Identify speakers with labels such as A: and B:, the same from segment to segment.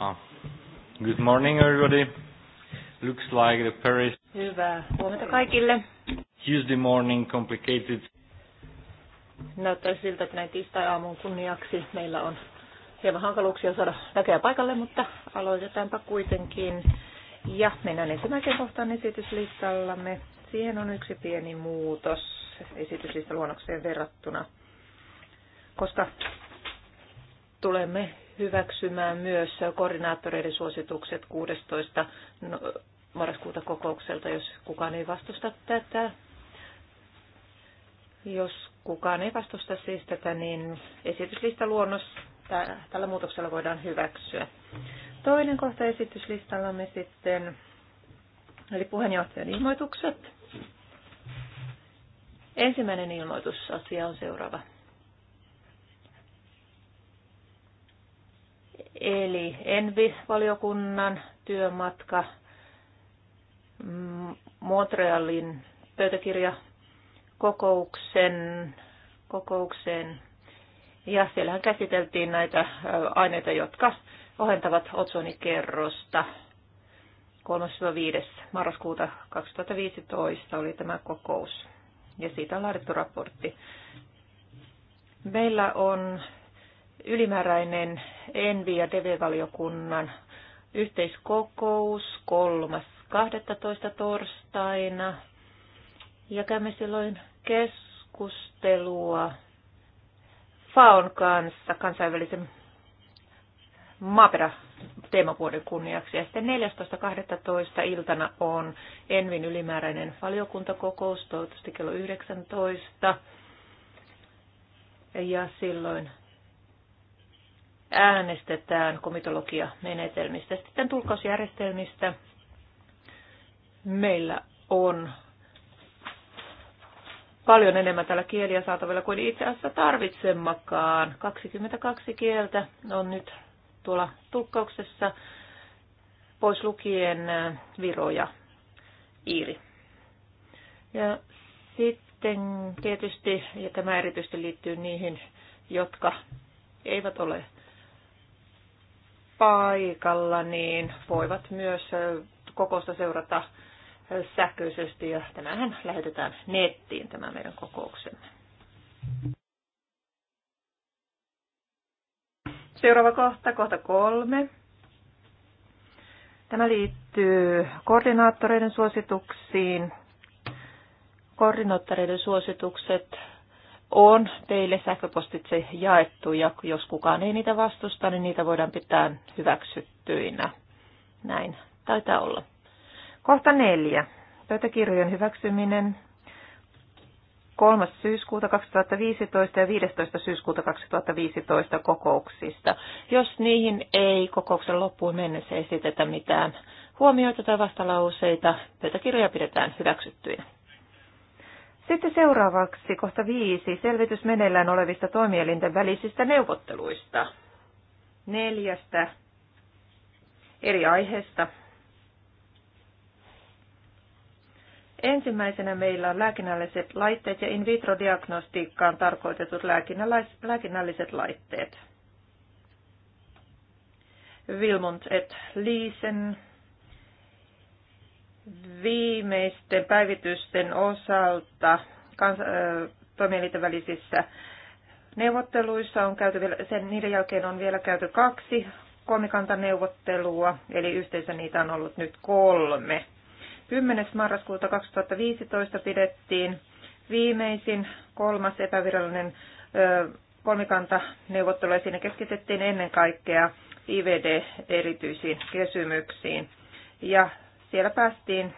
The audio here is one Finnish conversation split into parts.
A: Ah. Good morning everybody.
B: Looks like the Paris.
C: Hyvää huomenta kaikille.
B: Tuesday morning
D: complicated.
C: Näyttää siltä, että näin tiistai-aamun kunniaksi meillä on hieman hankaluuksia saada näkeä paikalle, mutta aloitetaanpa kuitenkin. Ja mennään ensimmäiseen kohtaan esityslistallamme. Siihen on yksi pieni muutos esityslistaluonnokseen verrattuna, koska tulemme hyväksymään myös koordinaattoreiden suositukset 16. No, marraskuuta kokoukselta, jos kukaan ei vastusta tätä. Jos kukaan ei vastusta siis tätä, niin luonnos tällä muutoksella voidaan hyväksyä. Toinen kohta esityslistalla me sitten, eli puheenjohtajan ilmoitukset. Ensimmäinen ilmoitusasia on seuraava. eli Envi-valiokunnan työmatka mm, Montrealin pöytäkirjakokouksen kokoukseen. Ja siellähän käsiteltiin näitä aineita, jotka ohentavat otsonikerrosta. 3.5. marraskuuta 2015 oli tämä kokous ja siitä on laadittu raportti. Meillä on ylimääräinen Envi- ja tv valiokunnan yhteiskokous 3.12. torstaina. Ja käymme silloin keskustelua FAON kanssa kansainvälisen maaperä teemavuoden kunniaksi. Ja sitten 14.12. iltana on Envin ylimääräinen valiokuntakokous, toivottavasti kello 19. Ja silloin äänestetään komitologiamenetelmistä. Sitten tulkausjärjestelmistä meillä on paljon enemmän tällä kieliä saatavilla kuin itse asiassa tarvitsemmakaan. 22 kieltä on nyt tuolla tulkkauksessa, pois lukien Viro ja Iiri. Ja sitten tietysti, ja tämä erityisesti liittyy niihin, jotka eivät ole paikalla, niin voivat myös kokousta seurata sähköisesti ja tämähän lähetetään nettiin tämä meidän kokouksemme. Seuraava kohta, kohta kolme. Tämä liittyy koordinaattoreiden suosituksiin. Koordinaattoreiden suositukset on teille sähköpostitse jaettu ja jos kukaan ei niitä vastusta, niin niitä voidaan pitää hyväksyttyinä. Näin taitaa olla. Kohta neljä. Pöytäkirjojen hyväksyminen 3. syyskuuta 2015 ja 15. syyskuuta 2015 kokouksista. Jos niihin ei kokouksen loppuun mennessä esitetä mitään huomioita tai vastalauseita, pöytäkirjoja pidetään hyväksyttyinä. Sitten seuraavaksi kohta viisi, selvitys meneillään olevista toimielinten välisistä neuvotteluista. Neljästä eri aiheesta. Ensimmäisenä meillä on lääkinnälliset laitteet ja in vitro-diagnostiikkaan tarkoitetut lääkinnälliset laitteet. Wilmont et Liisen viimeisten päivitysten osalta kans, toimielinten välisissä neuvotteluissa on käyty vielä, sen, niiden jälkeen on vielä käyty kaksi kolmikantaneuvottelua, eli yhteensä niitä on ollut nyt kolme. 10. marraskuuta 2015 pidettiin viimeisin kolmas epävirallinen ö, kolmikantaneuvottelu, ja siinä keskitettiin ennen kaikkea IVD-erityisiin kysymyksiin. Ja siellä päästiin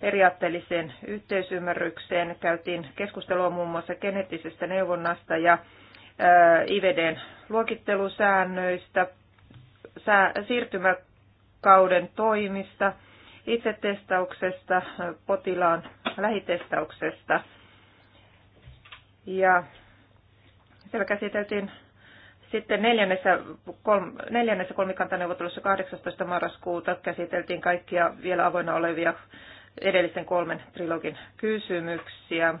C: periaatteelliseen yhteisymmärrykseen. Käytiin keskustelua muun muassa geneettisestä neuvonnasta ja IVDn luokittelusäännöistä, siirtymäkauden toimista, itsetestauksesta, potilaan lähitestauksesta. Ja siellä käsiteltiin sitten neljännessä, kolm, neljännessä kolmikantaneuvottelussa 18. marraskuuta käsiteltiin kaikkia vielä avoinna olevia edellisen kolmen trilogin kysymyksiä.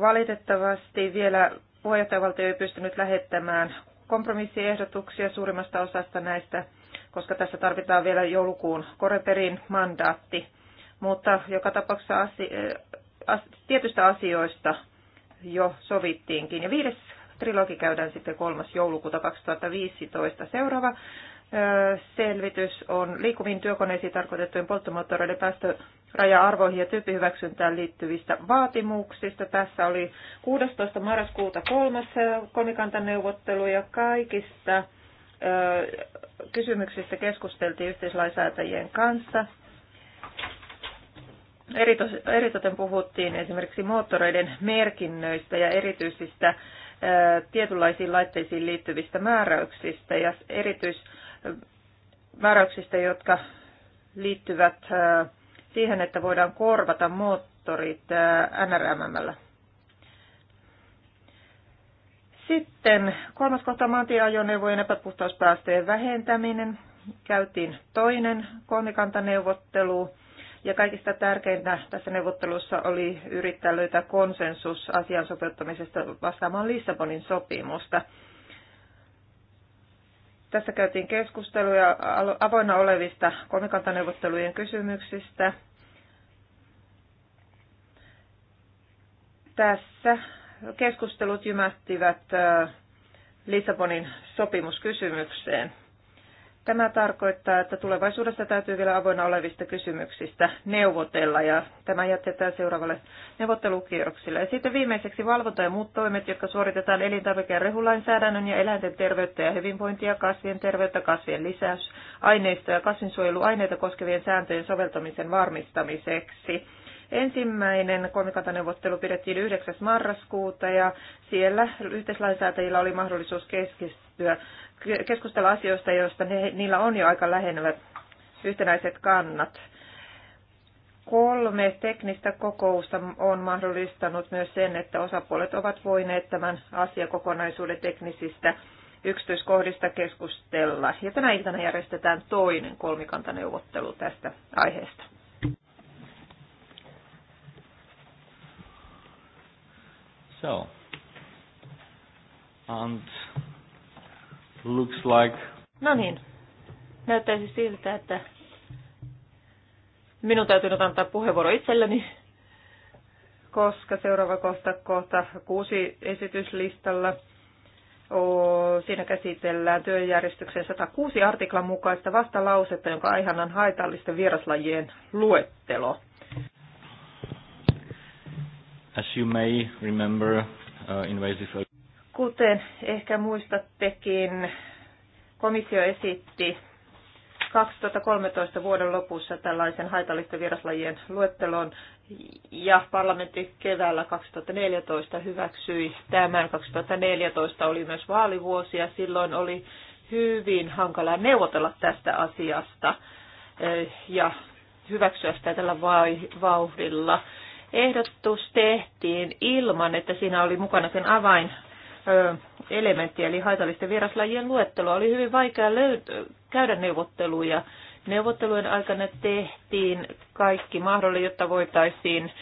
C: Valitettavasti vielä puheenjohtajavaltio ei pystynyt lähettämään kompromissiehdotuksia suurimmasta osasta näistä, koska tässä tarvitaan vielä joulukuun koreperin mandaatti. Mutta joka tapauksessa asi, äh, as, tietystä asioista jo sovittiinkin. Ja viides trilogi käydään sitten 3. joulukuuta 2015. Seuraava selvitys on liikkuviin työkoneisiin tarkoitettujen polttomoottoreiden päästöraja-arvoihin ja tyyppihyväksyntään liittyvistä vaatimuksista. Tässä oli 16. marraskuuta kolmas komikantaneuvottelu ja kaikista kysymyksistä keskusteltiin yhteislainsäätäjien kanssa. Eritoten puhuttiin esimerkiksi moottoreiden merkinnöistä ja erityisistä tietynlaisiin laitteisiin liittyvistä määräyksistä ja erityismääräyksistä, jotka liittyvät siihen, että voidaan korvata moottorit NRMMllä. Sitten kolmas kohta maantieajoneuvojen epäpuhtauspäästöjen vähentäminen. Käytiin toinen kolmikantaneuvottelu ja kaikista tärkeintä tässä neuvottelussa oli yrittää löytää konsensus asian sopeuttamisesta vastaamaan Lissabonin sopimusta. Tässä käytiin keskusteluja avoinna olevista kolmikantaneuvottelujen kysymyksistä. Tässä keskustelut jymähtivät Lissabonin sopimuskysymykseen. Tämä tarkoittaa, että tulevaisuudessa täytyy vielä avoinna olevista kysymyksistä neuvotella ja tämä jätetään seuraavalle neuvottelukierroksille. Ja sitten viimeiseksi valvonta ja muut toimet, jotka suoritetaan elintarvike- ja rehulainsäädännön ja eläinten terveyttä ja hyvinvointia, kasvien terveyttä, kasvien lisäys, aineistoja ja kasvinsuojeluaineita koskevien sääntöjen soveltamisen varmistamiseksi. Ensimmäinen kolmikantaneuvottelu pidettiin 9. marraskuuta ja siellä yhteislainsäätäjillä oli mahdollisuus keskittyä keskustella asioista, joista ne, niillä on jo aika lähenevät yhtenäiset kannat. Kolme teknistä kokousta on mahdollistanut myös sen, että osapuolet ovat voineet tämän asiakokonaisuuden teknisistä yksityiskohdista keskustella. Ja tänä iltana järjestetään toinen kolmikantaneuvottelu tästä aiheesta.
E: So, and Looks like...
C: No niin. Näyttäisi siltä, että minun täytyy nyt antaa puheenvuoro itselleni, koska seuraava kohta, kohta kuusi esityslistalla. siinä käsitellään työjärjestyksen 106 artiklan mukaista vastalausetta, jonka aihan on haitallisten vieraslajien luettelo.
B: As you may remember, uh, invasive
C: Kuten ehkä muistattekin, komissio esitti 2013 vuoden lopussa tällaisen haitallisten vieraslajien luettelon ja parlamentti keväällä 2014 hyväksyi tämän. 2014 oli myös vaalivuosi ja silloin oli hyvin hankalaa neuvotella tästä asiasta eh, ja hyväksyä sitä tällä vauhdilla. Ehdotus tehtiin ilman, että siinä oli mukana sen avain elementtiä, eli haitallisten vieraslajien luettelo Oli hyvin vaikea löyd- käydä neuvotteluja. Neuvottelujen aikana tehtiin kaikki mahdollinen, jotta voitaisiin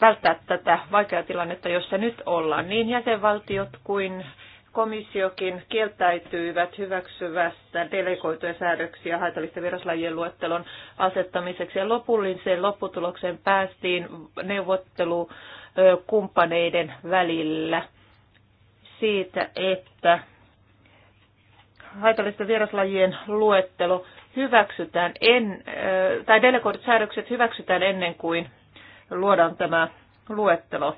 C: välttää tätä vaikeaa tilannetta, jossa nyt ollaan. Niin jäsenvaltiot kuin komissiokin kieltäytyivät hyväksyvästä delegoituja säädöksiä haitallisten vieraslajien luettelon asettamiseksi. Ja lopulliseen lopputulokseen päästiin neuvottelukumppaneiden välillä siitä, että haitallisten vieraslajien luettelo hyväksytään en, tai delegoidut säädökset hyväksytään ennen kuin luodaan tämä luettelo.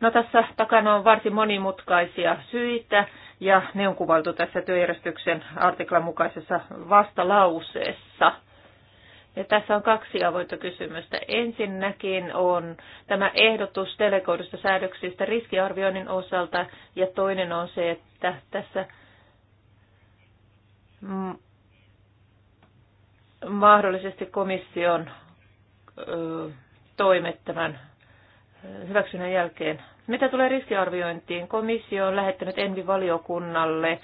C: No tässä takana on varsin monimutkaisia syitä ja ne on kuvailtu tässä työjärjestyksen artiklan mukaisessa vastalauseessa. Ja tässä on kaksi avointa kysymystä. Ensinnäkin on tämä ehdotus delegoidusta säädöksistä riskiarvioinnin osalta ja toinen on se, että tässä mahdollisesti komission toimet tämän hyväksynnän jälkeen. Mitä tulee riskiarviointiin? Komissio on lähettänyt Envi-valiokunnalle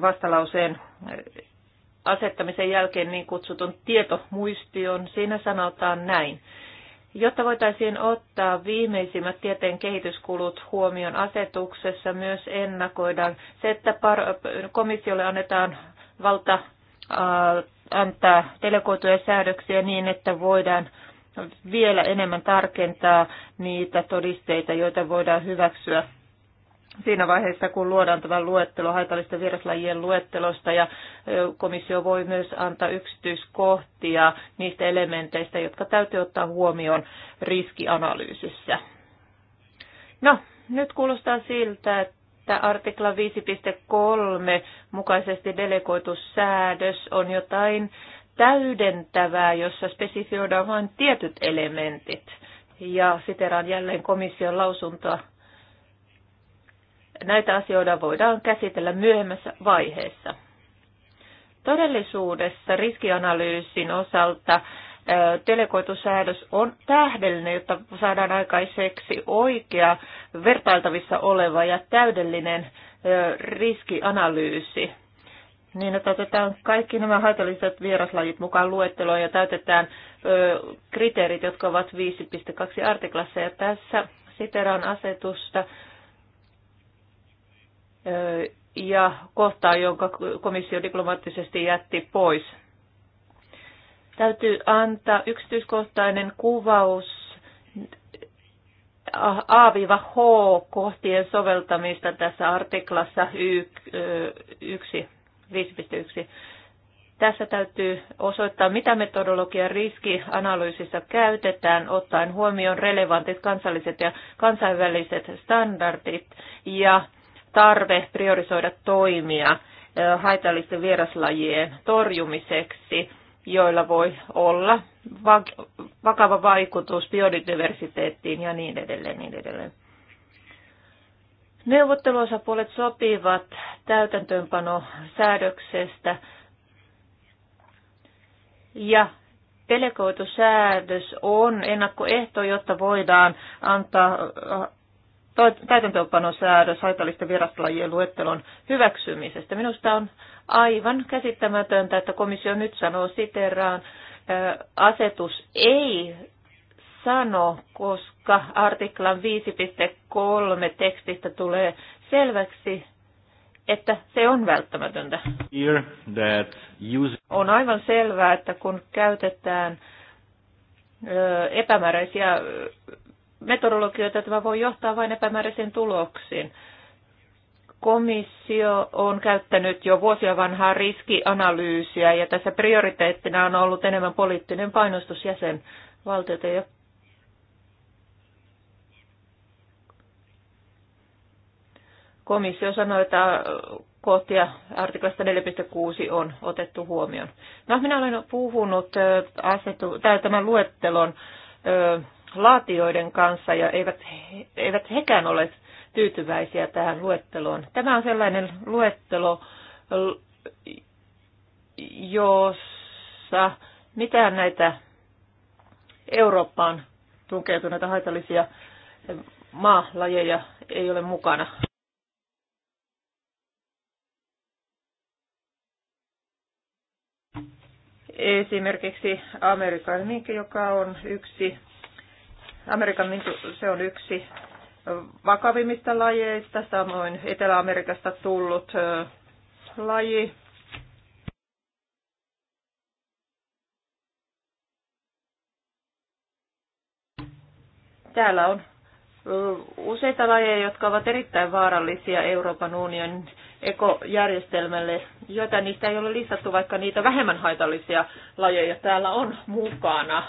C: vastalauseen asettamisen jälkeen niin kutsutun tietomuistion. Siinä sanotaan näin. Jotta voitaisiin ottaa viimeisimmät tieteen kehityskulut huomioon asetuksessa, myös ennakoidaan se, että komissiolle annetaan valta antaa delegoituja säädöksiä niin, että voidaan vielä enemmän tarkentaa niitä todisteita, joita voidaan hyväksyä siinä vaiheessa, kun luodaan tämä luettelo haitallisten vieraslajien luettelosta ja komissio voi myös antaa yksityiskohtia niistä elementeistä, jotka täytyy ottaa huomioon riskianalyysissä. No, nyt kuulostaa siltä, että artikla 5.3 mukaisesti delegoitu säädös on jotain täydentävää, jossa spesifioidaan vain tietyt elementit. Ja siteraan jälleen komission lausuntoa näitä asioita voidaan käsitellä myöhemmässä vaiheessa. Todellisuudessa riskianalyysin osalta delegoitusäädös on tähdellinen, jotta saadaan aikaiseksi oikea, vertailtavissa oleva ja täydellinen riskianalyysi. Niin, että otetaan kaikki nämä haitalliset vieraslajit mukaan luetteloon ja täytetään ö, kriteerit, jotka ovat 5.2 artiklassa. Ja tässä siteraan asetusta ja kohtaa, jonka komissio diplomaattisesti jätti pois. Täytyy antaa yksityiskohtainen kuvaus A-H kohtien soveltamista tässä artiklassa 1, Tässä täytyy osoittaa, mitä metodologian riskianalyysissa käytetään, ottaen huomioon relevantit kansalliset ja kansainväliset standardit ja tarve priorisoida toimia haitallisten vieraslajien torjumiseksi, joilla voi olla vakava vaikutus biodiversiteettiin ja niin edelleen. Niin edelleen. Neuvotteluosapuolet sopivat täytäntöönpanosäädöksestä ja delegoitu säädös on ennakkoehto, jotta voidaan antaa täytäntöönpanosäädös haitallisten vieraslajien luettelon hyväksymisestä. Minusta on aivan käsittämätöntä, että komissio nyt sanoo siteraan, asetus ei sano, koska artiklan 5.3 tekstistä tulee selväksi, että se on välttämätöntä. On aivan selvää, että kun käytetään epämääräisiä metodologioita tämä voi johtaa vain epämääräisiin tuloksiin. Komissio on käyttänyt jo vuosia vanhaa riskianalyysiä ja tässä prioriteettina on ollut enemmän poliittinen painostus jäsenvaltioita ja komissio sanoi, että kohtia artiklasta 4.6 on otettu huomioon. No, minä olen puhunut äh, asetu, tämän luettelon äh, laatioiden kanssa ja eivät, eivät hekään ole tyytyväisiä tähän luetteloon. Tämä on sellainen luettelo, jossa mitään näitä Eurooppaan tunkeutuneita haitallisia maalajeja ei ole mukana. Esimerkiksi Amerikan minkki, joka on yksi Amerikan mintu, se on yksi vakavimmista lajeista, samoin Etelä-Amerikasta tullut laji. Täällä on useita lajeja, jotka ovat erittäin vaarallisia Euroopan unionin ekojärjestelmälle, joita niistä ei ole listattu, vaikka niitä vähemmän haitallisia lajeja täällä on mukana.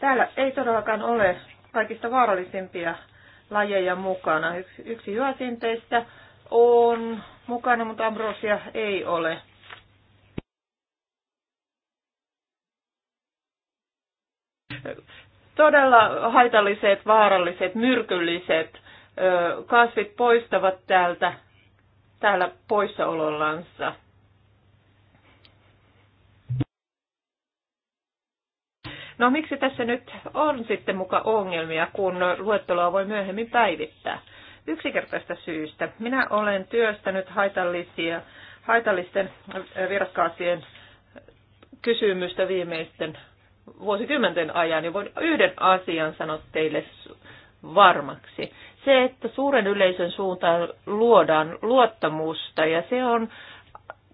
C: Täällä ei todellakaan ole kaikista vaarallisimpia lajeja mukana. Yksi, yksi hyösinteistä on mukana, mutta ambrosia ei ole. Todella haitalliset, vaaralliset, myrkylliset kasvit poistavat täältä täällä poissaolollansa No miksi tässä nyt on sitten muka ongelmia, kun luetteloa voi myöhemmin päivittää? Yksinkertaista syystä. Minä olen työstänyt haitallisia, haitallisten äh, virkaasien kysymystä viimeisten vuosikymmenten ajan, niin voin yhden asian sanoa teille varmaksi. Se, että suuren yleisön suuntaan luodaan luottamusta ja se on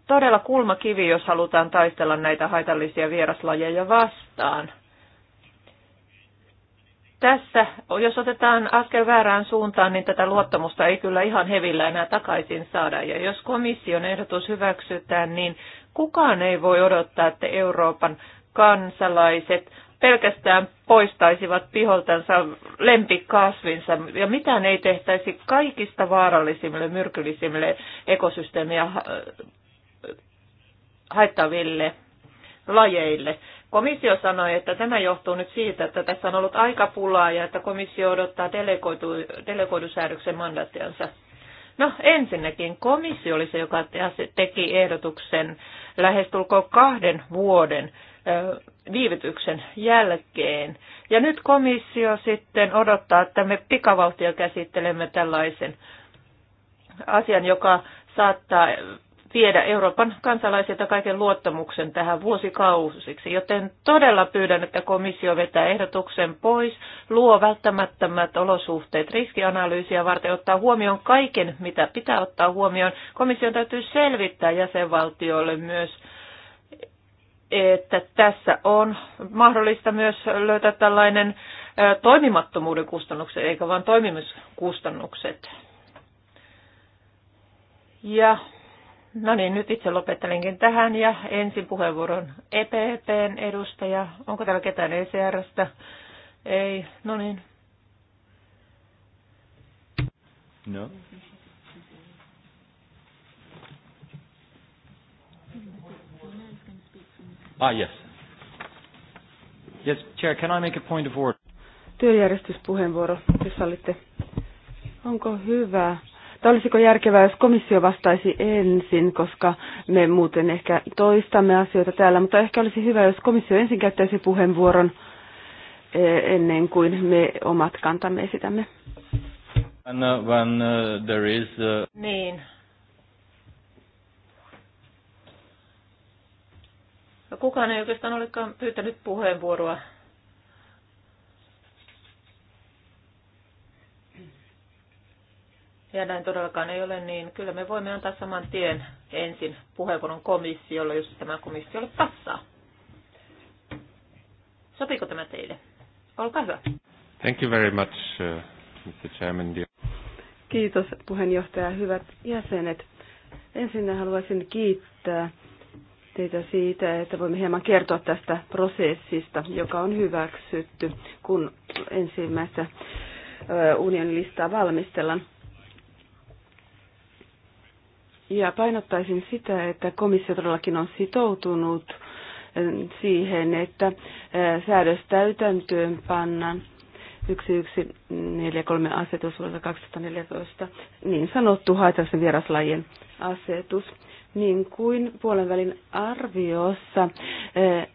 C: todella kulmakivi, jos halutaan taistella näitä haitallisia vieraslajeja vastaan tässä, jos otetaan askel väärään suuntaan, niin tätä luottamusta ei kyllä ihan hevillä enää takaisin saada. Ja jos komission ehdotus hyväksytään, niin kukaan ei voi odottaa, että Euroopan kansalaiset pelkästään poistaisivat piholtansa lempikasvinsa ja mitään ei tehtäisi kaikista vaarallisimmille, myrkyllisimmille ekosysteemiä äh, haittaville lajeille. Komissio sanoi, että tämä johtuu nyt siitä, että tässä on ollut aika pulaa ja että komissio odottaa delegoidusäädöksen mandaattiansa. No ensinnäkin komissio oli se, joka teki ehdotuksen lähestulkoon kahden vuoden viivytyksen jälkeen. Ja nyt komissio sitten odottaa, että me pikavauhtia käsittelemme tällaisen asian, joka saattaa viedä Euroopan kansalaisilta kaiken luottamuksen tähän vuosikausiksi, joten todella pyydän, että komissio vetää ehdotuksen pois, luo välttämättömät olosuhteet riskianalyysiä varten, ottaa huomioon kaiken, mitä pitää ottaa huomioon. Komission täytyy selvittää jäsenvaltioille myös että tässä on mahdollista myös löytää tällainen toimimattomuuden kustannukset, eikä vain toimimiskustannukset. Ja No niin, nyt itse lopettelenkin tähän ja ensin puheenvuoron EPPn edustaja. Onko täällä ketään ECRstä? Ei, no niin.
D: No. Ah, yes. Yes, Chair, can I make a point of order?
F: Työjärjestyspuheenvuoro, jos sallitte. Onko hyvä, että olisiko järkevää, jos komissio vastaisi ensin, koska me muuten ehkä toistamme asioita täällä, mutta ehkä olisi hyvä, jos komissio ensin käyttäisi puheenvuoron eh, ennen kuin me omat kantamme esitämme.
D: When, when uh, there is, uh...
C: Niin. No, kukaan ei oikeastaan olekaan pyytänyt puheenvuoroa Ja näin todellakaan ei ole, niin kyllä me voimme antaa saman tien ensin puheenvuoron komissiolle, jos tämä komissiolle passaa. Sopiiko tämä teille? Olkaa hyvä.
A: Thank you very much, uh, Mr. Chairman.
F: Kiitos puheenjohtaja, hyvät jäsenet. Ensin haluaisin kiittää teitä siitä, että voimme hieman kertoa tästä prosessista, joka on hyväksytty, kun ensimmäistä unionin listaa valmistellaan. Ja painottaisin sitä, että komissio todellakin on sitoutunut eh, siihen, että eh, säädös täytäntöön pannaan 1143 asetus vuodelta 2014, niin sanottu haitallisen vieraslajien asetus, niin kuin puolenvälin arviossa eh,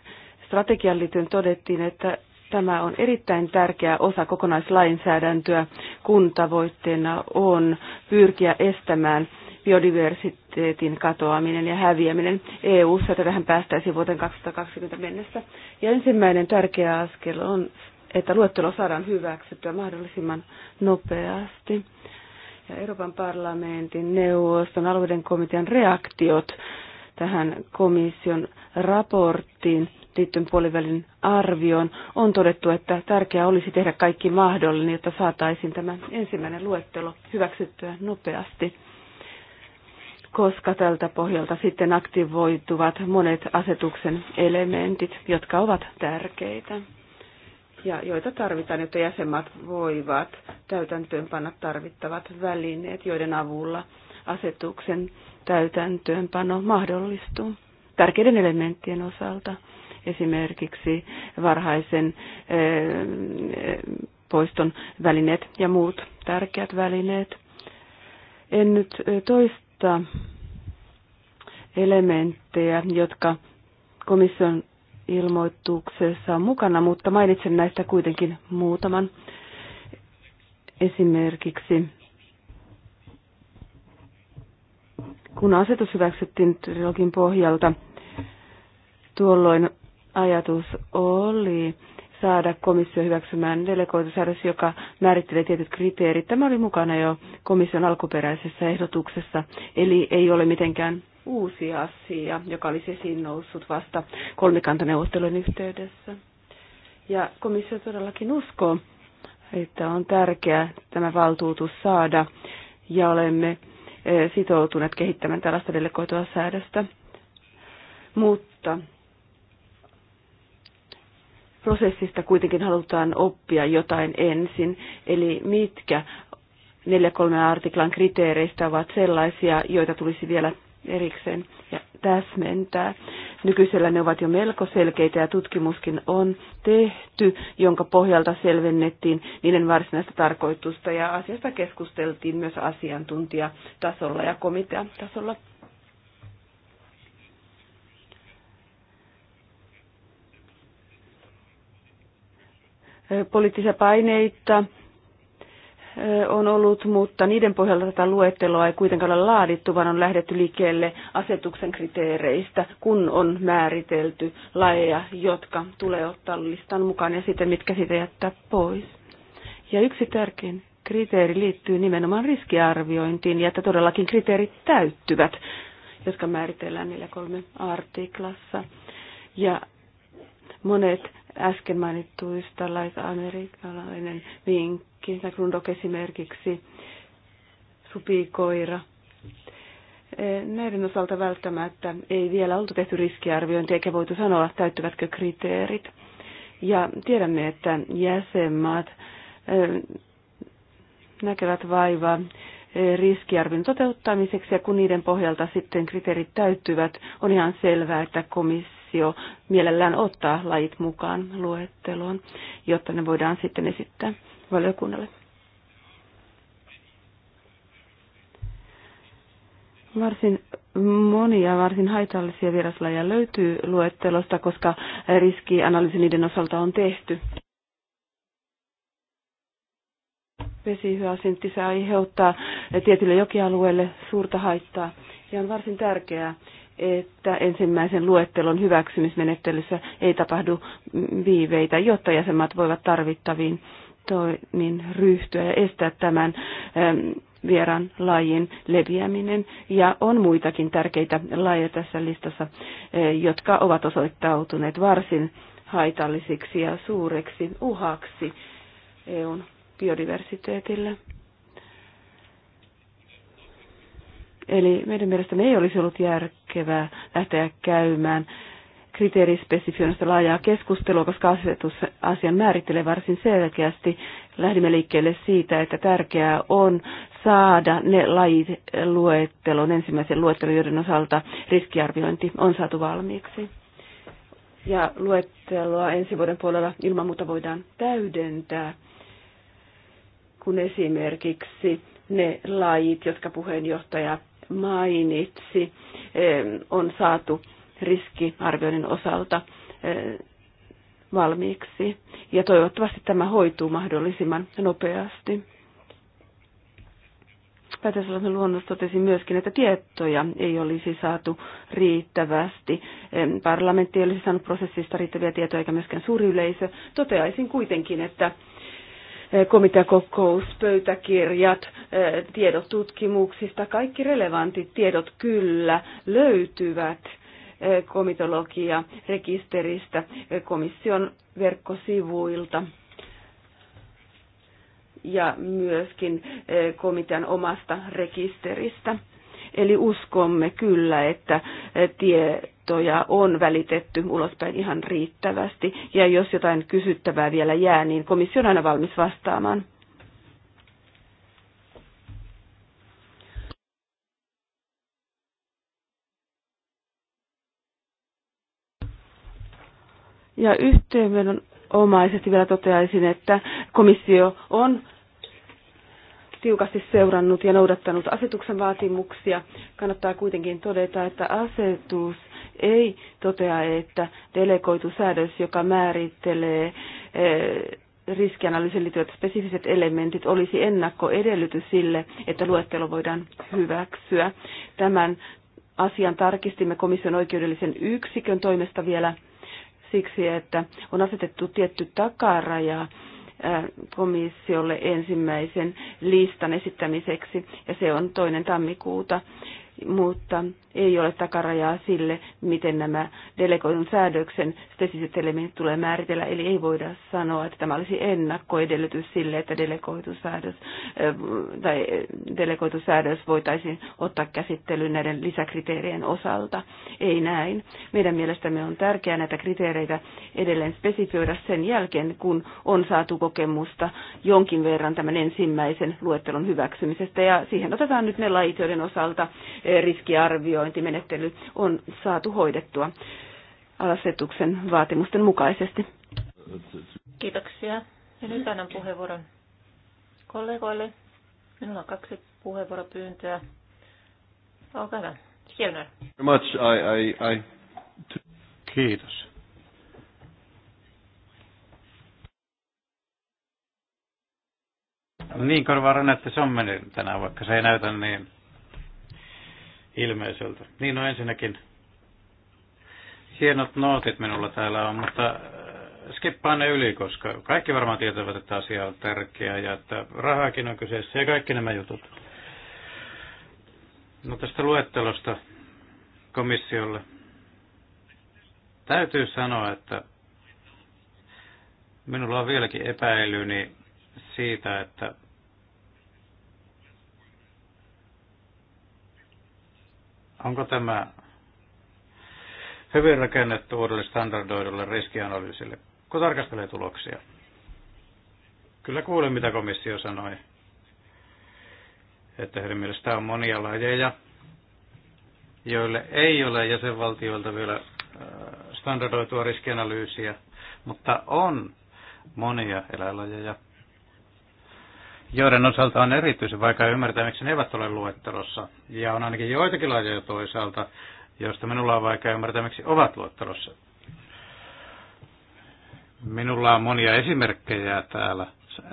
F: strategian liittyen todettiin, että tämä on erittäin tärkeä osa kokonaislainsäädäntöä, kun tavoitteena on pyrkiä estämään biodiversiteetin katoaminen ja häviäminen EU-ssa, että tähän päästäisiin vuoteen 2020 mennessä. Ja ensimmäinen tärkeä askel on, että luettelo saadaan hyväksyttyä mahdollisimman nopeasti. Ja Euroopan parlamentin neuvoston alueiden komitean reaktiot tähän komission raporttiin liittyen puolivälin arvioon on todettu, että tärkeää olisi tehdä kaikki mahdollinen, jotta saataisiin tämä ensimmäinen luettelo hyväksyttyä nopeasti koska tältä pohjalta sitten aktivoituvat monet asetuksen elementit, jotka ovat tärkeitä ja joita tarvitaan, jotta jäsenmaat voivat täytäntöönpanna tarvittavat välineet, joiden avulla asetuksen täytäntöönpano mahdollistuu tärkeiden elementtien osalta. Esimerkiksi varhaisen eh, poiston välineet ja muut tärkeät välineet. En nyt eh, toista muuttaa elementtejä, jotka komission ilmoituksessa on mukana, mutta mainitsen näistä kuitenkin muutaman. Esimerkiksi kun asetus hyväksyttiin trilogin pohjalta, tuolloin ajatus oli, saada komissio hyväksymään delegoitusäädös, joka määrittelee tietyt kriteerit. Tämä oli mukana jo komission alkuperäisessä ehdotuksessa, eli ei ole mitenkään uusi asia, joka olisi esiin noussut vasta kolmikantaneuvottelun yhteydessä. Ja komissio todellakin uskoo, että on tärkeää tämä valtuutus saada, ja olemme eh, sitoutuneet kehittämään tällaista delegoitua säädöstä. Mutta prosessista kuitenkin halutaan oppia jotain ensin, eli mitkä 4.3. artiklan kriteereistä ovat sellaisia, joita tulisi vielä erikseen ja täsmentää. Nykyisellä ne ovat jo melko selkeitä ja tutkimuskin on tehty, jonka pohjalta selvennettiin niiden varsinaista tarkoitusta ja asiasta keskusteltiin myös asiantuntijatasolla ja komiteatasolla. tasolla. poliittisia paineita on ollut, mutta niiden pohjalta tätä luetteloa ei kuitenkaan ole laadittu, vaan on lähdetty liikkeelle asetuksen kriteereistä, kun on määritelty lajeja, jotka tulee ottaa listan mukaan ja sitten mitkä siitä jättää pois. Ja yksi tärkein kriteeri liittyy nimenomaan riskiarviointiin ja että todellakin kriteerit täyttyvät, jotka määritellään niillä kolme artiklassa. Ja monet äsken mainittuista laita-amerikkalainen vinkki, tai grundok esimerkiksi, supikoira. Näiden osalta välttämättä ei vielä oltu tehty riskiarviointia, eikä voitu sanoa, täyttyvätkö kriteerit. Ja tiedämme, että jäsenmaat näkevät vaivaa riskiarvion toteuttamiseksi ja kun niiden pohjalta sitten kriteerit täyttyvät, on ihan selvää, että komissio komissio mielellään ottaa lajit mukaan luetteloon, jotta ne voidaan sitten esittää valiokunnalle. Varsin monia varsin haitallisia vieraslajeja löytyy luettelosta, koska riskianalyysi niiden osalta on tehty. Vesihyasintti saa aiheuttaa tietylle jokialueelle suurta haittaa ja on varsin tärkeää, että ensimmäisen luettelon hyväksymismenettelyssä ei tapahdu viiveitä, jotta jäsenmaat voivat tarvittaviin toimiin ryhtyä ja estää tämän ähm, vieran lajin leviäminen. Ja on muitakin tärkeitä lajeja tässä listassa, äh, jotka ovat osoittautuneet varsin haitallisiksi ja suureksi uhaksi EUn biodiversiteetille. Eli meidän mielestämme ei olisi ollut järkevää lähteä käymään kriteerispesifioinnista laajaa keskustelua, koska asetus asian määrittelee varsin selkeästi. Lähdimme liikkeelle siitä, että tärkeää on saada ne lajit luetteloon, ensimmäisen luettelon, joiden osalta riskiarviointi on saatu valmiiksi. Ja luetteloa ensi vuoden puolella ilman muuta voidaan täydentää, kun esimerkiksi ne lajit, jotka puheenjohtaja mainitsi, eh, on saatu riskiarvioinnin osalta eh, valmiiksi. Ja toivottavasti tämä hoituu mahdollisimman nopeasti. Päätösalaisen luonnos totesi myöskin, että tietoja ei olisi saatu riittävästi. Parlamentti ei olisi saanut prosessista riittäviä tietoja eikä myöskään suuri yleisö. Toteaisin kuitenkin, että komiteakokous, pöytäkirjat, eh, tiedot tutkimuksista, kaikki relevantit tiedot kyllä löytyvät eh, komitologia rekisteristä eh, komission verkkosivuilta ja myöskin komitean omasta rekisteristä. Eli uskomme kyllä, että tie tietoja on välitetty ulospäin ihan riittävästi. Ja jos jotain kysyttävää vielä jää, niin komissio on aina valmis vastaamaan. Ja yhteenvedon omaisesti vielä toteaisin, että komissio on tiukasti seurannut ja noudattanut asetuksen vaatimuksia. Kannattaa kuitenkin todeta, että asetus ei totea, että delegoitu säädös, joka määrittelee eh, riskianalyysin liittyvät spesifiset elementit olisi ennakkoedellytys sille, että luettelo voidaan hyväksyä. Tämän asian tarkistimme komission oikeudellisen yksikön toimesta vielä siksi, että on asetettu tietty takaraja eh, komissiolle ensimmäisen listan esittämiseksi, ja se on toinen tammikuuta mutta ei ole takarajaa sille, miten nämä delegoidun säädöksen spesifiset elementit tulee määritellä. Eli ei voida sanoa, että tämä olisi ennakkoedellytys sille, että delegoitu säädös, tai delegoitu säädös voitaisiin ottaa käsittelyyn näiden lisäkriteerien osalta. Ei näin. Meidän mielestämme on tärkeää näitä kriteereitä edelleen spesifioida sen jälkeen, kun on saatu kokemusta jonkin verran tämän ensimmäisen luettelon hyväksymisestä. Ja siihen otetaan nyt ne lait, joiden osalta riskiarviointimenettely on saatu hoidettua alasetuksen vaatimusten mukaisesti.
C: Kiitoksia. Ja nyt annan puheenvuoron kollegoille. Minulla on kaksi puheenvuoropyyntöä. Olkaa hyvä. Hienoa.
A: Much. I, I,
D: I... Kiitos.
B: Niin korvaa, että se on mennyt tänään, vaikka se ei näytä niin ilmeiseltä. Niin no ensinnäkin hienot nootit minulla täällä on, mutta äh, skippaan ne yli, koska kaikki varmaan tietävät, että asia on tärkeä ja että rahakin on kyseessä ja kaikki nämä jutut. No tästä luettelosta komissiolle. Täytyy sanoa, että minulla on vieläkin epäilyni siitä, että Onko tämä hyvin rakennettu uudelle standardoidulle riskianalyysille, kun tarkastelee tuloksia? Kyllä kuulin, mitä komissio sanoi, että heidän mielestään on monia lajeja, joille ei ole jäsenvaltioilta vielä äh, standardoitua riskianalyysiä, mutta on monia eläinlajeja, joiden osalta on erityisen vaikka ymmärtää, miksi ne eivät ole luettelossa. Ja on ainakin joitakin lajeja toisaalta, joista minulla on vaikea ymmärtää, miksi ovat luettelossa. Minulla on monia esimerkkejä täällä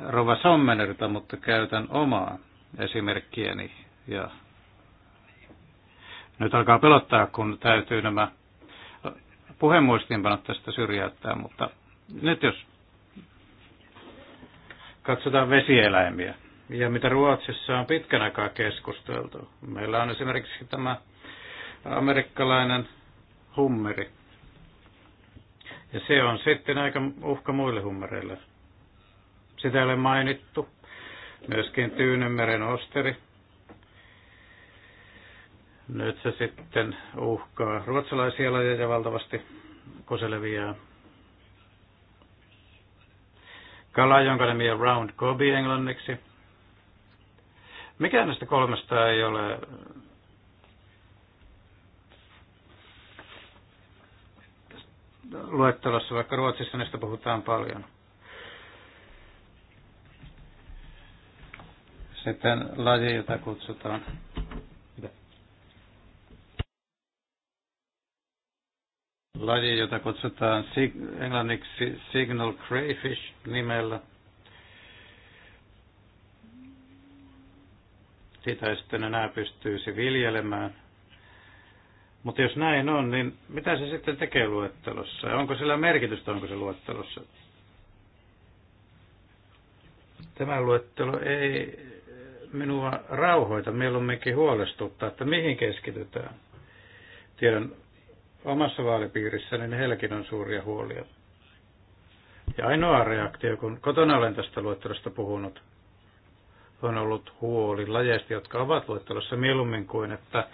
B: Rova Sommenerta, mutta käytän omaa esimerkkiäni. Ja nyt alkaa pelottaa, kun täytyy nämä puhemuistiinpanot tästä syrjäyttää, mutta nyt jos katsotaan vesieläimiä ja mitä Ruotsissa on pitkän aikaa keskusteltu. Meillä on esimerkiksi tämä amerikkalainen hummeri. Ja se on sitten aika uhka muille hummereille. Sitä ei ole mainittu. Myöskin Tyynemeren osteri. Nyt se sitten uhkaa ruotsalaisia lajeja valtavasti, kun se leviää kala, jonka nimi on Round Gobi englanniksi. Mikään näistä kolmesta ei ole äh, luettelossa, vaikka Ruotsissa niistä puhutaan paljon. Sitten laji, jota kutsutaan laji, jota kutsutaan sig- englanniksi signal crayfish nimellä. Sitä ei sitten enää pystyisi viljelemään. Mutta jos näin on, niin mitä se sitten tekee luettelossa? Onko sillä merkitystä, onko se luettelossa? Tämä luettelo ei minua rauhoita, mieluumminkin huolestuttaa, että mihin keskitytään. Tiedän omassa vaalipiirissäni, niin heilläkin on suuria huolia. Ja ainoa reaktio, kun kotona olen tästä luettelosta puhunut, on ollut huoli lajeista, jotka ovat luettelossa mieluummin kuin, että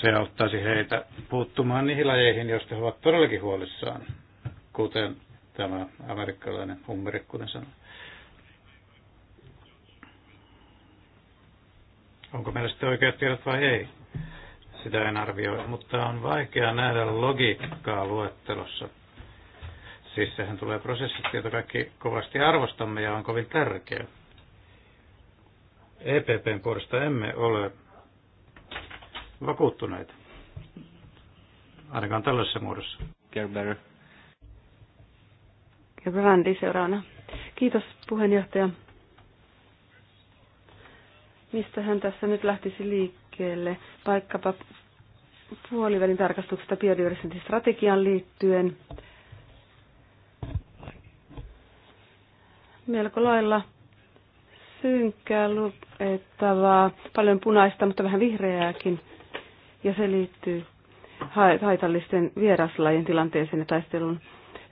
B: se auttaisi heitä puuttumaan niihin lajeihin, joista he ovat todellakin huolissaan, kuten tämä amerikkalainen hummeri, kuten sanoi. Onko meillä sitten oikeat tiedot vai ei? sitä en arvioi, mutta on vaikea nähdä logiikkaa luettelossa. Siis sehän tulee prosessista, jota kaikki kovasti arvostamme ja on kovin tärkeä. EPPn puolesta emme ole vakuuttuneita. Ainakaan tällaisessa muodossa. Gerber.
F: Gerberandi seuraavana. Kiitos puheenjohtaja. hän tässä nyt lähtisi liikkeelle? liikkeelle vaikkapa puolivälin tarkastuksesta biodiversiteettistrategiaan liittyen. Melko lailla synkkää luettavaa, paljon punaista, mutta vähän vihreääkin. Ja se liittyy haitallisten vieraslajien tilanteeseen ja taisteluun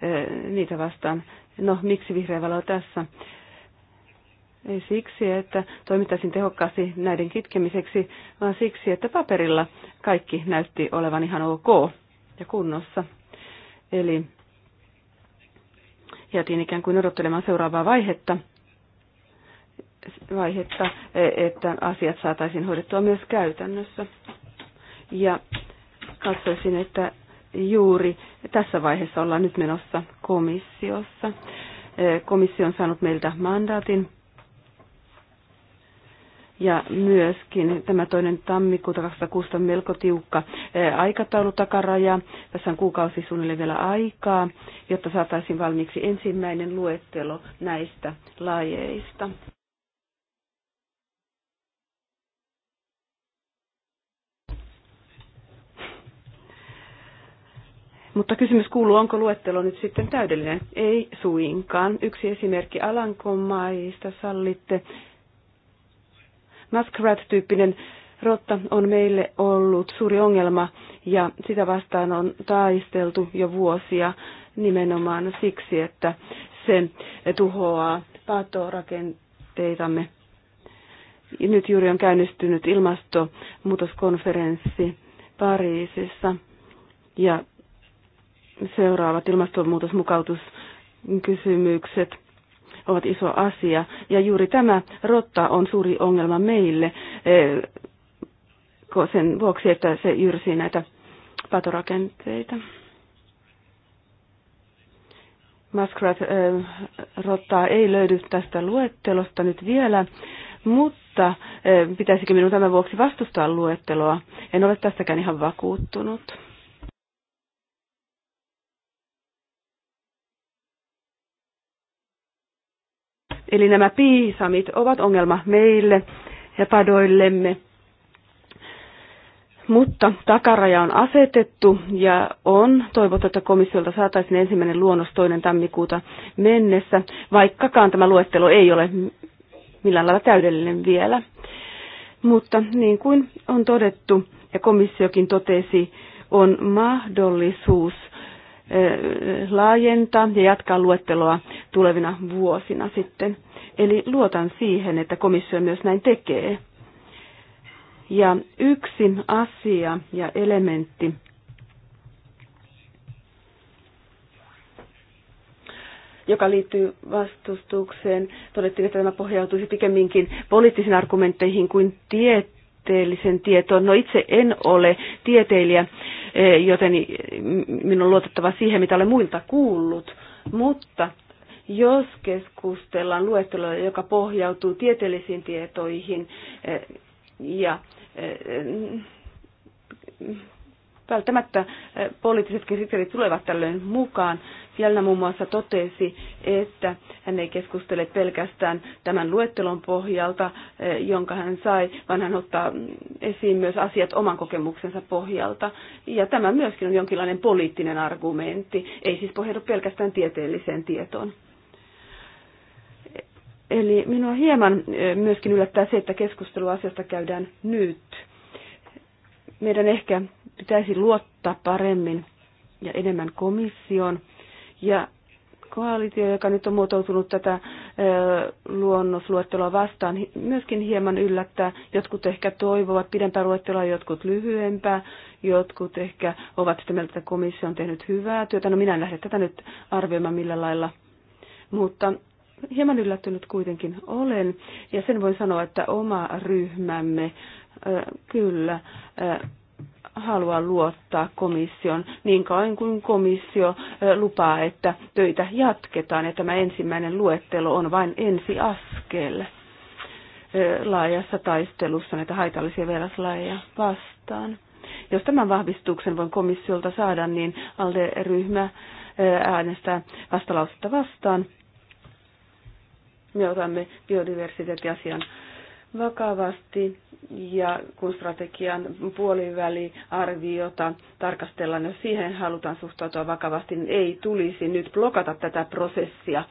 F: eh, niitä vastaan. No, miksi vihreä valo tässä? Ei siksi, että toimittaisin tehokkaasti näiden kitkemiseksi, vaan siksi, että paperilla kaikki näytti olevan ihan ok ja kunnossa. Eli jätin ikään kuin odottelemaan seuraavaa vaihetta, vaihetta että asiat saataisiin hoidettua myös käytännössä. Ja katsoisin, että juuri tässä vaiheessa ollaan nyt menossa komissiossa. Komissio on saanut meiltä mandaatin ja myöskin tämä toinen tammikuuta 2006 on melko tiukka eh, aikataulutakaraja. Tässä on kuukausi suunnilleen vielä aikaa, jotta saataisiin valmiiksi ensimmäinen luettelo näistä lajeista. Mutta kysymys kuuluu, onko luettelo nyt sitten täydellinen? Ei suinkaan. Yksi esimerkki Alankomaista sallitte Muskrat-tyyppinen rotta on meille ollut suuri ongelma ja sitä vastaan on taisteltu jo vuosia nimenomaan siksi, että se tuhoaa patorakenteitamme. Nyt juuri on käynnistynyt ilmastonmuutoskonferenssi Pariisissa ja seuraavat ilmastonmuutosmukautuskysymykset ovat iso asia. Ja juuri tämä rotta on suuri ongelma meille eh, sen vuoksi, että se jyrsii näitä patorakenteita. Muskrat-rottaa eh, ei löydy tästä luettelosta nyt vielä, mutta eh, pitäisikö minun tämän vuoksi vastustaa luetteloa? En ole tästäkään ihan vakuuttunut. Eli nämä piisamit ovat ongelma meille ja padoillemme. Mutta takaraja on asetettu ja on toivottu, että komissiolta saataisiin ensimmäinen luonnos toinen tammikuuta mennessä, vaikkakaan tämä luettelo ei ole millään lailla täydellinen vielä. Mutta niin kuin on todettu ja komissiokin totesi, on mahdollisuus – laajentaa ja jatkaa luetteloa tulevina vuosina sitten. Eli luotan siihen, että komissio myös näin tekee. Ja yksi asia ja elementti, joka liittyy vastustukseen, todettiin, että tämä pohjautuisi pikemminkin poliittisiin argumentteihin kuin tiettyyn tieteellisen tietoon. No itse en ole tieteilijä, e, joten minun on luotettava siihen, mitä olen muilta kuullut. Mutta jos keskustellaan luettelolla, joka pohjautuu tieteellisiin tietoihin e, ja e, välttämättä eh, poliittiset kriteerit tulevat tällöin mukaan. Jelna muun muassa totesi, että hän ei keskustele pelkästään tämän luettelon pohjalta, eh, jonka hän sai, vaan hän ottaa esiin myös asiat oman kokemuksensa pohjalta. Ja tämä myöskin on jonkinlainen poliittinen argumentti, ei siis pohjaudu pelkästään tieteelliseen tietoon. Eli minua hieman eh, myöskin yllättää se, että keskustelu asiasta käydään nyt. Meidän ehkä pitäisi luottaa paremmin ja enemmän komission Ja koalitio, joka nyt on muotoutunut tätä luonnosluetteloa vastaan, myöskin hieman yllättää. Jotkut ehkä toivovat pidempää luetteloa, jotkut lyhyempää, jotkut ehkä ovat sitä mieltä, että komissio on tehnyt hyvää työtä. No minä en lähde tätä nyt arvioimaan millä lailla. Mutta hieman yllättynyt kuitenkin olen. Ja sen voin sanoa, että oma ryhmämme kyllä halua luottaa komission niin kauan kuin komissio lupaa, että töitä jatketaan ja tämä ensimmäinen luettelo on vain ensiaskel laajassa taistelussa näitä haitallisia vieraslajeja vastaan. Jos tämän vahvistuksen voin komissiolta saada, niin ALDE-ryhmä äänestää vastalausetta vastaan. Me otamme biodiversiteettiasian vakavasti ja kun strategian puoliväliarviota tarkastellaan, jos siihen halutaan suhtautua vakavasti, niin ei tulisi nyt blokata tätä prosessia,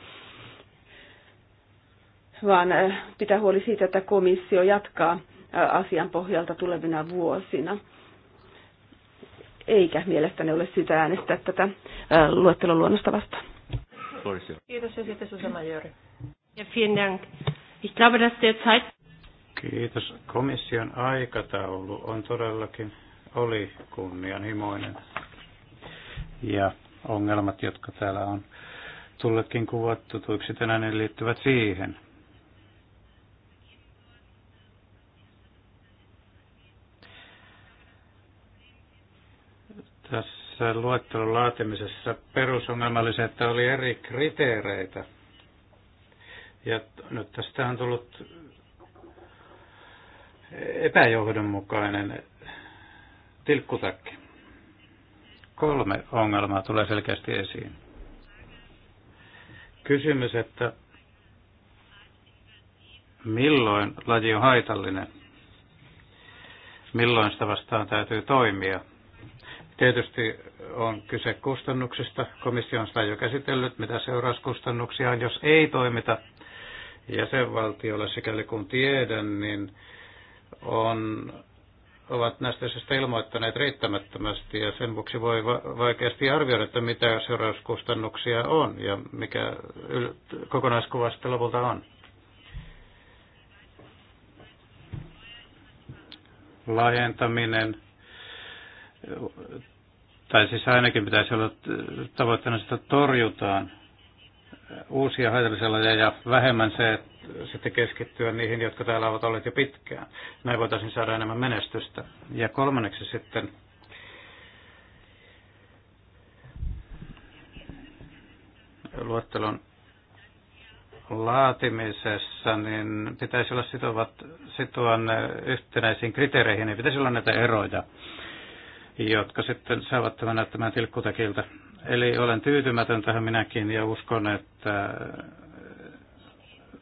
F: vaan eh, pitää huoli siitä, että komissio jatkaa eh, asian pohjalta tulevina vuosina. Eikä mielestäni ole sitä äänestää tätä eh, luonnosta vastaan.
C: Kiitos ja sitten Susanna Jöri. Ja vielen Ich glaube, dass der Zeit
B: Kiitos. Komission aikataulu on todellakin oli kunnianhimoinen. Ja ongelmat, jotka täällä on tullekin tuiksi tänään, liittyvät siihen. Tässä luettelon laatimisessa perusongelma oli se, että oli eri kriteereitä. Ja nyt tästä on tullut epäjohdonmukainen tilkkutakki. Kolme ongelmaa tulee selkeästi esiin. Kysymys, että milloin laji on haitallinen, milloin sitä vastaan täytyy toimia. Tietysti on kyse kustannuksista. Komissio on sitä jo käsitellyt, mitä seurauskustannuksia on, jos ei toimita jäsenvaltiolle, sikäli kun tiedän, niin on, ovat näistä asioista ilmoittaneet riittämättömästi ja sen vuoksi voi vaikeasti arvioida, että mitä seurauskustannuksia on ja mikä yl- kokonaiskuva sitten lopulta on. Laajentaminen, tai siis ainakin pitäisi olla tavoitteena, sitä torjutaan uusia haitallisia lajeja ja vähemmän se, että sitten keskittyä niihin, jotka täällä ovat olleet jo pitkään. Näin voitaisiin saada enemmän menestystä. Ja kolmanneksi sitten luettelon laatimisessa, niin pitäisi olla sitovat, sitoa yhtenäisiin kriteereihin, niin pitäisi olla näitä eroja jotka sitten saavat tämän näyttämään tilkkutäkiltä. Eli olen tyytymätön tähän minäkin ja uskon, että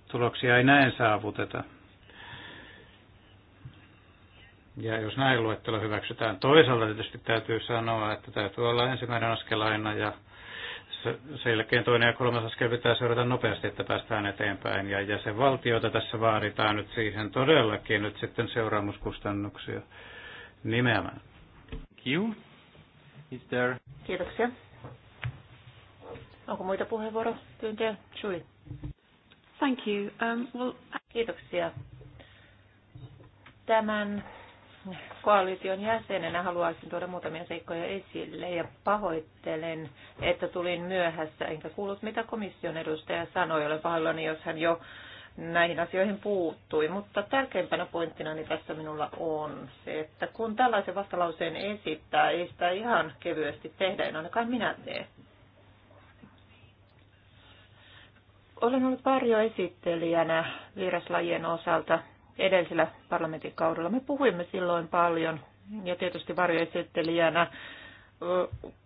B: tuloksia ei näin saavuteta. Ja jos näin luettelo hyväksytään, toisaalta tietysti täytyy sanoa, että täytyy olla ensimmäinen askel aina ja sen jälkeen toinen ja kolmas askel pitää seurata nopeasti, että päästään eteenpäin. Ja jäsenvaltiota tässä vaaditaan nyt siihen todellakin nyt sitten seuraamuskustannuksia nimeämään. Thank you. Is there...
C: Kiitoksia. Onko muita puheenvuoropyyntöjä? Julie. Thank you. Um, well... Kiitoksia. Tämän koalition jäsenenä haluaisin tuoda muutamia seikkoja esille ja pahoittelen, että tulin myöhässä enkä kuullut mitä komission edustaja sanoi. Olen pahoillani, jos hän jo näihin asioihin puuttui. Mutta tärkeimpänä pointtina niin tässä minulla on se, että kun tällaisen vastalauseen esittää, ei sitä ihan kevyesti tehdä, en ainakaan minä tee. Olen ollut esittelijänä vieraslajien osalta edellisellä parlamentin kaudella. Me puhuimme silloin paljon ja tietysti varjoesittelijänä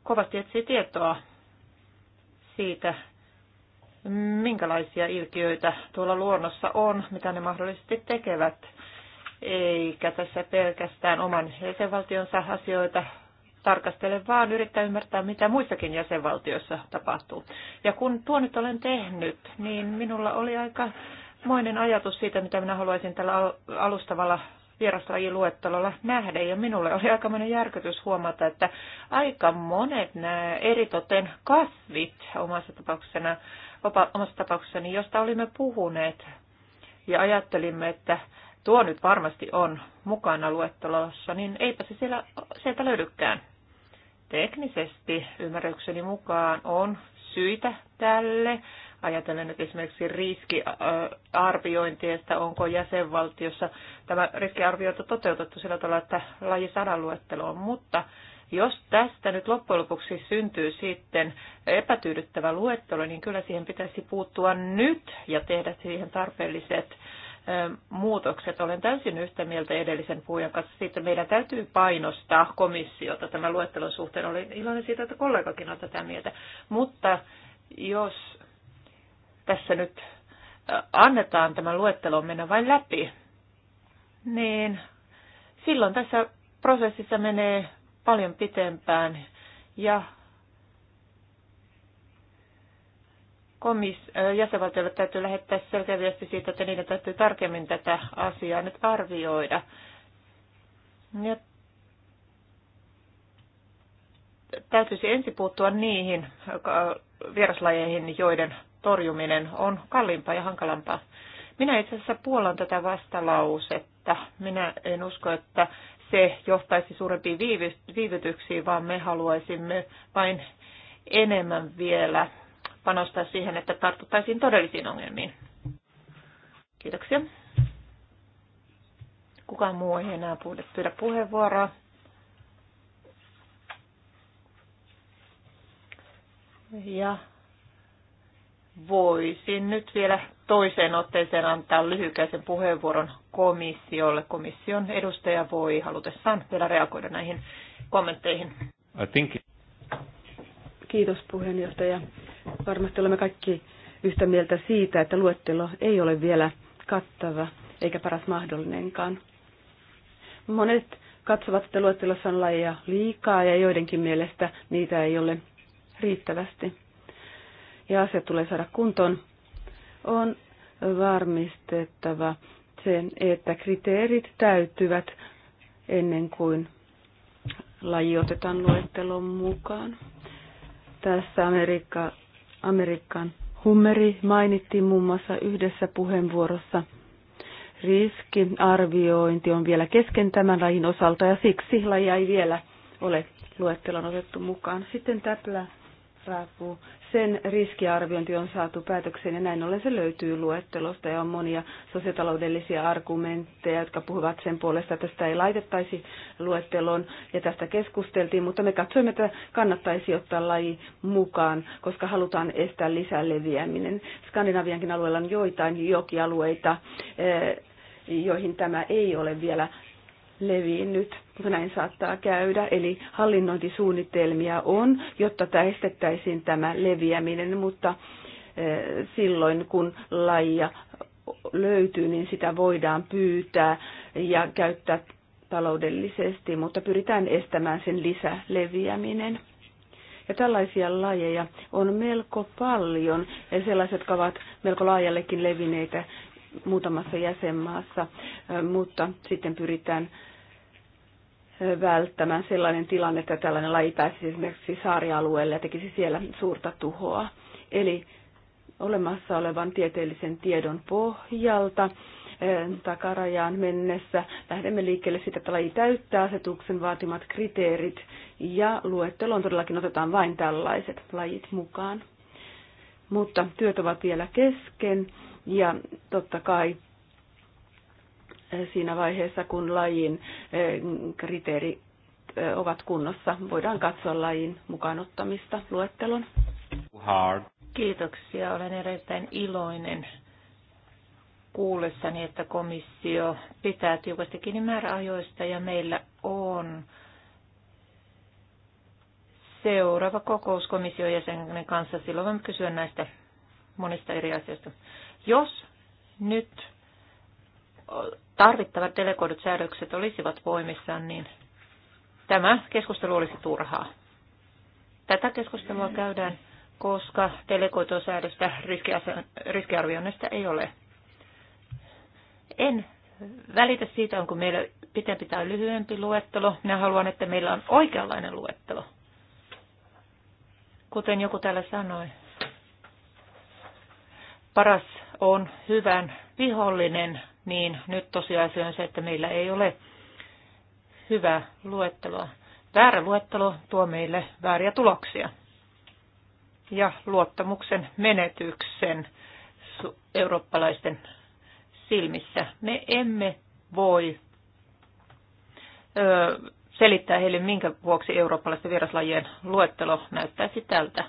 C: kovasti etsii tietoa siitä, minkälaisia ilkiöitä tuolla luonnossa on, mitä ne mahdollisesti tekevät, eikä tässä pelkästään oman jäsenvaltionsa asioita tarkastele, vaan yrittää ymmärtää, mitä muissakin jäsenvaltioissa tapahtuu. Ja kun tuo nyt olen tehnyt, niin minulla oli aika moinen ajatus siitä, mitä minä haluaisin tällä alustavalla vieraslajiluettelolla nähdä. Ja minulle oli aika monen järkytys huomata, että aika monet nämä eritoten kasvit omassa tapauksessa omassa tapauksessani, niin josta olimme puhuneet ja ajattelimme, että tuo nyt varmasti on mukana luettelossa, niin eipä se siellä, sieltä löydykään. Teknisesti ymmärrykseni mukaan on syitä tälle. Ajatellen nyt esimerkiksi riskiarviointia, että onko jäsenvaltiossa tämä riskiarviointi toteutettu sillä tavalla, että laji sadan on, mutta jos tästä nyt loppujen lopuksi syntyy sitten epätyydyttävä luettelo, niin kyllä siihen pitäisi puuttua nyt ja tehdä siihen tarpeelliset muutokset. Olen täysin yhtä mieltä edellisen puhujan kanssa siitä, meidän täytyy painostaa komissiota tämän luettelon suhteen. Olen iloinen siitä, että kollegakin on tätä mieltä. Mutta jos tässä nyt annetaan tämän luettelon mennä vain läpi, niin silloin tässä prosessissa menee paljon pitempään ja komis- jäsenvaltioille täytyy lähettää selkeä viesti siitä, että niiden täytyy tarkemmin tätä asiaa nyt arvioida. Ja täytyisi ensi puuttua niihin vieraslajeihin, joiden torjuminen on kalliimpaa ja hankalampaa. Minä itse asiassa puolan tätä vastalausetta. Minä en usko, että se johtaisi suurempiin viivytyksiin, vaan me haluaisimme vain enemmän vielä panostaa siihen, että tartuttaisiin todellisiin ongelmiin. Kiitoksia. Kukaan muu ei enää pyydä puheenvuoroa. Ja voisin nyt vielä toiseen otteeseen antaa lyhykäisen puheenvuoron komissiolle. Komission edustaja voi halutessaan vielä reagoida näihin kommentteihin. I think... Kiitos puheenjohtaja. Varmasti olemme kaikki yhtä mieltä siitä, että
F: luettelo ei ole vielä kattava eikä paras mahdollinenkaan. Monet katsovat, että luettelossa on lajeja liikaa ja joidenkin mielestä niitä ei ole riittävästi. Ja asia tulee saada kuntoon on varmistettava se, että kriteerit täyttyvät ennen kuin laji otetaan luettelon mukaan. Tässä Amerikka, Amerikan hummeri mainittiin muun muassa yhdessä puheenvuorossa. Riskiarviointi on vielä kesken tämän lajin osalta ja siksi laji ei vielä ole luettelon otettu mukaan. Sitten täplä raapuu sen riskiarviointi on saatu päätökseen ja näin ollen se löytyy luettelosta ja on monia sosiotaloudellisia argumentteja, jotka puhuvat sen puolesta, että sitä ei laitettaisi luetteloon ja tästä keskusteltiin, mutta me katsoimme, että kannattaisi ottaa laji mukaan, koska halutaan estää lisäleviäminen. Skandinaviankin alueella on joitain jokialueita, eh, joihin tämä ei ole vielä levinnyt, mutta näin saattaa käydä. Eli hallinnointisuunnitelmia on, jotta tämä estettäisiin tämä leviäminen, mutta eh, silloin kun lajia löytyy, niin sitä voidaan pyytää ja käyttää taloudellisesti, mutta pyritään estämään sen lisäleviäminen. Ja tällaisia lajeja on melko paljon, ja sellaiset, jotka ovat melko laajallekin levinneitä, muutamassa jäsenmaassa, mutta sitten pyritään välttämään sellainen tilanne, että tällainen laji pääsisi esimerkiksi saarialueelle ja tekisi siellä suurta tuhoa. Eli olemassa olevan tieteellisen tiedon pohjalta takarajaan mennessä lähdemme liikkeelle siitä, että laji täyttää asetuksen vaatimat kriteerit ja luetteloon todellakin otetaan vain tällaiset lajit mukaan. Mutta työt ovat vielä kesken ja totta kai eh, siinä vaiheessa, kun lajin eh, kriteerit eh, ovat kunnossa, voidaan katsoa lajin mukaanottamista
C: luettelon. Hard. Kiitoksia. Olen erittäin iloinen kuullessani, että komissio pitää tiukasti kiinni määräajoista ja meillä on seuraava kokous komission jäsenen kanssa. Silloin voimme kysyä näistä monista eri asioista. Jos nyt tarvittavat delegoidut säädökset olisivat voimissaan, niin tämä keskustelu olisi turhaa. Tätä keskustelua käydään, koska delegoitua säädöstä riskiarvioinnista ei ole. En välitä siitä, onko meillä pitempi tai lyhyempi luettelo. Minä haluan, että meillä on oikeanlainen luettelo. Kuten joku täällä sanoi, paras on hyvän vihollinen, niin nyt tosiasia on se, että meillä ei ole hyvää luetteloa. Väärä luettelo tuo meille vääriä tuloksia ja luottamuksen menetyksen eurooppalaisten silmissä. Me emme voi selittää heille, minkä vuoksi eurooppalaisten vieraslajien luettelo näyttäisi tältä.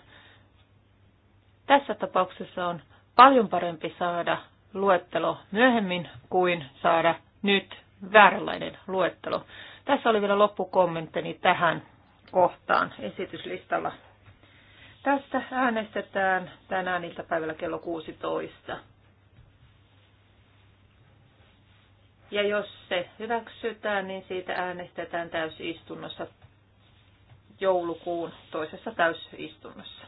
C: Tässä tapauksessa on paljon parempi saada luettelo myöhemmin kuin saada nyt vääränlainen luettelo. Tässä oli vielä loppukommentteni tähän kohtaan esityslistalla. Tästä äänestetään tänään iltapäivällä kello 16. Ja jos se hyväksytään, niin siitä äänestetään täysistunnossa joulukuun toisessa täysistunnossa.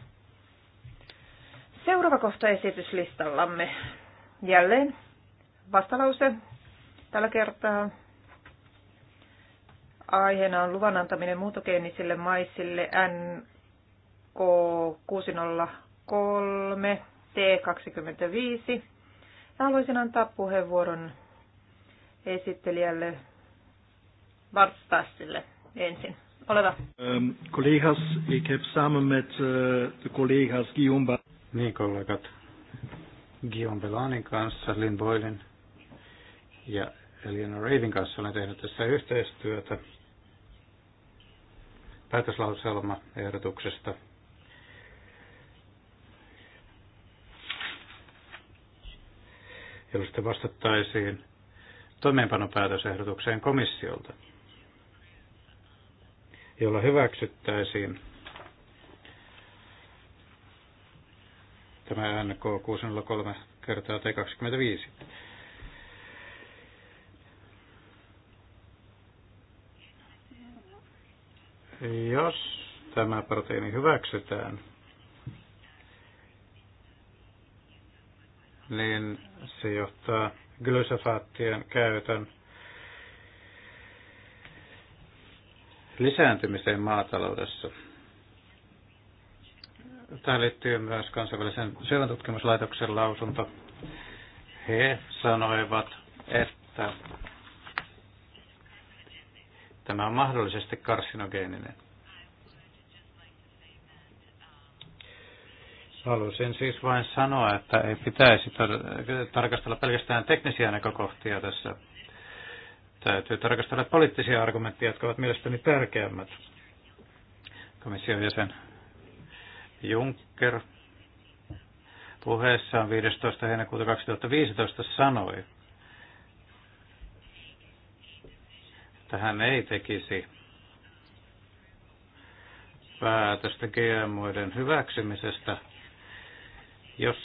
C: Seuraava kohta esityslistallamme. Jälleen vastalause tällä kertaa. Aiheena on luvan antaminen muutogeenisille maisille NK603 T25. Ja haluaisin antaa puheenvuoron esittelijälle Bartstasille ensin. Ole hyvä.
E: Um, ähm, collega's, ik heb samen met uh, de collega's Guillaume niin kollegat Guillaume
B: Belanin kanssa, Lynn Boylin ja Eleanor Raven kanssa olen tehnyt tässä yhteistyötä päätöslauselma ehdotuksesta. jolloin sitten vastattaisiin toimeenpanopäätösehdotukseen komissiolta, jolla hyväksyttäisiin tämä NK603 kertaa T25. Jos tämä proteiini hyväksytään, niin se johtaa glysofaattien käytön lisääntymiseen maataloudessa. Tähän liittyy myös kansainvälisen syöväntutkimuslaitoksen lausunto. He sanoivat, että tämä on mahdollisesti karsinogeeninen. Haluaisin siis vain sanoa, että ei pitäisi tarkastella pelkästään teknisiä näkökohtia tässä. Täytyy tarkastella poliittisia argumentteja, jotka ovat mielestäni tärkeämmät. Komission jäsen Juncker puheessaan 15. heinäkuuta 2015 sanoi, että hän ei tekisi päätöstä GMOiden hyväksymisestä, jos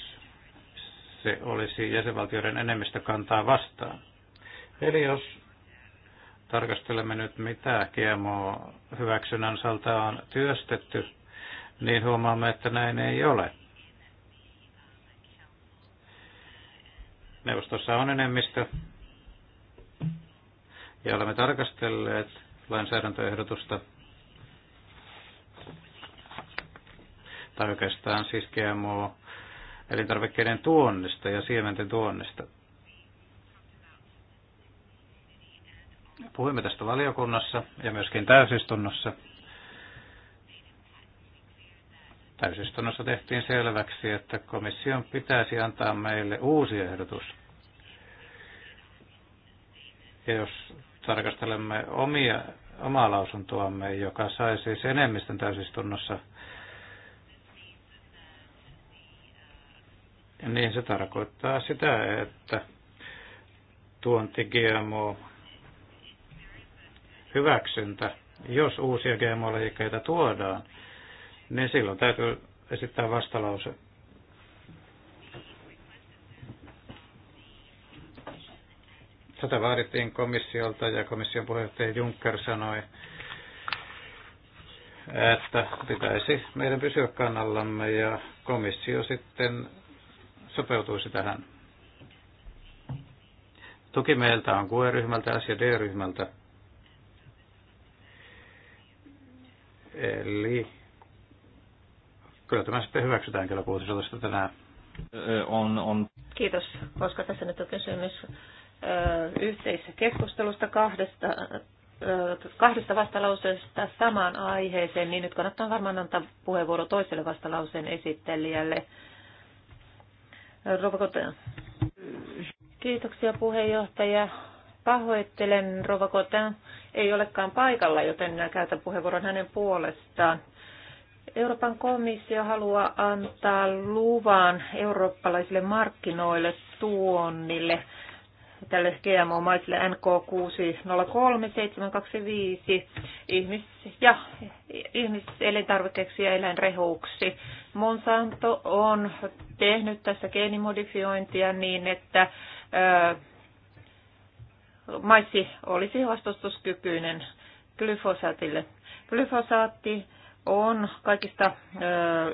B: se olisi jäsenvaltioiden enemmistö kantaa vastaan. Eli jos tarkastelemme nyt, mitä GMO-hyväksynnän salta on työstetty, niin huomaamme, että näin ei ole. Neuvostossa on enemmistö ja olemme tarkastelleet lainsäädäntöehdotusta tai oikeastaan siis GMO elintarvikkeiden tuonnista ja siementen tuonnista. Puhuimme tästä valiokunnassa ja myöskin täysistunnossa. Täysistunnossa tehtiin selväksi, että komission pitäisi antaa meille uusi ehdotus. Ja jos tarkastelemme omia, omaa lausuntoamme, joka sai siis enemmistön täysistunnossa, niin se tarkoittaa sitä, että tuonti GMO hyväksyntä, jos uusia GMO-lajikkeita tuodaan, niin silloin täytyy esittää vastalause. Tätä vaadittiin komissiolta ja komission puheenjohtaja Juncker sanoi, että pitäisi meidän pysyä kannallamme ja komissio sitten sopeutuisi tähän. Tuki meiltä on QE-ryhmältä, S- ja D-ryhmältä. Eli Kyllä tämä sitten hyväksytään kyllä puolisodasta tänään. On, on.
C: Kiitos, koska tässä nyt on kysymys keskustelusta kahdesta kahdesta vastalauseesta samaan aiheeseen, niin nyt kannattaa varmaan antaa puheenvuoro toiselle vastalauseen esittelijälle. Rovakoten. Kiitoksia puheenjohtaja. Pahoittelen, Rovakoten ei olekaan paikalla, joten käytän puheenvuoron hänen puolestaan. Euroopan komissio haluaa antaa luvan eurooppalaisille markkinoille tuonnille tälle gmo maisille NK6032725 ihmis- ja ihmiselintarvikkeeksi ja eläinrehuksi. Monsanto on tehnyt tässä geenimodifiointia niin, että ö, maissi olisi vastustuskykyinen glyfosaatille. Glyfosaatti on kaikista ö,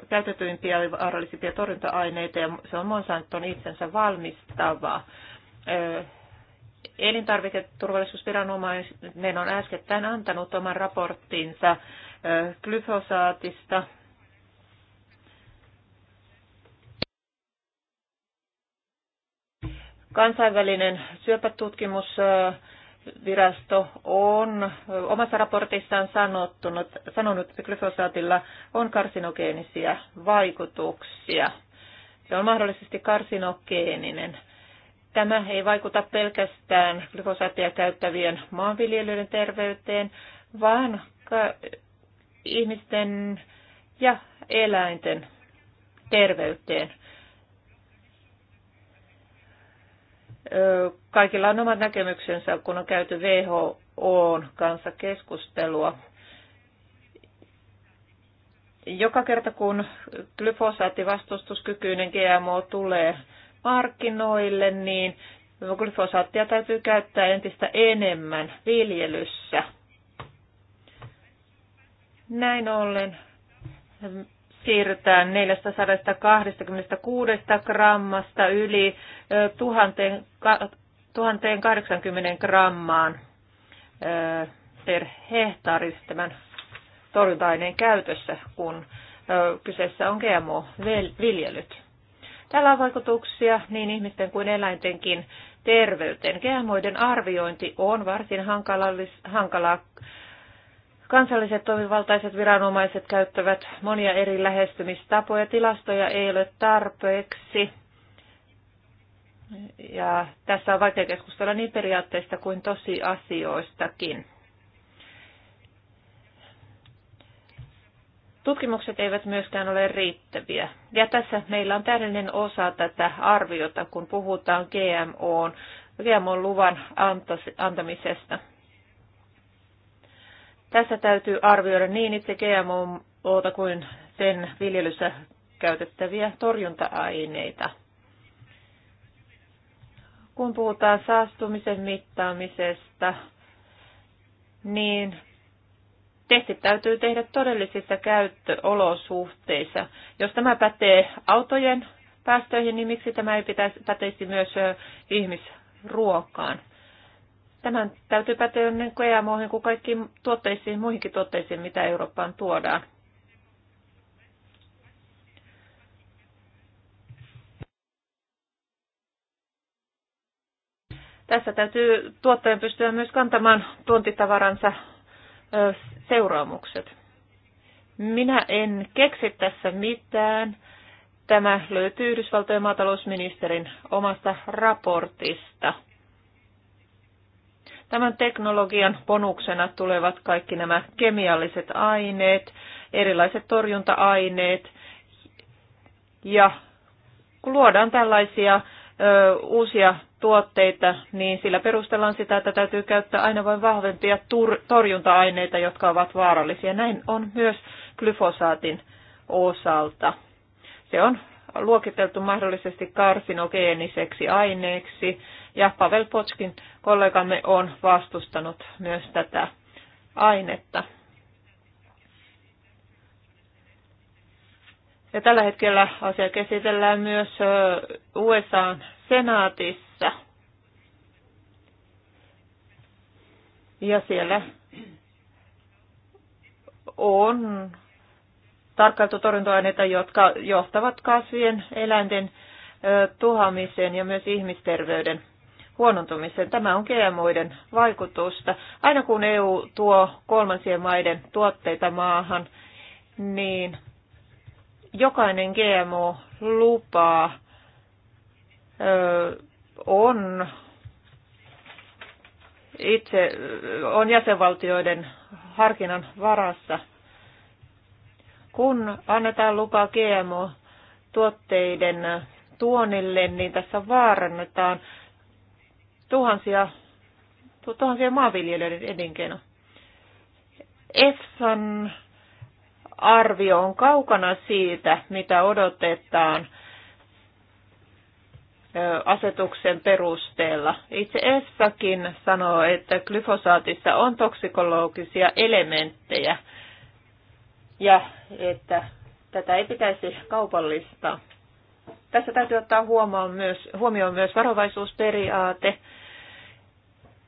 C: käytetyimpiä vaarallisimpia torjunta-aineita ja se on Monsanton itsensä valmistava. Ö, elintarviketurvallisuusviranomainen on äskettäin antanut oman raporttinsa ö, glyfosaatista. Kansainvälinen syöpätutkimus ö, virasto on omassa raportissaan sanottunut, sanonut, että glyfosaatilla on karsinogeenisia vaikutuksia. Se on mahdollisesti karsinogeeninen. Tämä ei vaikuta pelkästään glyfosaattia käyttävien maanviljelijöiden terveyteen, vaan ihmisten ja eläinten terveyteen. Kaikilla on omat näkemyksensä, kun on käyty WHO kanssa keskustelua. Joka kerta kun glyfosaattivastustuskykyinen GMO tulee markkinoille, niin glyfosaattia täytyy käyttää entistä enemmän viljelyssä. Näin ollen siirrytään 426 grammasta yli 1080 grammaan per hehtaari tämän torjunta-aineen käytössä, kun kyseessä on GMO-viljelyt. Tällä on vaikutuksia niin ihmisten kuin eläintenkin terveyteen. GMOiden arviointi on varsin hankalaa Kansalliset toimivaltaiset viranomaiset käyttävät monia eri lähestymistapoja. Tilastoja ei ole tarpeeksi. Ja tässä on vaikea keskustella niin periaatteista kuin tosiasioistakin. Tutkimukset eivät myöskään ole riittäviä. Ja tässä meillä on täydellinen osa tätä arviota, kun puhutaan GMOn, GMO-luvan antamisesta. Tässä täytyy arvioida niin itse GMOta kuin sen viljelyssä käytettäviä torjunta-aineita. Kun puhutaan saastumisen mittaamisesta, niin testit täytyy tehdä todellisissa käyttöolosuhteissa. Jos tämä pätee autojen päästöihin, niin miksi tämä ei pitäisi, päteisi myös ihmisruokaan? Tämän täytyy päteä niin kuin GMOihin kuin kaikkiin tuotteisiin, muihinkin tuotteisiin, mitä Eurooppaan tuodaan. Tässä täytyy tuottajan pystyä myös kantamaan tuontitavaransa seuraamukset. Minä en keksi tässä mitään. Tämä löytyy Yhdysvaltojen maatalousministerin omasta raportista – Tämän teknologian bonuksena tulevat kaikki nämä kemialliset aineet, erilaiset torjunta-aineet ja kun luodaan tällaisia ö, uusia tuotteita, niin sillä perustellaan sitä, että täytyy käyttää aina vain vahvempia tur- torjunta-aineita, jotka ovat vaarallisia. Näin on myös glyfosaatin osalta. Se on luokiteltu mahdollisesti karsinogeeniseksi aineeksi ja Pavel Potskin kollegamme on vastustanut myös tätä ainetta. Ja tällä hetkellä asia käsitellään myös USA-senaatissa. Ja siellä on tarkkailtu torjuntoaineita, jotka johtavat kasvien, eläinten tuhamiseen ja myös ihmisterveyden huonontumiseen. Tämä on GMOiden vaikutusta. Aina kun EU tuo kolmansien maiden tuotteita maahan, niin jokainen GMO-lupa on itse on jäsenvaltioiden harkinnan varassa. Kun annetaan lupa GMO-tuotteiden tuonille, niin tässä vaarannetaan tuhansia, tuhansia maanviljelijöiden elinkeino. EFSAn arvio on kaukana siitä, mitä odotetaan asetuksen perusteella. Itse EFSAkin sanoo, että glyfosaatissa on toksikologisia elementtejä ja että tätä ei pitäisi kaupallistaa. Tässä täytyy ottaa huomioon myös, huomioon myös varovaisuusperiaate.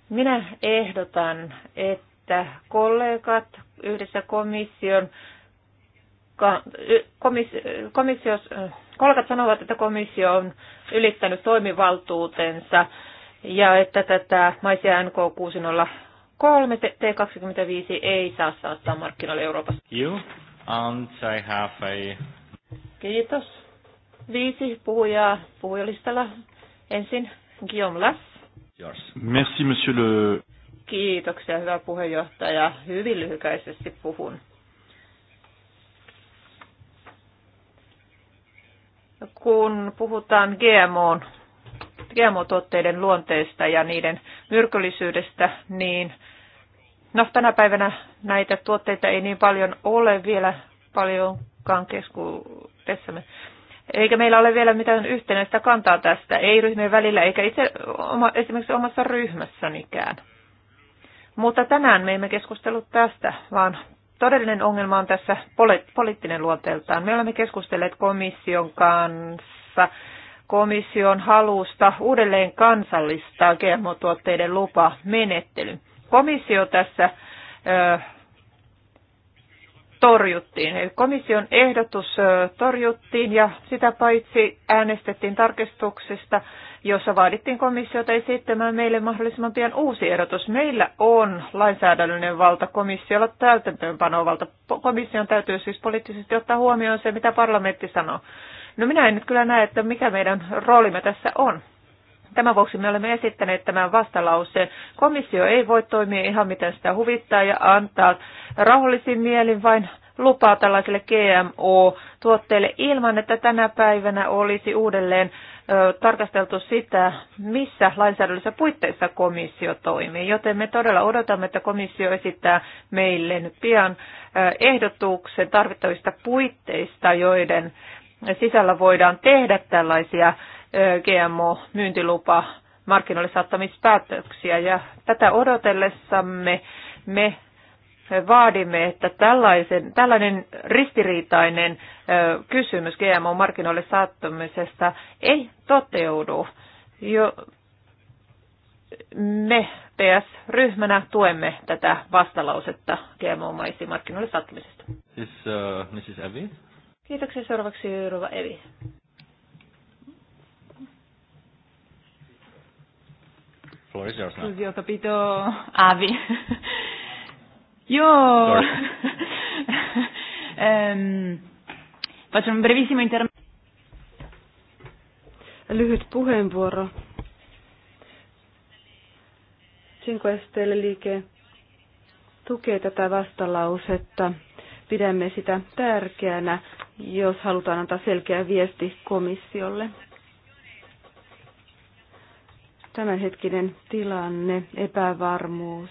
C: Minä ehdotan, että kollegat yhdessä komission komissio, kollegat sanovat, että komissio on ylittänyt toimivaltuutensa ja että tätä maisia NK 603 T25 ei saa saattaa markkinoille
B: Euroopassa. You and I have a...
C: Kiitos viisi puhujaa puhujalistalla. Ensin Guillaume Lass.
D: Merci, monsieur le...
C: Kiitoksia, hyvä puheenjohtaja. Hyvin lyhykäisesti puhun. Kun puhutaan GMOn, GMO-tuotteiden luonteesta ja niiden myrkyllisyydestä, niin no, tänä päivänä näitä tuotteita ei niin paljon ole vielä paljonkaan keskuudessamme. Eikä meillä ole vielä mitään yhtenäistä kantaa tästä, ei ryhmien välillä, eikä itse oma, esimerkiksi omassa ryhmässänikään. Mutta tänään me emme keskustellut tästä, vaan todellinen ongelma on tässä poliittinen luonteeltaan. Me olemme keskustelleet komission kanssa komission halusta uudelleen kansallistaa GMO-tuotteiden menettely. Komissio tässä ö, torjuttiin. Eli komission ehdotus torjuttiin ja sitä paitsi äänestettiin tarkistuksista, jossa vaadittiin komissiota esittämään meille mahdollisimman pian uusi ehdotus. Meillä on lainsäädännöllinen valta komissiolla täytäntöönpanovalta. Komission täytyy siis poliittisesti ottaa huomioon se, mitä parlamentti sanoo. No minä en nyt kyllä näe, että mikä meidän roolimme tässä on. Tämän vuoksi me olemme esittäneet tämän vastalauseen. Komissio ei voi toimia ihan miten sitä huvittaa ja antaa rauhallisin mielin vain lupaa tällaiselle GMO-tuotteelle ilman, että tänä päivänä olisi uudelleen ö, tarkasteltu sitä, missä lainsäädännöllisissä puitteissa komissio toimii. Joten me todella odotamme, että komissio esittää meille nyt pian ö, ehdotuksen tarvittavista puitteista, joiden sisällä voidaan tehdä tällaisia GMO-myyntilupa markkinoille saattamispäätöksiä ja tätä odotellessamme me vaadimme, että tällaisen, tällainen ristiriitainen kysymys GMO-markkinoille saattamisesta ei toteudu. Jo, me PS-ryhmänä tuemme tätä vastalausetta GMO-maisiin markkinoille saattamisesta.
D: Is, uh, Mrs. Evi?
C: Kiitoksia. Seuraavaksi Yrova Evi. floor is yours now. Scusi, ho capito avi. Io ehm,
F: faccio un brevissimo intermezzo. Lyhyt puheenvuoro. Cinque Stelle liike tukee tätä vastalausetta. Pidämme sitä tärkeänä, jos halutaan antaa selkeä viesti komissiolle tämänhetkinen tilanne, epävarmuus,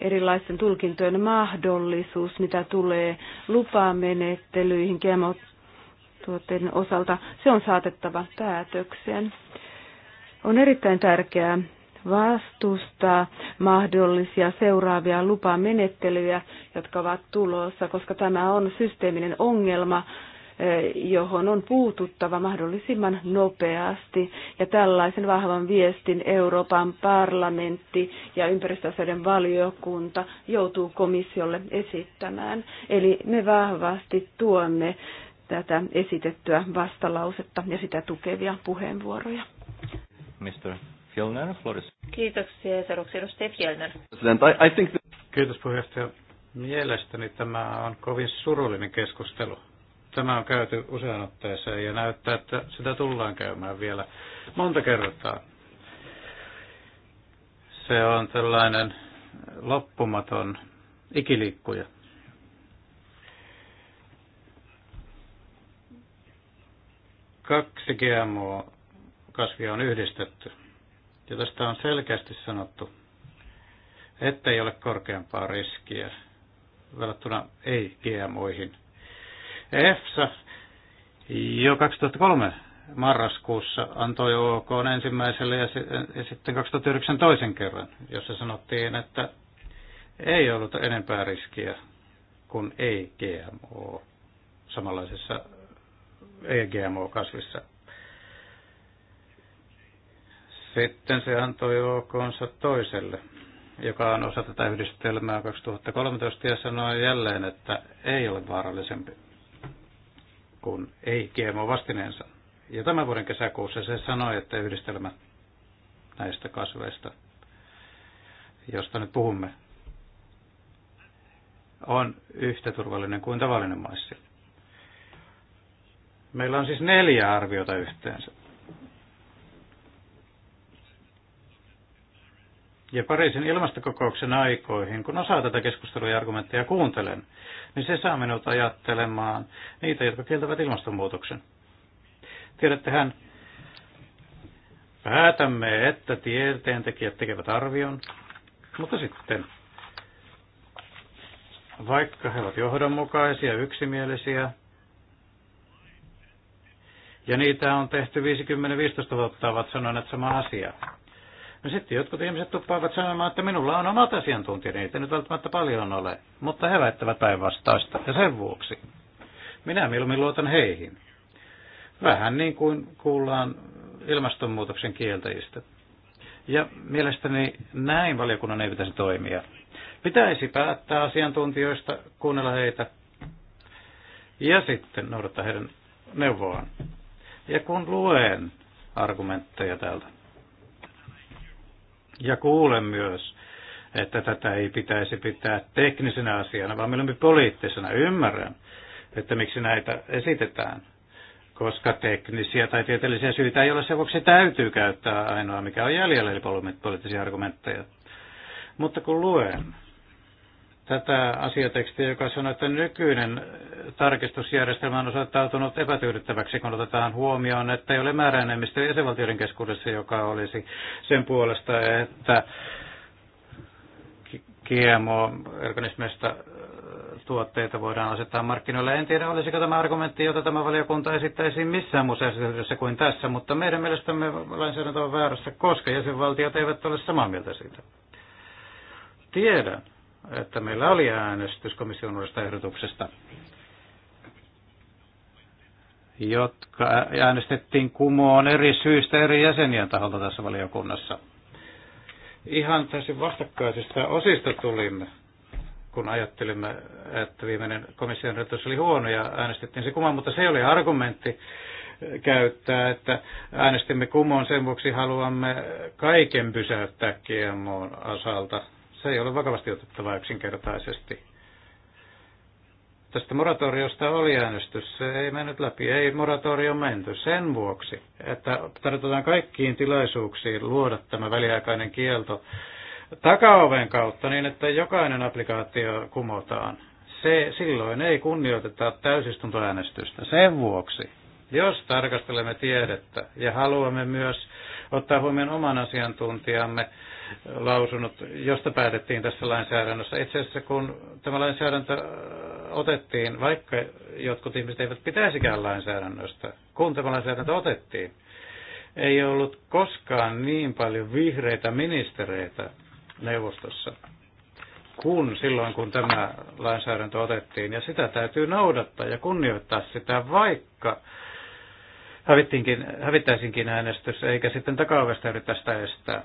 F: erilaisten tulkintojen mahdollisuus, mitä tulee lupamenettelyihin kemotuotteiden osalta, se on saatettava päätökseen. On erittäin tärkeää vastustaa mahdollisia seuraavia lupamenettelyjä, jotka ovat tulossa, koska tämä on systeeminen ongelma johon on puututtava mahdollisimman nopeasti. Ja tällaisen vahvan viestin Euroopan parlamentti ja ympäristöasioiden valiokunta joutuu komissiolle esittämään. Eli me vahvasti tuomme tätä esitettyä vastalausetta ja sitä tukevia puheenvuoroja.
B: Mr. Fjellner, Floris.
C: Kiitoksia. Seuraavaksi edustaja Fjellner.
B: Kiitos puheenjohtaja. Mielestäni tämä on kovin surullinen keskustelu. Tämä on käyty usean otteeseen ja näyttää, että sitä tullaan käymään vielä monta kertaa. Se on tällainen loppumaton ikiliikkuja. Kaksi GMO-kasvia on yhdistetty. Ja tästä on selkeästi sanottu, ettei ole korkeampaa riskiä verrattuna ei-GMOihin. EFSA jo 2003 marraskuussa antoi OK ensimmäiselle ja, ja sitten 2009 toisen kerran, jossa sanottiin, että ei ollut enempää riskiä kuin ei-GMO samanlaisessa egmo kasvissa Sitten se antoi OK toiselle, joka on osa tätä yhdistelmää 2013 ja sanoi jälleen, että ei ole vaarallisempi kuin ei-GMO-vastineensa. Ja tämän vuoden kesäkuussa se sanoi, että yhdistelmä näistä kasveista, josta nyt puhumme, on yhtä turvallinen kuin tavallinen maissi. Meillä on siis neljä arviota yhteensä. Ja Pariisin ilmastokokouksen aikoihin, kun osaa tätä keskustelua ja argumentteja kuuntelen, niin se saa minut ajattelemaan niitä, jotka kieltävät ilmastonmuutoksen. Tiedättehän, päätämme, että tieteentekijät tekevät arvion, mutta sitten, vaikka he ovat johdonmukaisia, yksimielisiä, ja niitä on tehty 50-15 vuotta, ovat sanoneet sama asia No sitten jotkut ihmiset tuppaavat sanomaan, että minulla on omat asiantuntijani, niitä nyt välttämättä paljon ole, mutta he väittävät päinvastaista ja sen vuoksi. Minä mieluummin luotan heihin. Vähän niin kuin kuullaan ilmastonmuutoksen kieltäjistä. Ja mielestäni näin valiokunnan ei pitäisi toimia. Pitäisi päättää asiantuntijoista, kuunnella heitä ja sitten noudattaa heidän neuvoaan. Ja kun luen argumentteja täältä, ja kuulen myös, että tätä ei pitäisi pitää teknisenä asiana, vaan mieluummin poliittisena. Ymmärrän, että miksi näitä esitetään, koska teknisiä tai tieteellisiä syitä ei ole se vuoksi täytyy käyttää ainoa, mikä on jäljellä, eli poliittisia argumentteja. Mutta kun luen tätä asiatekstiä, joka sanoo, että nykyinen tarkistusjärjestelmä on osoittautunut epätyydyttäväksi, kun otetaan huomioon, että ei ole määräenemmistö jäsenvaltioiden keskuudessa, joka olisi sen puolesta, että GMO-organismeista äh, tuotteita voidaan asettaa markkinoille. En tiedä, olisiko tämä argumentti, jota tämä valiokunta esittäisi missään muussa esityksessä kuin tässä, mutta meidän mielestämme lainsäädäntö on väärässä, koska jäsenvaltiot eivät ole samaa mieltä siitä. Tiedän, että meillä oli äänestys komission uudesta ehdotuksesta, jotka äänestettiin kumoon eri syistä eri jäsenien taholta tässä valiokunnassa. Ihan täysin vastakkaisista osista tulimme, kun ajattelimme, että viimeinen komission ehdotus oli huono ja äänestettiin se kumoon, mutta se oli argumentti käyttää, että äänestimme kumoon sen vuoksi haluamme kaiken pysäyttää GMOn asalta. Se ei ole vakavasti otettavaa yksinkertaisesti. Tästä moratoriosta oli äänestys, se ei mennyt läpi, ei moratorio menty sen vuoksi, että tarvitaan kaikkiin tilaisuuksiin luoda tämä väliaikainen kielto takaoven kautta niin, että jokainen applikaatio kumotaan. Se, silloin ei kunnioiteta täysistuntoäänestystä sen vuoksi. Jos tarkastelemme tiedettä ja haluamme myös ottaa huomioon oman asiantuntijamme, lausunnot, josta päätettiin tässä lainsäädännössä. Itse asiassa kun tämä lainsäädäntö äh, otettiin, vaikka jotkut ihmiset eivät pitäisikään lainsäädännöstä, kun tämä lainsäädäntö otettiin, ei ollut koskaan niin paljon vihreitä ministereitä neuvostossa kun silloin, kun tämä lainsäädäntö otettiin. Ja sitä täytyy noudattaa ja kunnioittaa sitä, vaikka hävittäisinkin äänestys, eikä sitten takaovesta yritä sitä estää.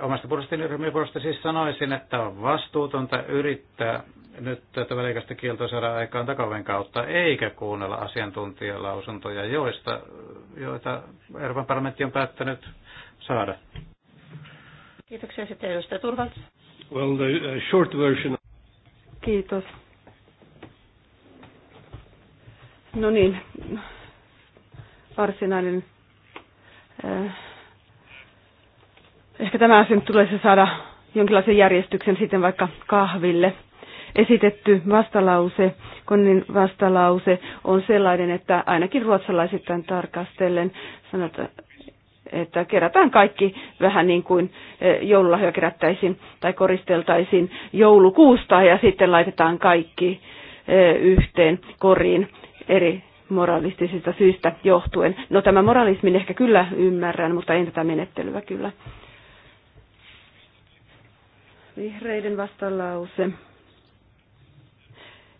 B: Omasta puolestani ryhmien puolesta siis sanoisin, että on vastuutonta yrittää nyt tätä välikästä kieltoa saada aikaan takaoven kautta, eikä kuunnella asiantuntijalausuntoja, joista, joita Euroopan parlamentti on päättänyt saada.
C: Kiitoksia sitten edustaja Turvalts.
B: Well, the
E: uh, short version.
F: Kiitos. No niin, varsinainen. Eh, ehkä tämä asia nyt tulee se saada jonkinlaisen järjestyksen sitten vaikka kahville. Esitetty vastalause, konnin vastalause on sellainen, että ainakin ruotsalaisittain tarkastellen sanotaan, että kerätään kaikki vähän niin kuin eh, joululahjoja kerättäisiin tai koristeltaisiin joulukuusta ja sitten laitetaan kaikki eh, yhteen koriin eri moralistisista syistä johtuen. No tämä moralismin ehkä kyllä ymmärrän, mutta en tätä menettelyä kyllä. Vihreiden vastalause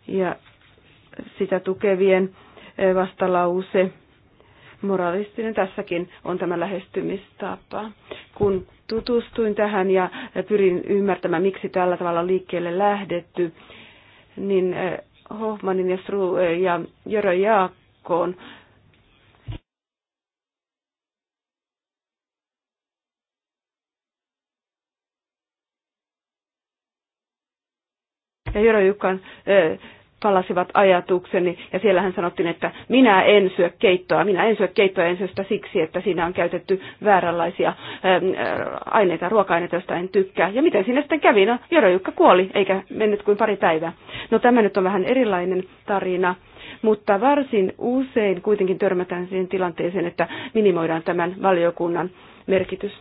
F: ja sitä tukevien e, vastalause. Moralistinen tässäkin on tämä lähestymistapa. Kun tutustuin tähän ja pyrin ymmärtämään, miksi tällä tavalla liikkeelle lähdetty, niin e, Hoffmanin ja, Stru ja Jörö Jaak verkkoon. Ja Jyrö Jukkan palasivat ajatukseni, ja siellä hän sanottiin, että minä en syö keittoa, minä en syö keittoa ensöstä siksi, että siinä on käytetty vääränlaisia aineita, ruoka-aineita, joista en tykkää. Ja miten sinne sitten kävi? No, Jukka kuoli, eikä mennyt kuin pari päivää. No tämä nyt on vähän erilainen tarina mutta varsin usein kuitenkin törmätään siihen tilanteeseen, että minimoidaan tämän valiokunnan merkitys.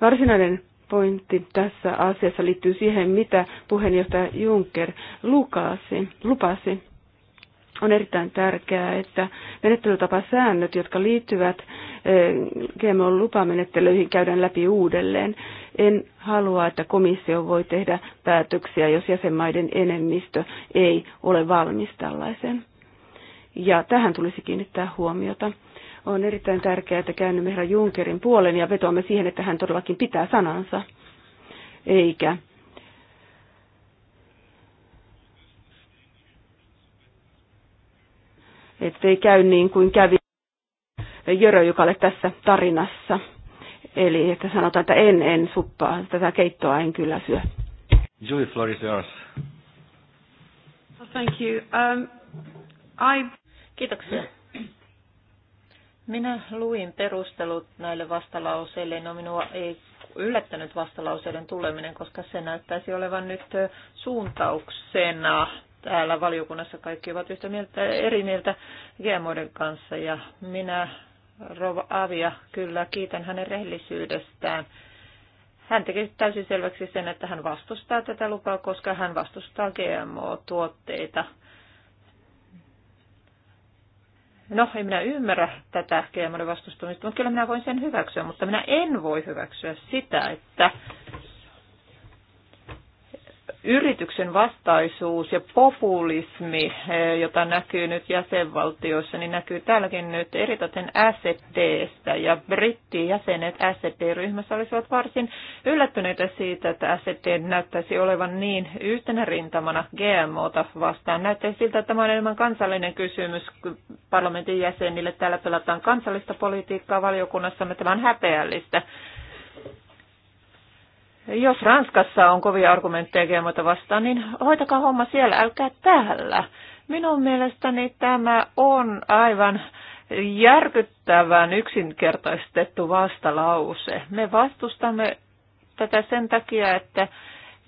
F: Varsinainen pointti tässä asiassa liittyy siihen, mitä puheenjohtaja Juncker lukasi, lupasi on erittäin tärkeää, että menettelytapasäännöt, jotka liittyvät eh, GMOn lupamenettelyihin, käydään läpi uudelleen. En halua, että komissio voi tehdä päätöksiä, jos jäsenmaiden enemmistö ei ole valmis tällaiseen. Ja tähän tulisi kiinnittää huomiota. On erittäin tärkeää, että käännymme herra Junkerin puolen ja vetoamme siihen, että hän todellakin pitää sanansa, eikä ettei käy niin kuin kävi Jöröjukalle tässä tarinassa. Eli että sanotaan, että en, en suppaa, tätä keittoa en kyllä syö.
B: Julie Floor is yours. Thank
F: you. Um, I... Kiitoksia.
C: Minä luin perustelut näille vastalauseille. No minua ei yllättänyt vastalauseiden tuleminen, koska se näyttäisi olevan nyt suuntauksena täällä valiokunnassa kaikki ovat yhtä mieltä, eri mieltä GMOiden kanssa ja minä Rova Avia kyllä kiitän hänen rehellisyydestään. Hän teki täysin selväksi sen, että hän vastustaa tätä lupaa, koska hän vastustaa GMO-tuotteita. No, en minä ymmärrä tätä GMO-vastustumista, mutta kyllä minä voin sen hyväksyä, mutta minä en voi hyväksyä sitä, että yrityksen vastaisuus ja populismi, eh, jota näkyy nyt jäsenvaltioissa, niin näkyy täälläkin nyt eritoten SFDstä. Ja brittijäsenet SFD-ryhmässä olisivat varsin yllättyneitä siitä, että SFD näyttäisi olevan niin yhtenä rintamana GMOta vastaan. Näyttää siltä, että tämä on enemmän kansallinen kysymys parlamentin jäsenille. Täällä pelataan kansallista politiikkaa mutta Tämä on häpeällistä. Jos Ranskassa on kovia argumentteja GMOta vastaan, niin hoitakaa homma siellä, älkää täällä. Minun mielestäni tämä on aivan järkyttävän yksinkertaistettu vastalause. Me vastustamme tätä sen takia, että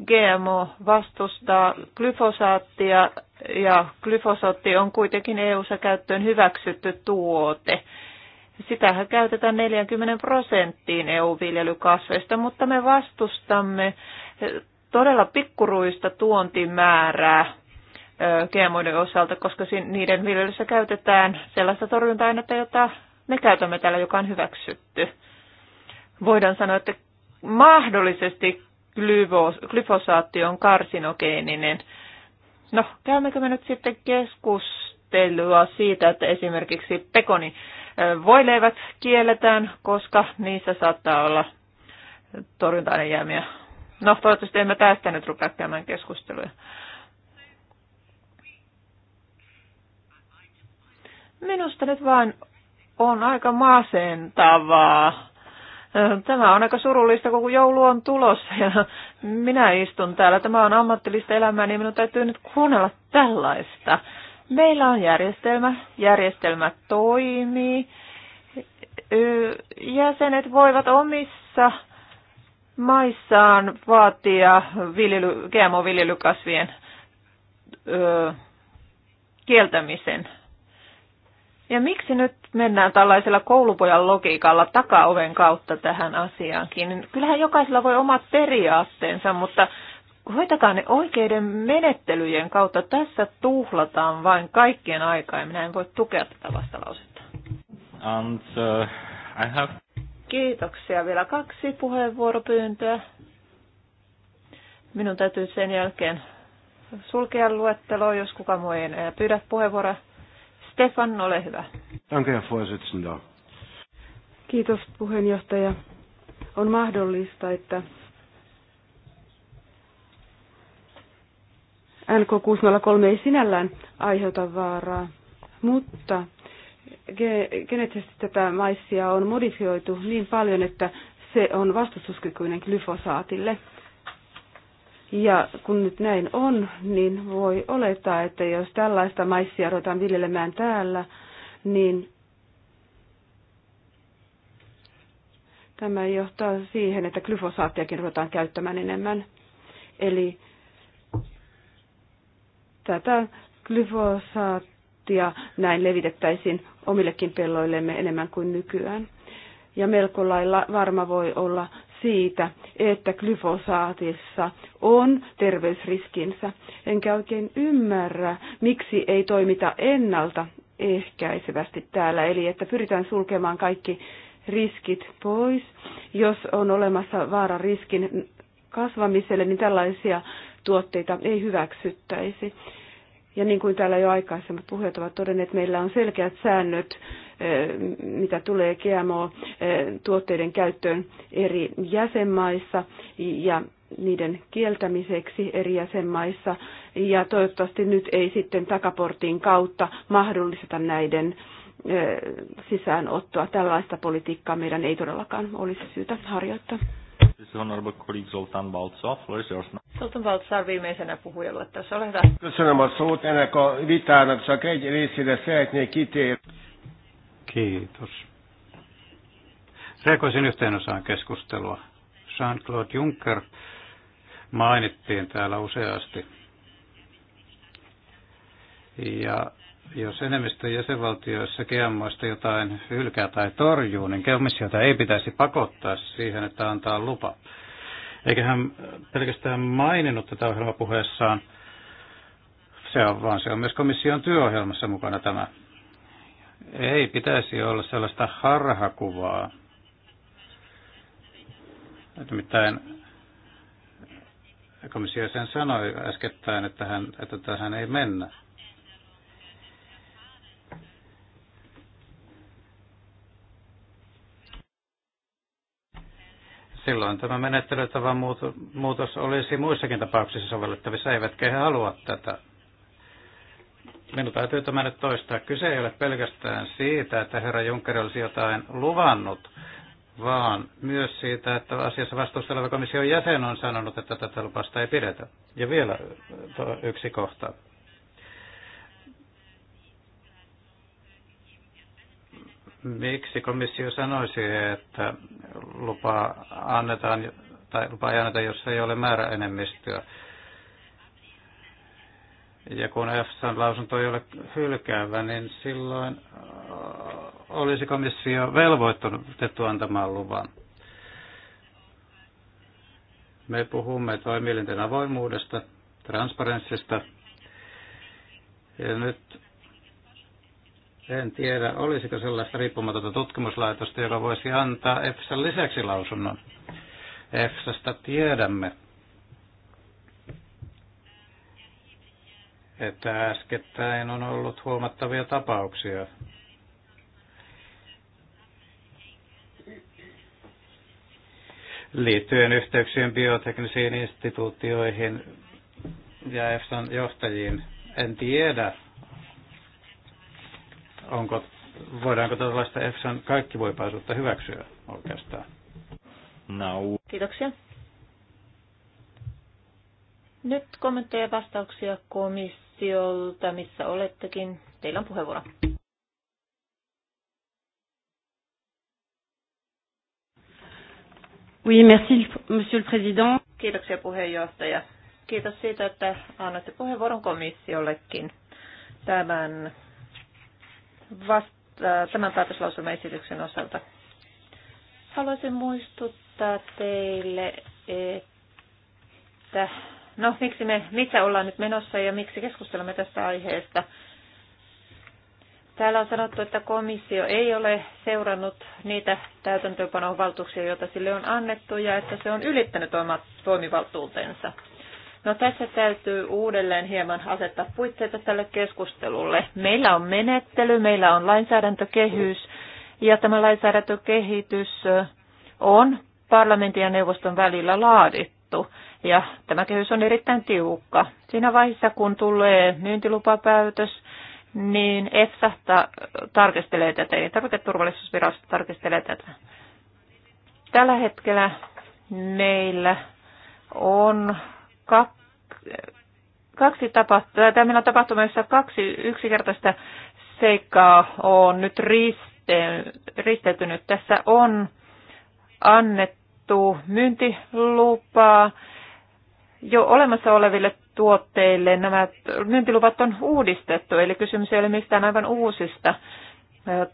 C: GMO vastustaa glyfosaattia ja glyfosaatti on kuitenkin eu sa käyttöön hyväksytty tuote. Sitähän käytetään 40 prosenttiin EU-viljelykasveista, mutta me vastustamme eh, todella pikkuruista tuontimäärää keemoiden eh, osalta, koska niiden viljelyssä käytetään sellaista torjunta-ainetta, jota me käytämme täällä, joka on hyväksytty. Voidaan sanoa, että mahdollisesti glyfosaatti on karsinogeeninen. No, käymmekö me nyt sitten keskustelua siitä, että esimerkiksi pekoni voileivät kielletään, koska niissä saattaa olla torjunta-ainejäämiä. No, toivottavasti emme tästä nyt rupea käymään keskusteluja. Minusta nyt vain on aika masentavaa. Tämä on aika surullista, kun joulu on tulossa ja minä istun täällä. Tämä on ammattilista elämää, niin minun täytyy nyt kuunnella tällaista. Meillä on järjestelmä, järjestelmä toimii, jäsenet voivat omissa maissaan vaatia viljely, GMO-viljelykasvien ö, kieltämisen. Ja miksi nyt mennään tällaisella koulupojan logiikalla takaoven kautta tähän asiaankin? Kyllähän jokaisella voi omat periaatteensa, mutta hoitakaa ne oikeiden menettelyjen kautta. Tässä tuhlataan vain kaikkien aikaa ja minä en voi tukea tätä vastalausetta.
D: And, uh,
B: I have...
C: Kiitoksia. Vielä kaksi puheenvuoropyyntöä. Minun täytyy sen jälkeen sulkea luetteloa, jos kuka muu ei enää pyydä puheenvuoroa. Stefan, ole hyvä.
F: Danke, Herr Kiitos puheenjohtaja. On mahdollista, että NK603 ei sinällään aiheuta vaaraa, mutta geneettisesti tätä maissia on modifioitu niin paljon, että se on vastustuskykyinen glyfosaatille. Ja kun nyt näin on, niin voi olettaa, että jos tällaista maissia ruvetaan viljelemään täällä, niin tämä johtaa siihen, että glyfosaattiakin ruvetaan käyttämään enemmän. Eli tätä glyfosaattia näin levitettäisiin omillekin pelloillemme enemmän kuin nykyään. Ja melko lailla varma voi olla siitä, että glyfosaatissa on terveysriskinsä. Enkä oikein ymmärrä, miksi ei toimita ennalta ehkäisevästi täällä, eli että pyritään sulkemaan kaikki riskit pois. Jos on olemassa vaara riskin kasvamiselle, niin tällaisia tuotteita ei hyväksyttäisi. Ja niin kuin täällä jo aikaisemmat puhujat ovat todenneet, meillä on selkeät säännöt, eh, mitä tulee GMO-tuotteiden käyttöön eri jäsenmaissa ja niiden kieltämiseksi eri jäsenmaissa. Ja toivottavasti nyt ei sitten takaportin kautta mahdollisteta näiden eh, sisäänottoa. Tällaista
C: politiikkaa meidän ei todellakaan olisi syytä harjoittaa.
E: This honorable colleague Zoltán Balco. Floor is yours.
C: Zoltán Balco viimeisenä puhujaluettelossa. Ole hyvä.
E: Köszönöm a szót. Ennek a vitának csak egy részére szeretnék kitérni. Kiitos.
B: Reagoisin yhteen osaan keskustelua. Jean-Claude Juncker mainittiin täällä useasti. Ja jos enemmistö jäsenvaltioissa GMOista jotain hylkää tai torjuu, niin komissiota ei pitäisi pakottaa siihen, että antaa lupa. Eikä hän pelkästään maininnut tätä ohjelmapuheessaan, se on, vaan se on myös komission työohjelmassa mukana tämä. Ei pitäisi olla sellaista harhakuvaa. Nimittäin komissio sen sanoi äskettäin, että, hän, että tähän ei mennä. silloin tämä menettelytavan muutos olisi muissakin tapauksissa sovellettavissa, eivätkä he halua tätä. Minun täytyy tämä nyt toistaa. Kyse ei ole pelkästään siitä, että herra Juncker olisi jotain luvannut, vaan myös siitä, että asiassa vastuussa oleva komission jäsen on sanonut, että tätä lupasta ei pidetä. Ja vielä yksi kohta. Miksi komissio sanoisi, että lupa annetaan tai lupa ei anneta, jos ei ole määräenemmistöä? Ja kun EFSAn lausunto ei ole hylkäävä, niin silloin äh, olisi komissio velvoittunut antamaan luvan. Me puhumme toimielinten avoimuudesta, transparenssista. Ja nyt en tiedä, olisiko sellaista riippumatonta tutkimuslaitosta, joka voisi antaa EFSAn lisäksi lausunnon. EFSAsta tiedämme, että äskettäin on ollut huomattavia tapauksia. liittyen yhteyksien bioteknisiin instituutioihin ja EFSAn johtajiin. En tiedä, onko, voidaanko tällaista EFSAn kaikkivoipaisuutta hyväksyä oikeastaan? No.
C: Kiitoksia. Nyt kommentteja ja vastauksia komissiolta, missä olettekin. Teillä on puheenvuoro. Oui, merci, monsieur le président. Kiitoksia puheenjohtaja. Kiitos siitä, että annatte puheenvuoron komissiollekin tämän vasta- äh, tämän päätöslauselmaesityksen osalta. Haluaisin muistuttaa teille, että no miksi me, missä ollaan nyt menossa ja miksi keskustelemme tästä aiheesta. Täällä on sanottu, että komissio ei ole seurannut niitä täytäntöönpanovaltuuksia, joita sille on annettu, ja että se on ylittänyt omat toimivaltuutensa. No tässä täytyy uudelleen hieman asettaa puitteita tälle keskustelulle. Meillä on menettely, meillä on lainsäädäntökehys ja tämä lainsäädäntökehitys on parlamentin ja neuvoston välillä laadittu. Ja tämä kehys on erittäin tiukka. Siinä vaiheessa, kun tulee myyntilupapäätös, niin EFSA tarkistelee tätä, eli tarviketurvallisuusvirasto tarkistelee tätä. Tällä hetkellä meillä on kaksi tapahtumaa, tai meillä on tapahtuma, jossa kaksi yksinkertaista seikkaa on nyt riste, risteytynyt. Tässä on annettu myyntilupaa jo olemassa oleville tuotteille. Nämä myyntiluvat on uudistettu, eli kysymys ei ole mistään aivan uusista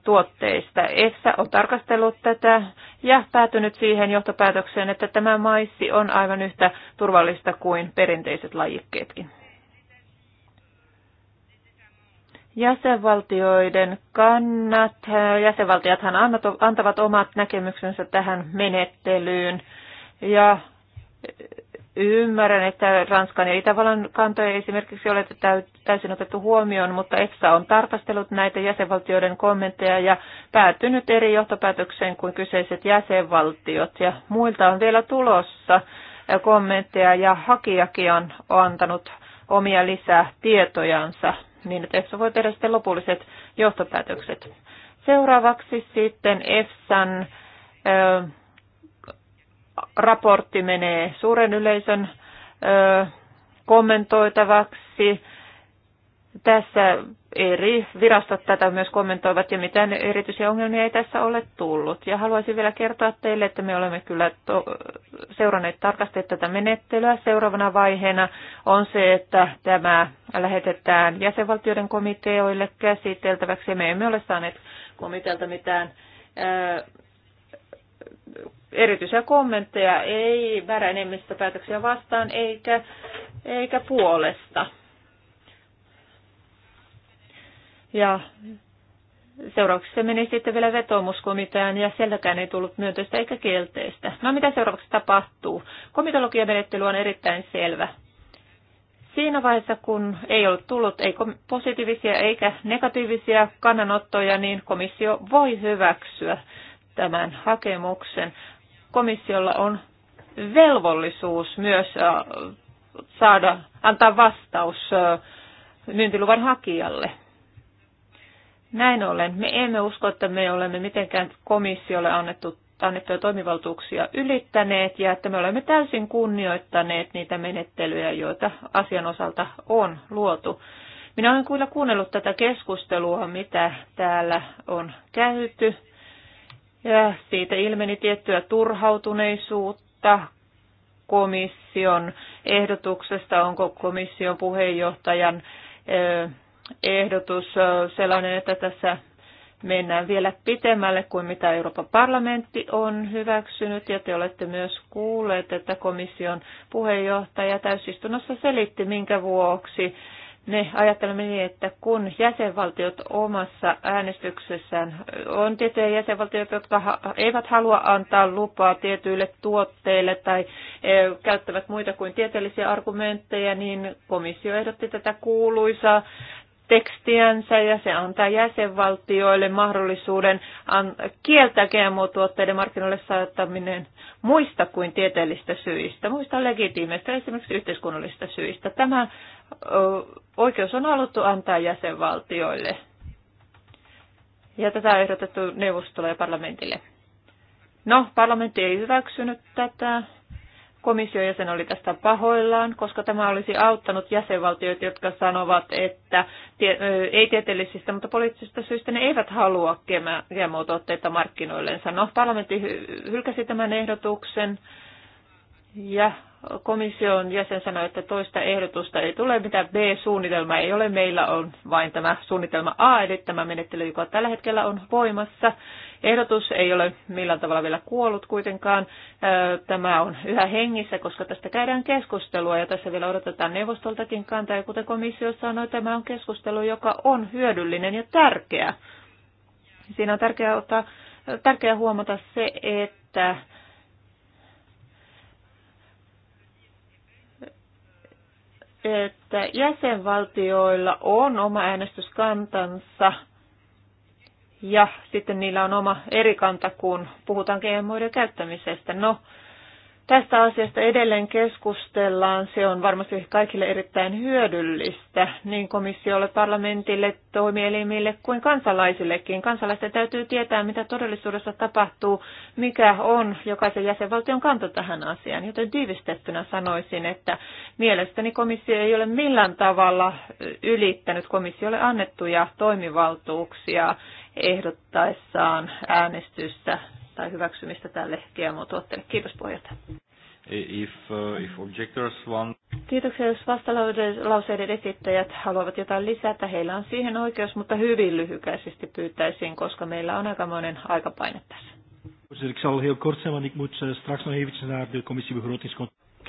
C: tuotteista. Essa on tarkastellut tätä ja päätynyt siihen johtopäätökseen, että tämä maissi on aivan yhtä turvallista kuin perinteiset lajikkeetkin. Jäsenvaltioiden kannat, jäsenvaltiothan antavat omat näkemyksensä tähän menettelyyn ja Ymmärrän, että Ranskan ja Itävallan kantoja esimerkiksi ole täysin otettu huomioon, mutta EFSA on tarkastellut näitä jäsenvaltioiden kommentteja ja päätynyt eri johtopäätökseen kuin kyseiset jäsenvaltiot. Ja muilta on vielä tulossa kommentteja ja hakijakin on antanut omia lisää tietojansa, niin että EFSA voi tehdä sitten lopulliset johtopäätökset. Seuraavaksi sitten EFSAn äh, raportti menee suuren yleisön kommentoitavaksi. Tässä eri virastot tätä myös kommentoivat ja mitään erityisiä ongelmia ei tässä ole tullut. Ja haluaisin vielä kertoa teille, että me olemme kyllä to- seuranneet tarkasti tätä menettelyä. Seuraavana vaiheena on se, että tämä lähetetään jäsenvaltioiden komiteoille käsiteltäväksi. Me emme ole saaneet komitealta mitään erityisiä kommentteja, ei enemmistö päätöksiä vastaan eikä, eikä puolesta. Ja seuraavaksi se meni sitten vielä vetoomuskomiteaan ja sielläkään ei tullut myönteistä eikä kielteistä. No mitä seuraavaksi tapahtuu? Komitologiamenettely on erittäin selvä. Siinä vaiheessa, kun ei ollut tullut ei positiivisia eikä negatiivisia kannanottoja, niin komissio voi hyväksyä tämän hakemuksen, komissiolla on velvollisuus myös äh, saada, antaa vastaus äh, myyntiluvan hakijalle. Näin ollen me emme usko, että me olemme mitenkään komissiolle annettu, annettuja toimivaltuuksia ylittäneet ja että me olemme täysin kunnioittaneet niitä menettelyjä, joita asian osalta on luotu. Minä olen kyllä kuunnellut tätä keskustelua, mitä täällä on käyty ja siitä ilmeni tiettyä turhautuneisuutta komission ehdotuksesta, onko komission puheenjohtajan ehdotus sellainen, että tässä mennään vielä pitemmälle kuin mitä Euroopan parlamentti on hyväksynyt. Ja te olette myös kuulleet, että komission puheenjohtaja täysistunnossa selitti, minkä vuoksi me ajattelemme niin, että kun jäsenvaltiot omassa äänestyksessään on tiettyjä jäsenvaltioita, jotka eivät halua antaa lupaa tietyille tuotteille tai e, käyttävät muita kuin tieteellisiä argumentteja, niin komissio ehdotti tätä kuuluisaa tekstiänsä ja se antaa jäsenvaltioille mahdollisuuden kieltää GMO-tuotteiden markkinoille saattaminen muista kuin tieteellistä syistä, muista legitiimeistä, esimerkiksi yhteiskunnallisista syistä. Tämä oikeus on haluttu antaa jäsenvaltioille. Ja tätä on ehdotettu neuvostolle ja parlamentille. No, parlamentti ei hyväksynyt tätä. Komission jäsen oli tästä pahoillaan, koska tämä olisi auttanut jäsenvaltioita, jotka sanovat, että ei tieteellisistä, mutta poliittisista syistä ne eivät halua GMO-tuotteita markkinoillensa. No, parlamentti hylkäsi tämän ehdotuksen ja komission jäsen sanoi, että toista ehdotusta ei tule, mitä B-suunnitelma ei ole. Meillä on vain tämä suunnitelma A, eli tämä menettely, joka tällä hetkellä on voimassa. Ehdotus ei ole millään tavalla vielä kuollut kuitenkaan. Tämä on yhä hengissä, koska tästä käydään keskustelua ja tässä vielä odotetaan neuvostoltakin kantaa. Ja kuten komissio sanoi, tämä on keskustelu, joka on hyödyllinen ja tärkeä. Siinä on tärkeää, ottaa, tärkeää huomata se, että että jäsenvaltioilla on oma äänestyskantansa ja sitten niillä on oma eri kanta, kun puhutaan GMOiden käyttämisestä. No, Tästä asiasta edelleen keskustellaan. Se on varmasti kaikille erittäin hyödyllistä, niin komissiolle, parlamentille, toimielimille kuin kansalaisillekin. Kansalaisten täytyy tietää, mitä todellisuudessa tapahtuu, mikä on jokaisen jäsenvaltion kanta tähän asiaan. Joten tiivistettynä sanoisin, että mielestäni komissio ei ole millään tavalla ylittänyt komissiolle annettuja toimivaltuuksia ehdottaessaan äänestystä tai hyväksymistä tälle GMO-tuotteelle. Kiitos puheenjohtaja.
E: If, uh, if
D: objectors want...
C: Kiitoksia, jos vastalauseiden esittäjät haluavat jotain lisätä. Heillä on siihen oikeus, mutta hyvin lyhykäisesti pyytäisiin, koska meillä on aikamoinen aikapaine tässä.
E: Eh,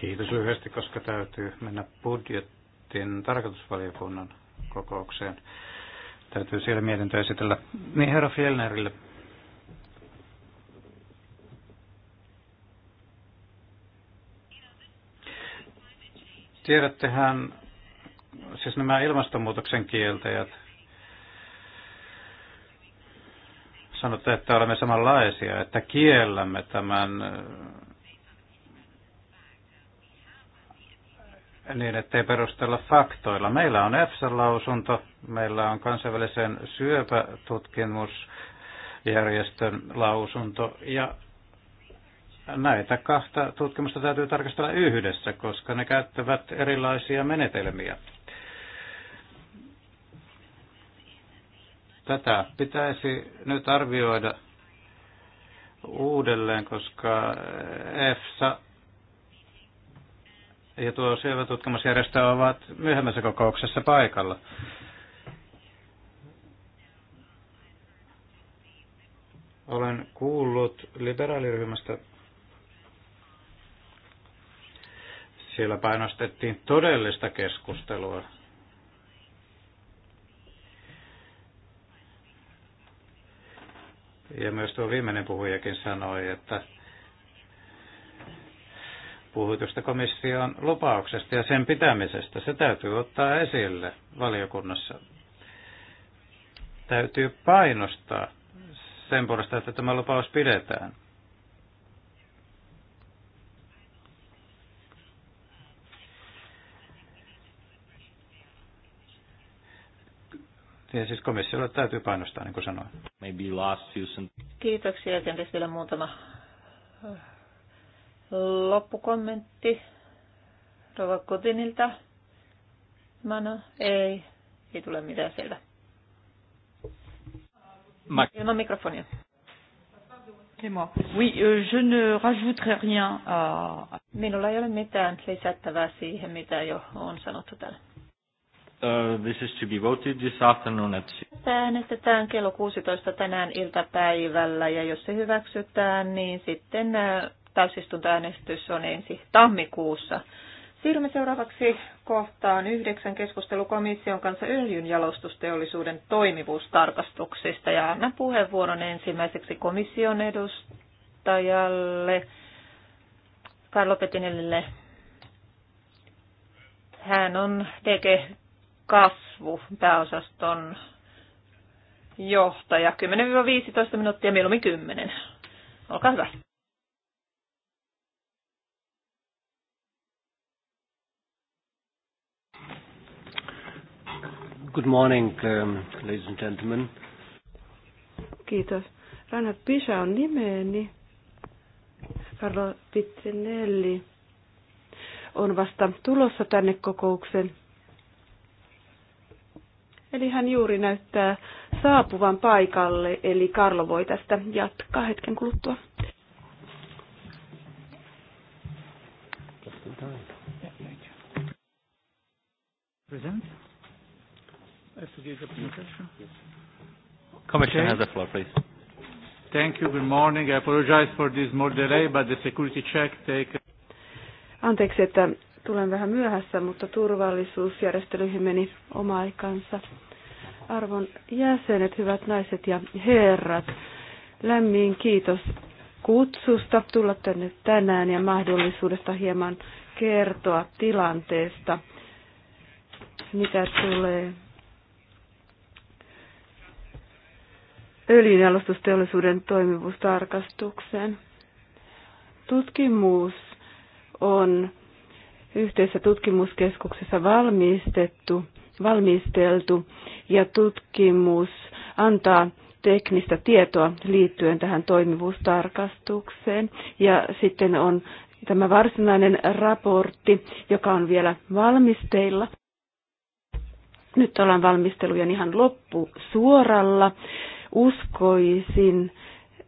E: Kiitos
B: lyhyesti, koska täytyy mennä budjettin tarkoitusvaliokunnan kokoukseen. Täytyy siellä mietintö esitellä. Niin herra Fjellnerille Tiedättehän siis nämä ilmastonmuutoksen kieltäjät. Sanotte, että olemme samanlaisia, että kiellämme tämän niin, ettei perustella faktoilla. Meillä on EFSA-lausunto, meillä on kansainvälisen syöpätutkimusjärjestön lausunto ja näitä kahta tutkimusta täytyy tarkastella yhdessä, koska ne käyttävät erilaisia menetelmiä. Tätä pitäisi nyt arvioida uudelleen, koska EFSA ja tuo tutkimusjärjestö ovat myöhemmässä kokouksessa paikalla. Olen kuullut liberaaliryhmästä Siellä painostettiin todellista keskustelua. Ja myös tuo viimeinen puhujakin sanoi, että puhutusta komission lupauksesta ja sen pitämisestä. Se täytyy ottaa esille valiokunnassa. Täytyy painostaa sen puolesta, että tämä lupaus pidetään. Ja siis komissiolle täytyy painostaa, niin kuin sanoin. Maybe last season.
C: Kiitoksia. Ja kenties vielä muutama äh, loppukommentti Rova Kutinilta. Mano, ei, ei tule mitään sieltä. Ma- Ilman mikrofonia. moi. Oui, euh, je ne rajouterai rien à... Minulla ei ole mitään lisättävää siihen, mitä jo on sanottu täällä.
E: Uh, this is to be voted this
D: afternoon at...
C: Äänestetään kello 16 tänään iltapäivällä ja jos se hyväksytään, niin sitten uh, täysistuntoäänestys on ensi tammikuussa. Siirrymme seuraavaksi kohtaan yhdeksän keskustelukomission kanssa jalostusteollisuuden toimivuustarkastuksista ja annan puheenvuoron ensimmäiseksi komission edustajalle Karlo Petinelle. Hän on DG kasvu pääosaston johtaja. 10-15 minuuttia, mieluummin 10. Olkaa hyvä.
A: Good morning,
E: um, ladies and gentlemen.
F: Kiitos. Rana Pisa on nimeeni. Carlo Pizzinelli on vasta tulossa tänne kokoukseen. Eli hän juuri näyttää saapuvan paikalle, eli Karlo voi tästä jatkaa hetken kuluttua.
B: Present? Commissioner has the floor, please. Thank you. Good morning.
D: I apologize for this more delay, but the security check take...
F: Anteeksi, että Tulen vähän myöhässä, mutta turvallisuusjärjestelyihin meni oma aikansa. Arvon jäsenet, hyvät naiset ja herrat, lämmin kiitos kutsusta tulla tänne tänään ja mahdollisuudesta hieman kertoa tilanteesta, mitä tulee öljynjalostusteollisuuden toimivuustarkastukseen. Tutkimus on yhteisessä tutkimuskeskuksessa valmistettu, valmisteltu ja tutkimus antaa teknistä tietoa liittyen tähän toimivuustarkastukseen. Ja sitten on tämä varsinainen raportti, joka on vielä valmisteilla. Nyt ollaan valmistelujen ihan loppu suoralla. Uskoisin,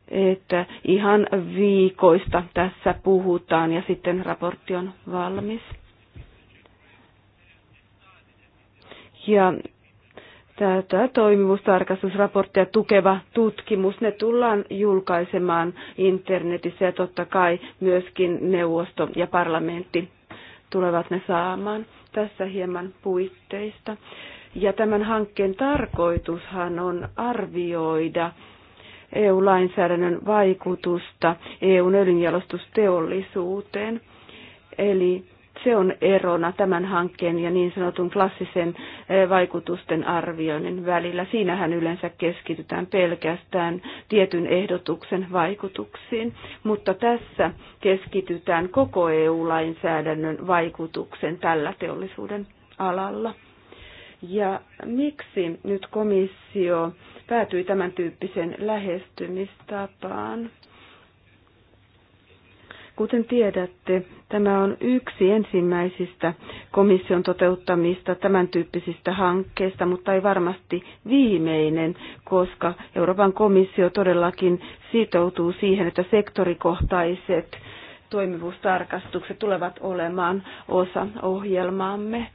F: että ihan viikoista tässä puhutaan ja sitten raportti on valmis. ja tätä toimivuustarkastusraporttia tukeva tutkimus, ne tullaan julkaisemaan internetissä ja totta kai myöskin neuvosto ja parlamentti tulevat ne saamaan. Tässä hieman puitteista. Ja tämän hankkeen tarkoitushan on arvioida EU-lainsäädännön vaikutusta EUn öljynjalostusteollisuuteen. Eli se on erona tämän hankkeen ja niin sanotun klassisen eh, vaikutusten arvioinnin välillä. Siinähän yleensä keskitytään pelkästään tietyn ehdotuksen vaikutuksiin, mutta tässä keskitytään koko EU-lainsäädännön vaikutuksen tällä teollisuuden alalla. Ja miksi nyt komissio päätyi tämän tyyppiseen lähestymistapaan? Kuten tiedätte, tämä on yksi ensimmäisistä komission toteuttamista tämän tyyppisistä hankkeista, mutta ei varmasti viimeinen, koska Euroopan komissio todellakin sitoutuu siihen, että sektorikohtaiset toimivuustarkastukset tulevat olemaan osa ohjelmaamme.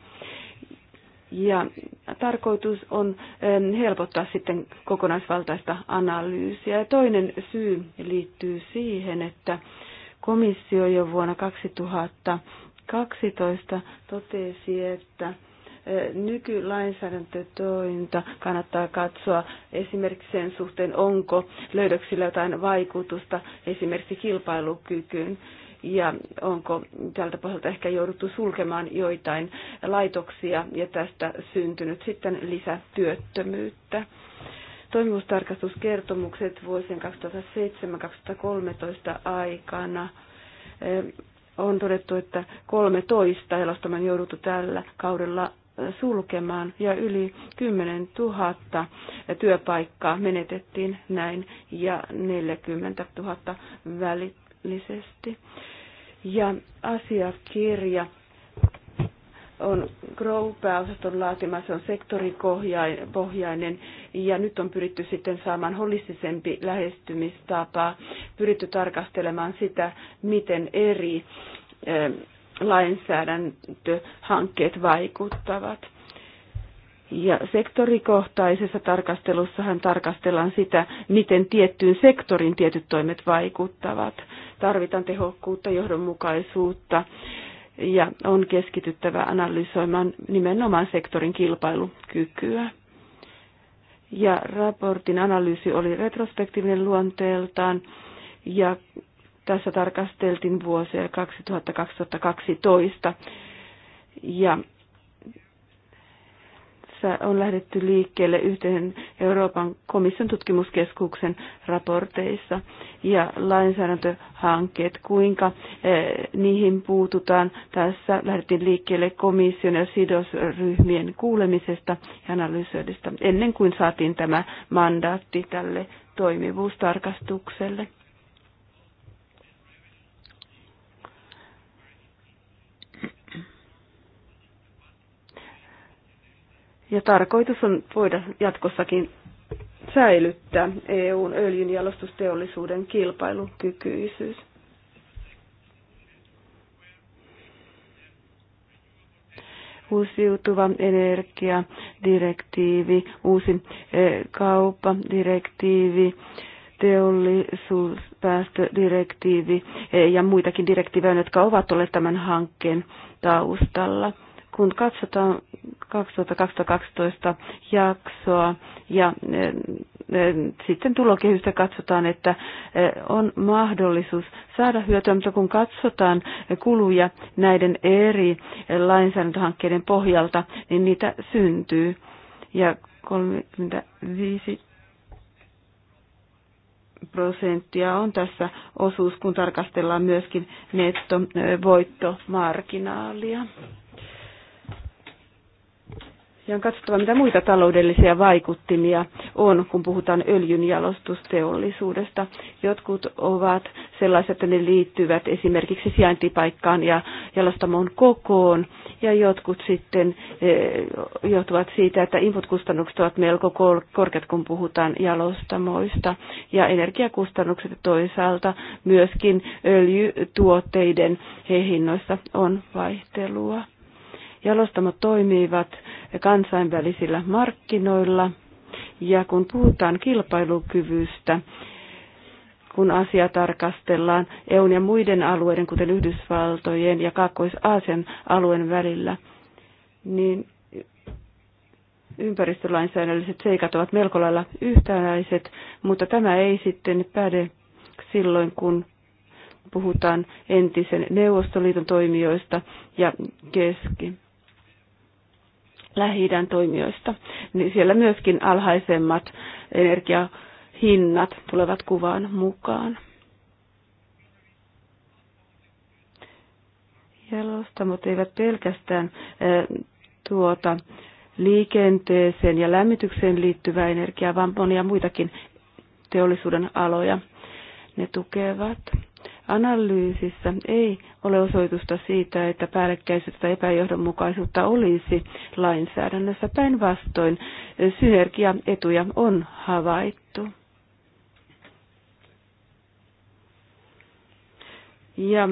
F: Ja tarkoitus on helpottaa sitten kokonaisvaltaista analyysiä. Ja toinen syy liittyy siihen, että Komissio jo vuonna 2012 totesi, että e, nykylainsäädäntötointa kannattaa katsoa esimerkiksi sen suhteen, onko löydöksillä jotain vaikutusta esimerkiksi kilpailukykyyn ja onko tältä pohjalta ehkä jouduttu sulkemaan joitain laitoksia ja tästä syntynyt sitten lisätyöttömyyttä toimivuustarkastuskertomukset vuosien 2007-2013 aikana eh, on todettu, että 13 elostaman jouduttu tällä kaudella eh, sulkemaan ja yli 10 000 työpaikkaa menetettiin näin ja 40 000 välillisesti. Ja asiakirja on Grow-pääosaston laatima, se on sektoripohjainen ja nyt on pyritty sitten saamaan holistisempi lähestymistapa, pyritty tarkastelemaan sitä, miten eri lainsäädäntöhankkeet vaikuttavat. Ja sektorikohtaisessa tarkastelussahan tarkastellaan sitä, miten tiettyyn sektorin tietyt toimet vaikuttavat. Tarvitaan tehokkuutta, johdonmukaisuutta ja on keskityttävä analysoimaan nimenomaan sektorin kilpailukykyä. Ja raportin analyysi oli retrospektiivinen luonteeltaan ja tässä tarkasteltiin vuosia 2000-2012 ja tässä on lähdetty liikkeelle yhteen Euroopan komission tutkimuskeskuksen raporteissa ja lainsäädäntöhankkeet, kuinka eh, niihin puututaan. Tässä lähdettiin liikkeelle komission ja sidosryhmien kuulemisesta ja analysoidista ennen kuin saatiin tämä mandaatti tälle toimivuustarkastukselle. Ja tarkoitus on voida jatkossakin säilyttää EUn öljynjalostusteollisuuden kilpailukykyisyys. uusiutuva energiadirektiivi, uusi e, kauppadirektiivi, teollisuuspäästödirektiivi e, ja muitakin direktiivejä, jotka ovat olleet tämän hankkeen taustalla kun katsotaan 2012 jaksoa ja e, e, sitten tulokehystä katsotaan, että e, on mahdollisuus saada hyötyä, mutta kun katsotaan kuluja näiden eri lainsäädäntöhankkeiden pohjalta, niin niitä syntyy. Ja 35 prosenttia on tässä osuus, kun tarkastellaan myöskin nettovoittomarginaalia. Ja on katsottava, mitä muita taloudellisia vaikuttimia on, kun puhutaan öljynjalostusteollisuudesta. Jotkut ovat sellaiset, että ne liittyvät esimerkiksi sijaintipaikkaan ja jalostamon kokoon. Ja jotkut sitten eh, johtuvat siitä, että inputkustannukset ovat melko korkeat, kun puhutaan jalostamoista. Ja energiakustannukset toisaalta myöskin öljytuotteiden hinnoissa on vaihtelua Jalostamot toimivat kansainvälisillä markkinoilla ja kun puhutaan kilpailukyvystä, kun asia tarkastellaan EUn ja muiden alueiden, kuten Yhdysvaltojen ja Kaakkois-Aasian alueen välillä, niin ympäristölainsäädännölliset seikat ovat melko lailla yhtäläiset, mutta tämä ei sitten päde silloin, kun puhutaan entisen Neuvostoliiton toimijoista ja Keski- lähi toimijoista, niin siellä myöskin alhaisemmat energiahinnat tulevat kuvaan mukaan. Jalostamot eivät pelkästään tuota liikenteeseen ja lämmitykseen liittyvää energiaa, vaan monia muitakin teollisuuden aloja ne tukevat. Analyysissä ei ole osoitusta siitä, että päällekkäisyyttä epäjohdonmukaisuutta olisi lainsäädännössä. Päinvastoin synergiaetuja on havaittu. Ja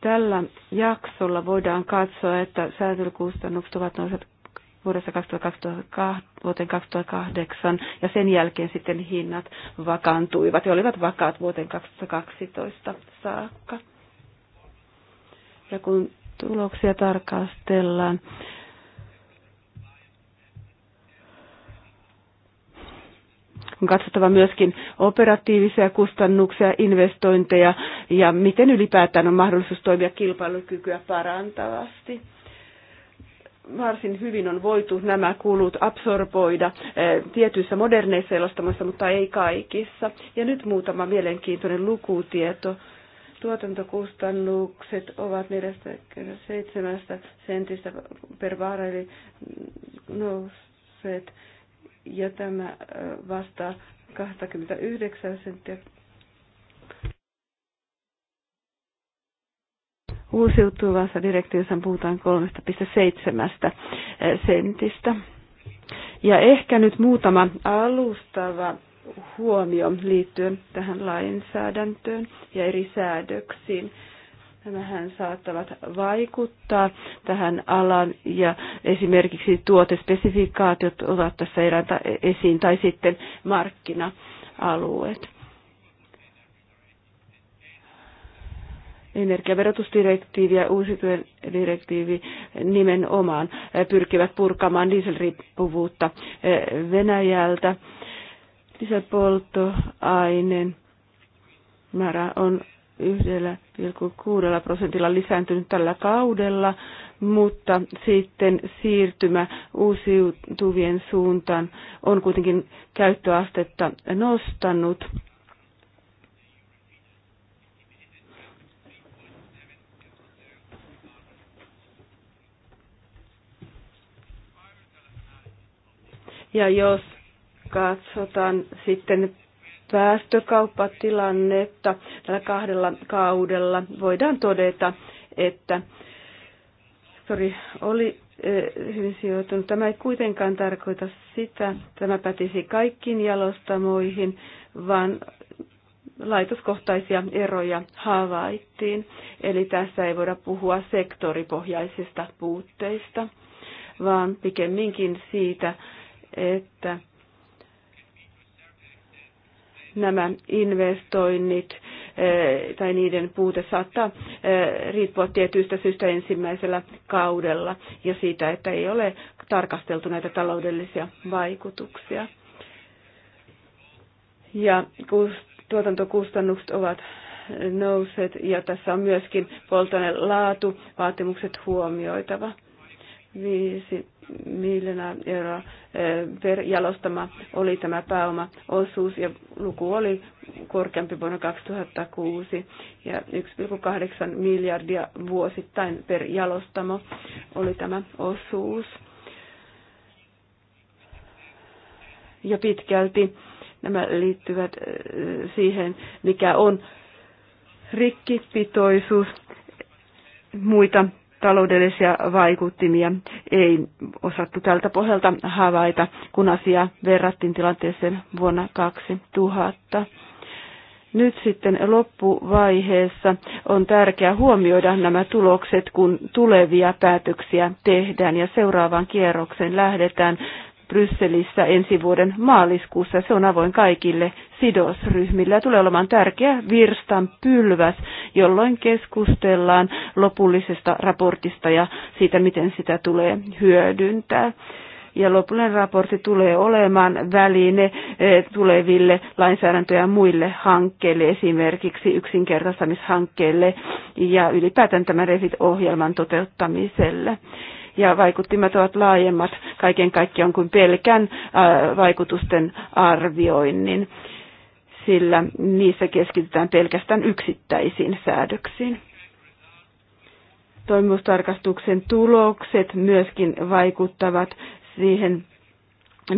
F: tällä jaksolla voidaan katsoa, että säätelykustannukset ovat nousseet vuodesta 2002 vuoteen 2008 ja sen jälkeen sitten hinnat vakaantuivat ja olivat vakaat vuoteen 2012 saakka. Ja kun tuloksia tarkastellaan, on katsottava myöskin operatiivisia kustannuksia, investointeja ja miten ylipäätään on mahdollisuus toimia kilpailukykyä parantavasti varsin hyvin on voitu nämä kulut absorboida eh, tietyissä moderneissa elostamoissa, mutta ei kaikissa. Ja nyt muutama mielenkiintoinen lukutieto. Tuotantokustannukset ovat 47 sentistä per barreli nousseet ja tämä eh, vastaa 29 senttiä Uusiutuvassa direktiivissä puhutaan 3,7 sentistä. Ja ehkä nyt muutama alustava huomio liittyen tähän lainsäädäntöön ja eri säädöksiin. Nämähän saattavat vaikuttaa tähän alan ja esimerkiksi tuotespesifikaatiot ovat tässä erääntä esiin tai sitten markkina-alueet. energiaverotusdirektiivi ja uusiutuen direktiivi nimenomaan eh, pyrkivät purkamaan dieselriippuvuutta eh, Venäjältä. Dieselpolttoaineen määrä on 1,6 prosentilla lisääntynyt tällä kaudella, mutta sitten siirtymä uusiutuvien suuntaan on kuitenkin käyttöastetta nostanut Ja jos katsotaan sitten päästökauppatilannetta tällä kahdella kaudella, voidaan todeta, että sorry, oli hyvin sijoitunut, Tämä ei kuitenkaan tarkoita sitä, että tämä pätisi kaikkiin jalostamoihin, vaan laitoskohtaisia eroja havaittiin. Eli tässä ei voida puhua sektoripohjaisista puutteista, vaan pikemminkin siitä, että nämä investoinnit eh, tai niiden puute saattaa eh, riippua tietyistä syistä ensimmäisellä kaudella ja siitä, että ei ole tarkasteltu näitä taloudellisia vaikutuksia. Ja tuotantokustannukset ovat nousseet ja tässä on myöskin polttoaineen laatu, vaatimukset huomioitava. 5 miljoonaa euroa eh, per jalostama oli tämä pääomaosuus ja luku oli korkeampi vuonna 2006 ja 1,8 miljardia vuosittain per jalostamo oli tämä osuus. Ja pitkälti nämä liittyvät eh, siihen, mikä on rikkipitoisuus muita taloudellisia vaikuttimia ei osattu tältä pohjalta havaita, kun asia verrattiin tilanteeseen vuonna 2000. Nyt sitten loppuvaiheessa on tärkeää huomioida nämä tulokset, kun tulevia päätöksiä tehdään ja seuraavaan kierrokseen lähdetään Brysselissä ensi vuoden maaliskuussa. Se on avoin kaikille sidosryhmille ja tulee olemaan tärkeä virstan pylväs, jolloin keskustellaan lopullisesta raportista ja siitä, miten sitä tulee hyödyntää ja lopullinen raportti tulee olemaan väline e, tuleville lainsäädäntö- ja muille hankkeille, esimerkiksi yksinkertaistamishankkeelle ja ylipäätään tämän REFIT-ohjelman toteuttamiselle ja vaikuttimet ovat laajemmat kaiken kaikkiaan kuin pelkän vaikutusten arvioinnin, sillä niissä keskitytään pelkästään yksittäisiin säädöksiin toimustarkastuksen tulokset myöskin vaikuttavat siihen,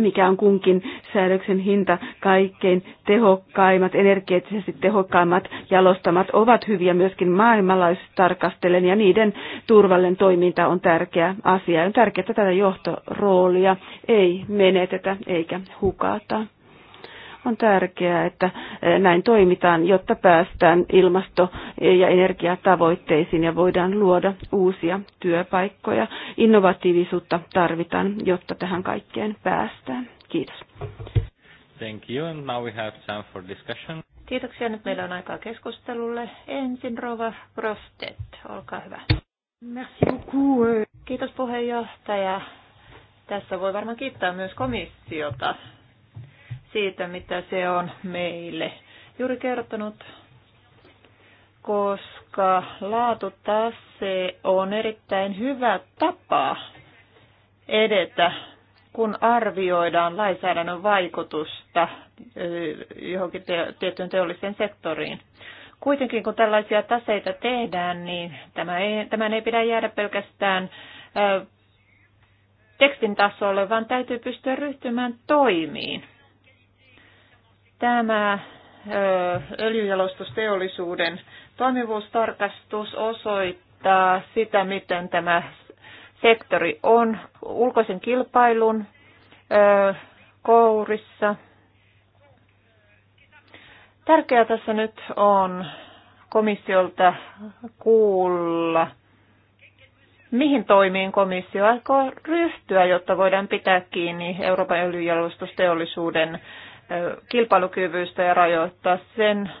F: mikä on kunkin säädöksen hinta. Kaikkein tehokkaimmat, energeettisesti tehokkaimmat jalostamat ovat hyviä myöskin maailmanlaajuisesti tarkastellen ja niiden turvallinen toiminta on tärkeä asia. On tärkeää, että tätä johtoroolia ei menetetä eikä hukata. On tärkeää, että eh, näin toimitaan, jotta päästään ilmasto- ja energiatavoitteisiin ja voidaan luoda uusia työpaikkoja. Innovatiivisuutta tarvitaan, jotta tähän kaikkeen päästään. Kiitos.
B: Thank you. And now we have time for discussion.
C: Kiitoksia. Nyt meillä on aikaa keskustelulle. Ensin Rova Prostet, olkaa hyvä. Merci
D: beaucoup. Euh.
C: Kiitos puheenjohtaja. Tässä voi varmaan kiittää myös komissiota siitä, mitä se on meille juuri kertonut, koska laatu laatutase on erittäin hyvä tapa edetä, kun arvioidaan lainsäädännön vaikutusta johonkin te- tiettyyn teolliseen sektoriin. Kuitenkin kun tällaisia taseita tehdään, niin tämä ei, tämän ei pidä jäädä pelkästään tekstin tasolle, vaan täytyy pystyä ryhtymään toimiin. Tämä öljyjalostusteollisuuden toimivuustarkastus osoittaa sitä, miten tämä sektori on ulkoisen kilpailun kourissa. Tärkeää tässä nyt on komissiolta kuulla, mihin toimiin komissio aikoo ryhtyä, jotta voidaan pitää kiinni Euroopan öljyjalostusteollisuuden kilpailukyvystä ja rajoittaa sen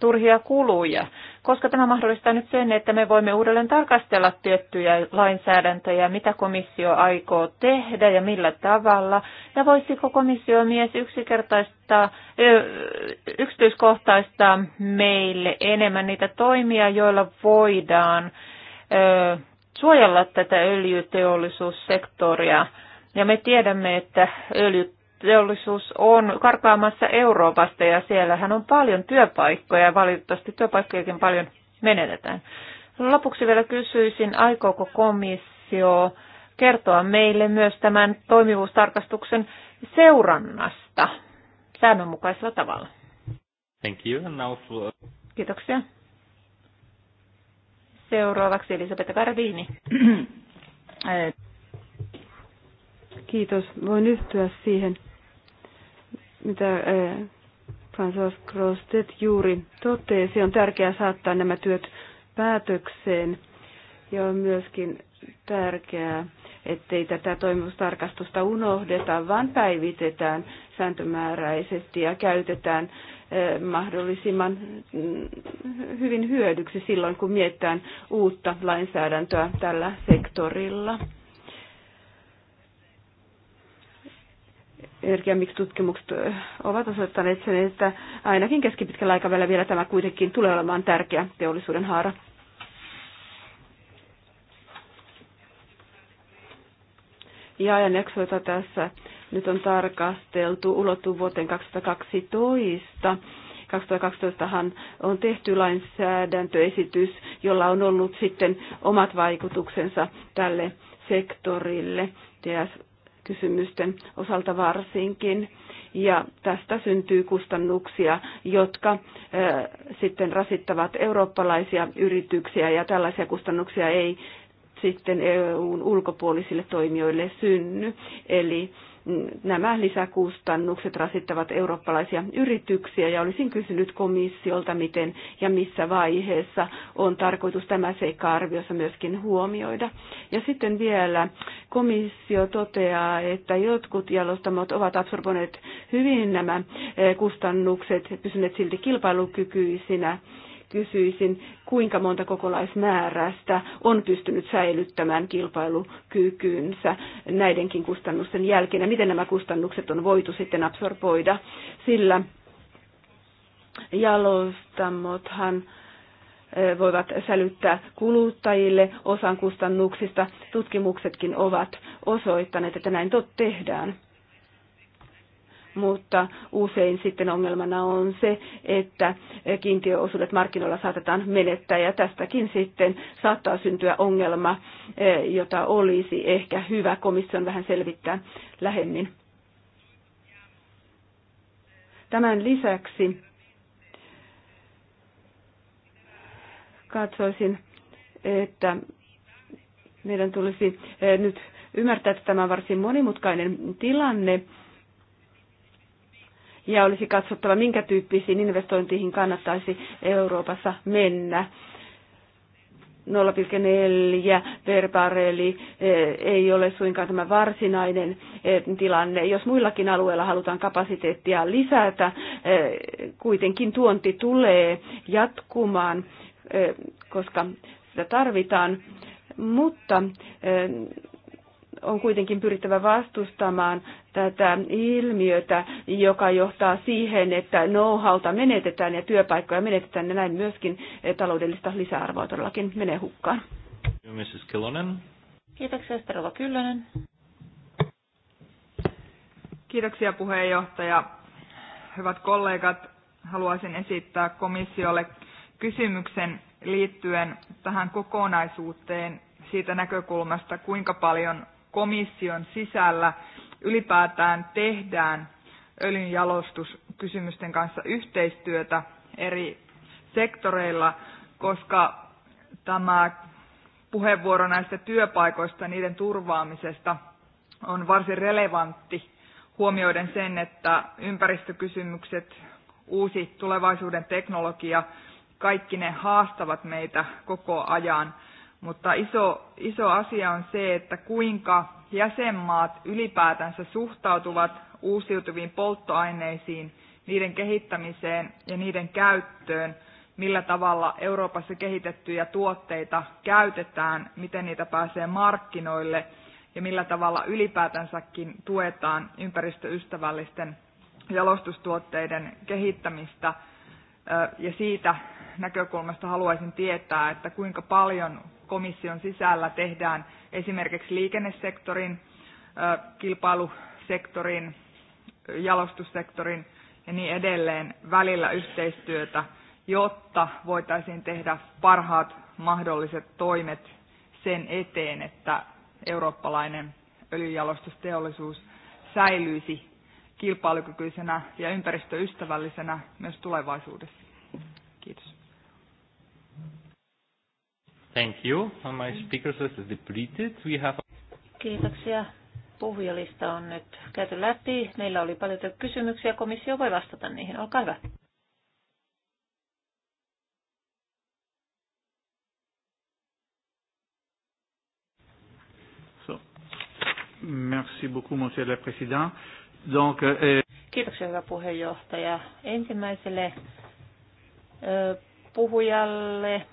C: turhia kuluja, koska tämä mahdollistaa nyt sen, että me voimme uudelleen tarkastella tiettyjä lainsäädäntöjä, mitä komissio aikoo tehdä ja millä tavalla, ja voisiko komissio mies yksinkertaistaa, yksityiskohtaistaa meille enemmän niitä toimia, joilla voidaan suojella tätä öljyteollisuussektoria. Ja me tiedämme, että öljyt teollisuus on karkaamassa Euroopasta ja siellähän on paljon työpaikkoja ja valitettavasti työpaikkojakin paljon menetetään. Lopuksi vielä kysyisin, aikooko komissio kertoa meille myös tämän toimivuustarkastuksen seurannasta säännönmukaisella tavalla.
G: Thank you. And now for...
C: Kiitoksia. Seuraavaksi Elisabetta Gardini.
F: Kiitos. Voin yhtyä siihen, mitä François Grostet juuri totesi, on tärkeää saattaa nämä työt päätökseen ja on myöskin tärkeää, ettei tätä toimivuustarkastusta unohdeta, vaan päivitetään sääntömääräisesti ja käytetään mahdollisimman mm, hyvin hyödyksi silloin, kun mietitään uutta lainsäädäntöä tällä sektorilla. miksi tutkimukset ovat osoittaneet sen, että ainakin keskipitkällä aikavälillä vielä tämä kuitenkin tulee olemaan tärkeä teollisuuden haara. Ja ajanjakso, tässä nyt on tarkasteltu, ulottu vuoteen 2012. 2012han on tehty lainsäädäntöesitys, jolla on ollut sitten omat vaikutuksensa tälle sektorille. TS kysymysten osalta varsinkin. Ja tästä syntyy kustannuksia, jotka sitten rasittavat eurooppalaisia yrityksiä ja tällaisia kustannuksia ei sitten EUn ulkopuolisille toimijoille synny. Eli nämä lisäkustannukset rasittavat eurooppalaisia yrityksiä ja olisin kysynyt komissiolta, miten ja missä vaiheessa on tarkoitus tämä seikka arviossa myöskin huomioida. Ja sitten vielä komissio toteaa, että jotkut jalostamot ovat absorboineet hyvin nämä eh, kustannukset, pysyneet silti kilpailukykyisinä kysyisin, kuinka monta kokolaismäärästä on pystynyt säilyttämään kilpailukykynsä näidenkin kustannusten jälkeen ja miten nämä kustannukset on voitu sitten absorboida, sillä jalostamothan e, voivat sälyttää kuluttajille osan kustannuksista. Tutkimuksetkin ovat osoittaneet, että näin tehdään mutta usein sitten ongelmana on se, että kiintiöosuudet markkinoilla saatetaan menettää ja tästäkin sitten saattaa syntyä ongelma, e, jota olisi ehkä hyvä komission vähän selvittää lähemmin. Tämän lisäksi katsoisin, että meidän tulisi e, nyt ymmärtää, että tämä on varsin monimutkainen tilanne ja olisi katsottava, minkä tyyppisiin investointiin kannattaisi Euroopassa mennä. 0,4 per barreli ei ole suinkaan tämä varsinainen eh, tilanne. Jos muillakin alueilla halutaan kapasiteettia lisätä, eh, kuitenkin tuonti tulee jatkumaan, eh, koska sitä tarvitaan. Mutta on kuitenkin pyrittävä vastustamaan tätä ilmiötä, joka johtaa siihen, että know-howta menetetään ja työpaikkoja menetetään, ja näin myöskin eh, taloudellista lisäarvoa todellakin menee hukkaan.
D: Mrs. Kilonen.
F: Kiitoksia, Sterova Kyllönen. Kiitoksia
G: puheenjohtaja. Hyvät kollegat, haluaisin esittää komissiolle kysymyksen liittyen tähän kokonaisuuteen siitä näkökulmasta, kuinka paljon komission sisällä ylipäätään tehdään öljynjalostuskysymysten kanssa yhteistyötä eri sektoreilla, koska tämä puheenvuoro näistä työpaikoista ja niiden turvaamisesta on varsin relevantti huomioiden sen, että ympäristökysymykset, uusi tulevaisuuden teknologia, kaikki ne haastavat meitä koko ajan – mutta iso, iso asia on se, että kuinka jäsenmaat ylipäätänsä suhtautuvat uusiutuviin polttoaineisiin, niiden kehittämiseen ja niiden käyttöön, millä tavalla Euroopassa kehitettyjä tuotteita käytetään, miten niitä pääsee markkinoille ja millä tavalla ylipäätänsäkin tuetaan ympäristöystävällisten jalostustuotteiden kehittämistä. Ja siitä näkökulmasta haluaisin tietää, että kuinka paljon komission sisällä tehdään esimerkiksi liikennesektorin, kilpailusektorin, jalostussektorin ja niin edelleen välillä yhteistyötä, jotta voitaisiin tehdä parhaat mahdolliset toimet sen eteen, että eurooppalainen öljyjalostusteollisuus säilyisi kilpailukykyisenä ja ympäristöystävällisenä myös tulevaisuudessa.
D: Kiitos. Thank you. And my speakers list is depleted.
B: We have...
C: Kiitoksia. Puhujalista on nyt käyty läpi. Meillä oli paljon kysymyksiä. Komissio voi vastata niihin. Olkaa hyvä.
D: So. Merci beaucoup, monsieur le président. Donc, euh,
C: Kiitoksia, hyvä puheenjohtaja. Ensimmäiselle puhujalle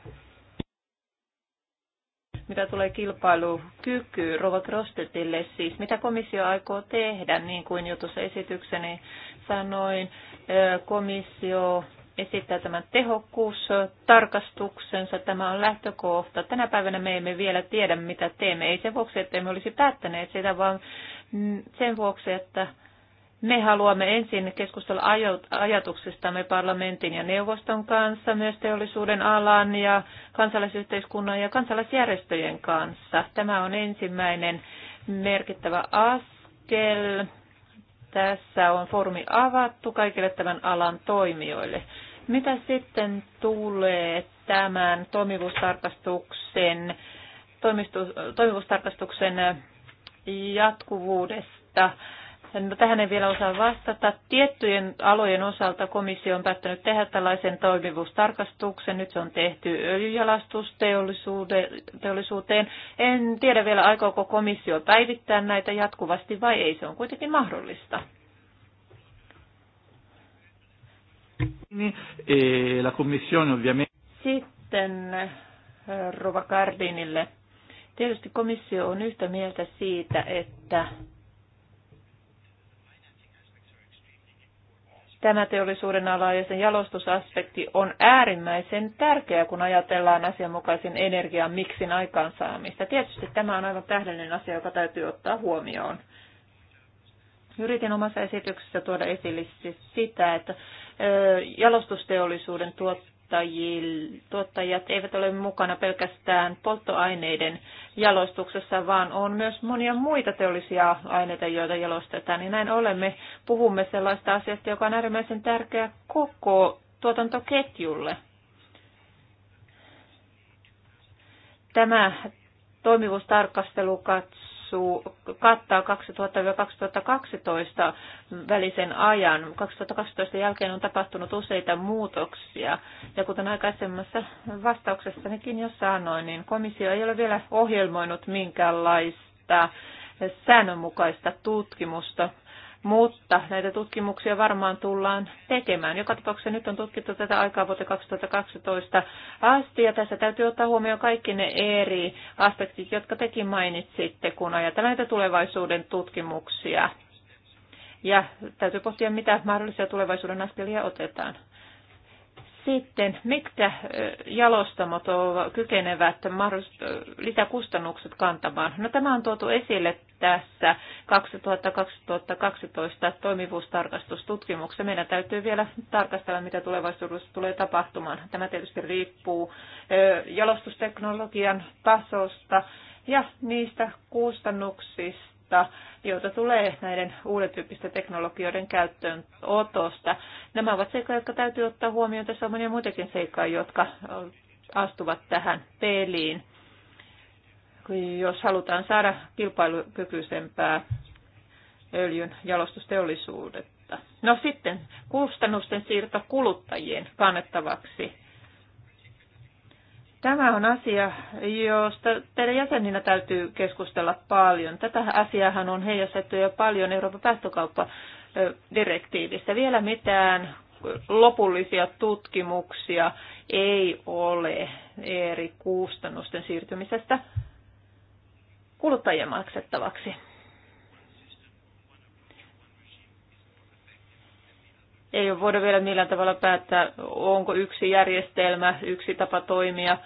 C: mitä tulee kilpailukykyyn Robert Rostetille, siis mitä komissio aikoo tehdä, niin kuin jo tuossa esitykseni sanoin, komissio esittää tämän tehokkuustarkastuksensa. Tämä on lähtökohta. Tänä päivänä me emme vielä tiedä, mitä teemme. Ei sen vuoksi, että emme olisi päättäneet sitä, vaan mm, sen vuoksi, että me haluamme ensin keskustella ajatuksistamme parlamentin ja neuvoston kanssa, myös teollisuuden alan ja kansalaisyhteiskunnan ja kansalaisjärjestöjen kanssa. Tämä on ensimmäinen merkittävä askel. Tässä on foorumi avattu kaikille tämän alan toimijoille. Mitä sitten tulee tämän toimivuustarkastuksen, toimivuustarkastuksen jatkuvuudesta? No, tähän en vielä osaa vastata. Tiettyjen alojen osalta komissio on päättänyt tehdä tällaisen toimivuustarkastuksen. Nyt se on tehty öljyjalastusteollisuuteen. En tiedä vielä, aikooko komissio päivittää näitä jatkuvasti vai ei. Se on kuitenkin mahdollista.
D: Eh,
C: Sitten eh, Rova Cardinille. Tietysti komissio on yhtä mieltä siitä, että Tämä teollisuuden ala ja sen jalostusaspekti on äärimmäisen tärkeä, kun ajatellaan asianmukaisen energian miksin aikaansaamista. Tietysti tämä on aivan tähdellinen asia, joka täytyy ottaa huomioon. Yritin omassa esityksessä tuoda esille siis sitä, että jalostusteollisuuden tuot tuottajat eivät ole mukana pelkästään polttoaineiden jalostuksessa, vaan on myös monia muita teollisia aineita, joita jalostetaan. Niin näin olemme puhumme sellaista asiasta, joka on äärimmäisen tärkeä koko tuotantoketjulle. Tämä toimivuustarkastelu katsoo maksuu, kattaa 2000-2012 välisen ajan. 2012 jälkeen on tapahtunut useita muutoksia. Ja kuten aikaisemmassa vastauksessanikin jo sanoin, niin komissio ei ole vielä ohjelmoinut minkäänlaista säännönmukaista tutkimusta mutta näitä tutkimuksia varmaan tullaan tekemään. Joka tapauksessa nyt on tutkittu tätä aikaa vuoteen 2012 asti, ja tässä täytyy ottaa huomioon kaikki ne eri aspektit, jotka tekin mainitsitte, kun ajatellaan näitä tulevaisuuden tutkimuksia. Ja täytyy pohtia, mitä mahdollisia tulevaisuuden askelia otetaan sitten, mitkä jalostamot kykenevät lisäkustannukset kantamaan? No, tämä on tuotu esille tässä 2000-2012 toimivuustarkastustutkimuksessa. Meidän täytyy vielä tarkastella, mitä tulevaisuudessa tulee tapahtumaan. Tämä tietysti riippuu jalostusteknologian tasosta ja niistä kustannuksista haittaa, joita tulee näiden uuden tyyppisten teknologioiden käyttöön otosta. Nämä ovat seikkoja, jotka täytyy ottaa huomioon. Tässä on monia muitakin seikkoja, jotka astuvat tähän peliin. Jos halutaan saada kilpailukykyisempää öljyn jalostusteollisuudetta. No sitten kustannusten siirto kuluttajien kannettavaksi Tämä on asia, josta teidän jäseninä täytyy keskustella paljon. Tätä asiaahan on heijastettu jo paljon Euroopan päästökauppadirektiivissä. Vielä mitään lopullisia tutkimuksia ei ole eri kustannusten siirtymisestä kuluttajien maksettavaksi. ei voida vielä millään tavalla päättää, onko yksi järjestelmä, yksi tapa toimia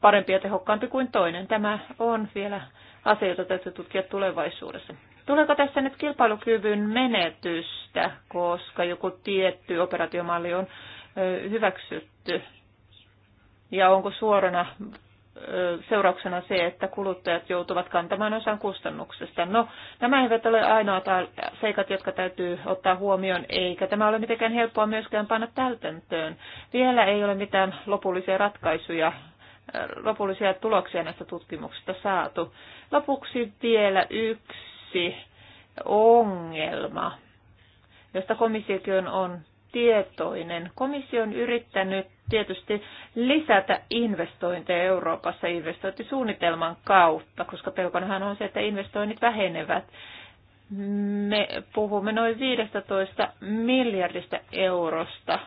C: parempi ja tehokkaampi kuin toinen. Tämä on vielä asia, jota täytyy tutkia tulevaisuudessa. Tuleeko tässä nyt kilpailukyvyn menetystä, koska joku tietty operaatiomalli on hyväksytty? Ja onko suorana seurauksena se, että kuluttajat joutuvat kantamaan osan kustannuksesta. No, nämä eivät ole ainoat seikat, jotka täytyy ottaa huomioon, eikä tämä ole mitenkään helppoa myöskään panna täytäntöön. Vielä ei ole mitään lopullisia ratkaisuja lopullisia tuloksia näistä tutkimuksista saatu. Lopuksi vielä yksi ongelma, josta komissiokin on tietoinen. Komissio on yrittänyt tietysti lisätä investointeja Euroopassa investointisuunnitelman kautta, koska pelkonahan on se, että investoinnit vähenevät. Me puhumme noin 15 miljardista eurosta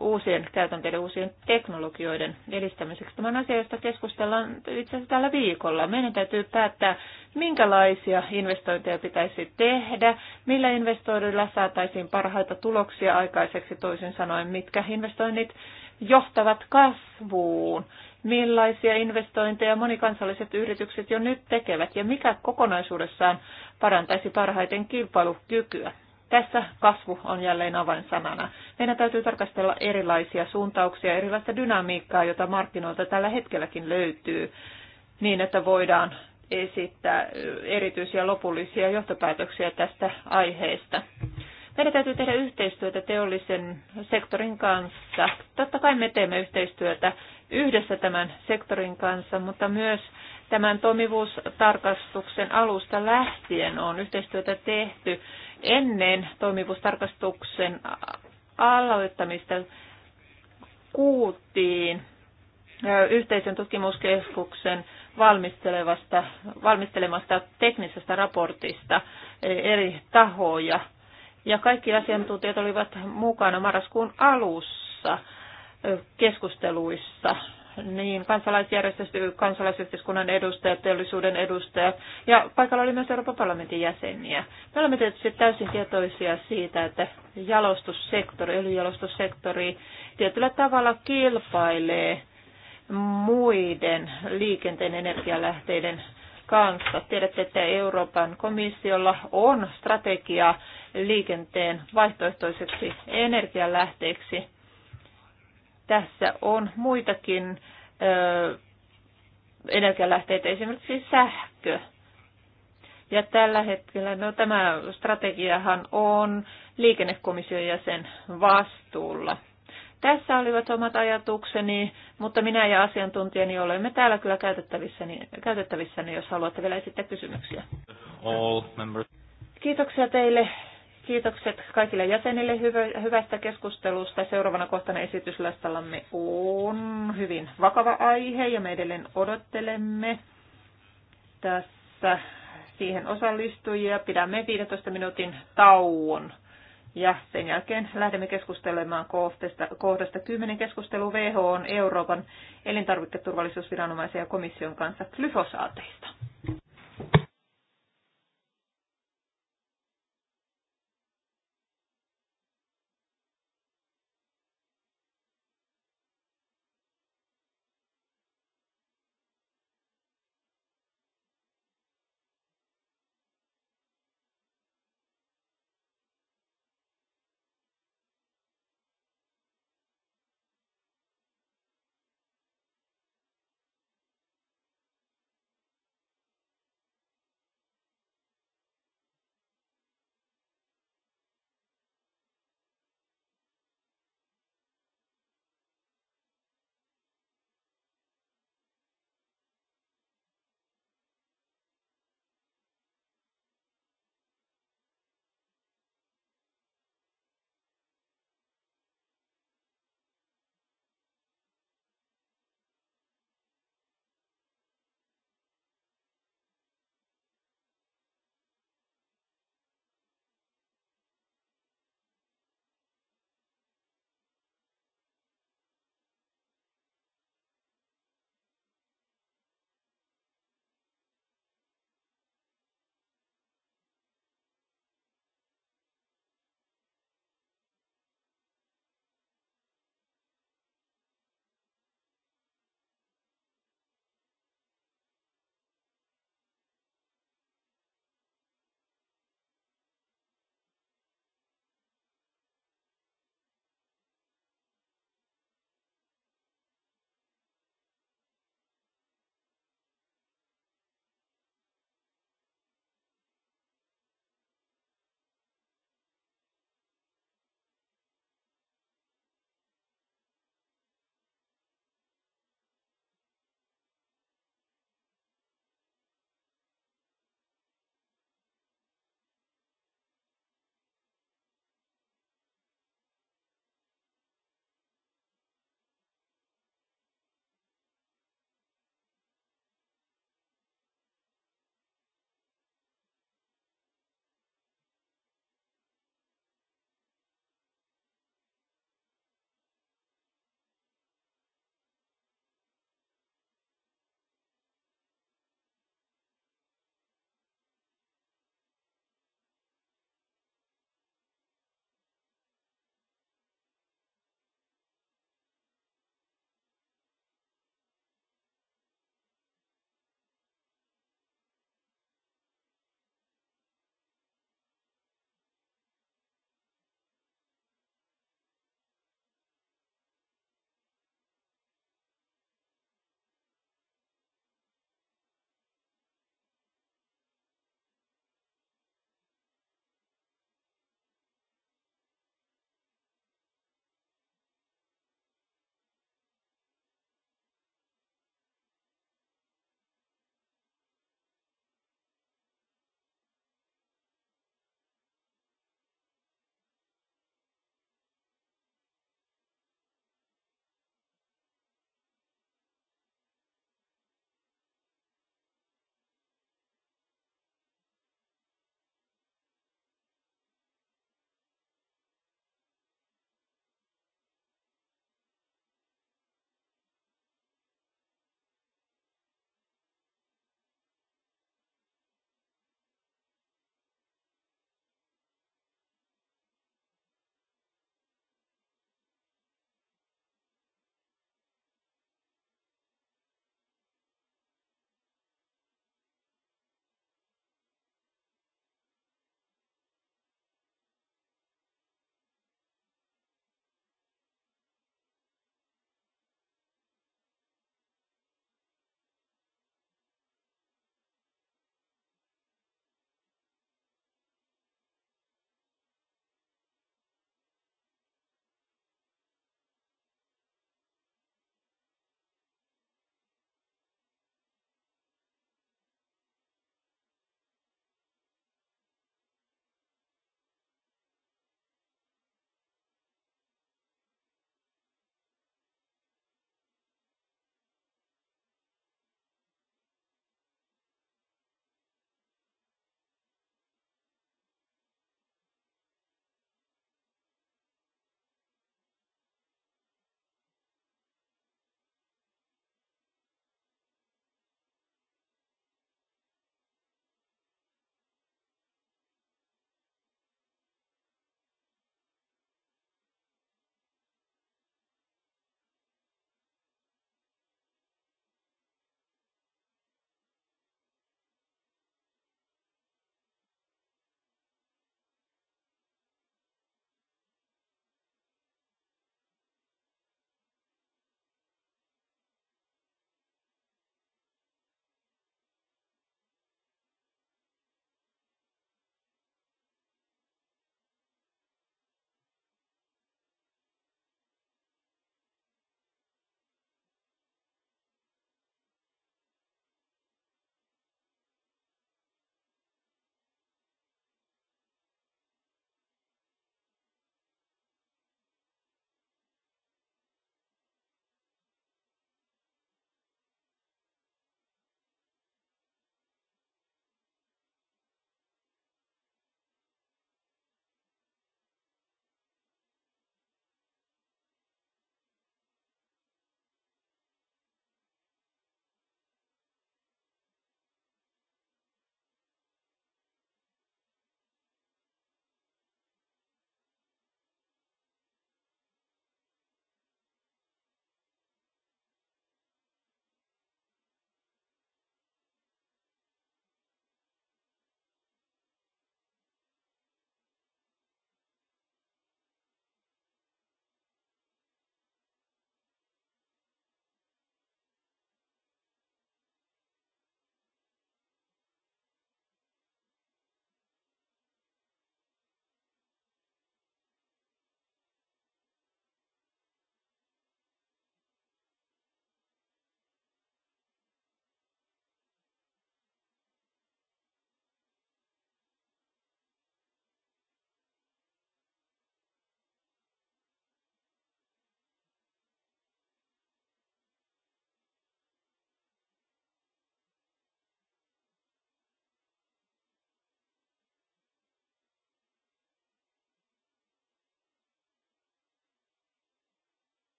C: uusien käytänteiden, uusien teknologioiden edistämiseksi. Tämä on asia, josta keskustellaan itse asiassa tällä viikolla. Meidän täytyy päättää, minkälaisia investointeja pitäisi tehdä, millä investoinnilla saataisiin parhaita tuloksia aikaiseksi, toisin sanoen, mitkä investoinnit johtavat kasvuun, millaisia investointeja monikansalliset yritykset jo nyt tekevät ja mikä kokonaisuudessaan parantaisi parhaiten kilpailukykyä. Tässä kasvu on jälleen avainsanana. Meidän täytyy tarkastella erilaisia suuntauksia, erilaista dynamiikkaa, jota markkinoilta tällä hetkelläkin löytyy, niin että voidaan esittää erityisiä lopullisia johtopäätöksiä tästä aiheesta. Meidän täytyy tehdä yhteistyötä teollisen sektorin kanssa. Totta kai me teemme yhteistyötä yhdessä tämän sektorin kanssa, mutta myös Tämän toimivuustarkastuksen alusta lähtien on yhteistyötä tehty ennen toimivuustarkastuksen aloittamista kuultiin yhteisen tutkimuskeskuksen valmistelevasta, valmistelemasta teknisestä raportista e, eri tahoja. Ja kaikki asiantuntijat olivat mukana marraskuun alussa keskusteluissa niin kansalaisjärjestöt, kansalaisyhteiskunnan edustajat, teollisuuden edustajat ja paikalla oli myös Euroopan parlamentin jäseniä. Me olemme tietysti täysin tietoisia siitä, että jalostussektori, öljyjalostussektori tietyllä tavalla kilpailee muiden liikenteen energialähteiden kanssa. Tiedätte, että Euroopan komissiolla on strategia liikenteen vaihtoehtoiseksi energialähteeksi tässä on muitakin ö, energialähteitä, esimerkiksi sähkö. Ja tällä hetkellä, no tämä strategiahan on liikennekomission jäsen vastuulla. Tässä olivat omat ajatukseni, mutta minä ja asiantuntijani olemme täällä kyllä käytettävissäni, käytettävissäni jos haluatte vielä esittää kysymyksiä. All Kiitoksia teille Kiitokset kaikille jäsenille hyvästä keskustelusta. Seuraavana kohtana esityslistallamme on hyvin vakava aihe ja me edelleen odottelemme tässä siihen osallistujia. Pidämme 15 minuutin tauon ja sen jälkeen lähdemme keskustelemaan kohdasta, kohdasta 10 keskustelu WHO on Euroopan elintarviketurvallisuusviranomaisen ja komission kanssa glyfosaateista.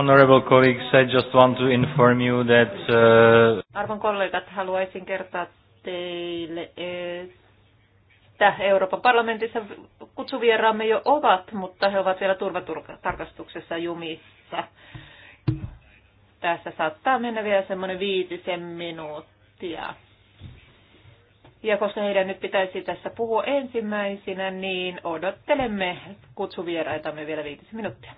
D: Honorable colleagues, I just want to inform you that... Uh...
C: Arvon kollegat, haluaisin kertoa teille, että Euroopan parlamentissa kutsuvieraamme jo ovat, mutta he ovat vielä turvatarkastuksessa jumissa. Tässä saattaa mennä vielä semmoinen viitisen minuuttia. Ja koska heidän nyt pitäisi tässä puhua ensimmäisinä, niin odottelemme kutsuvieraitamme vielä viitisen minuuttia.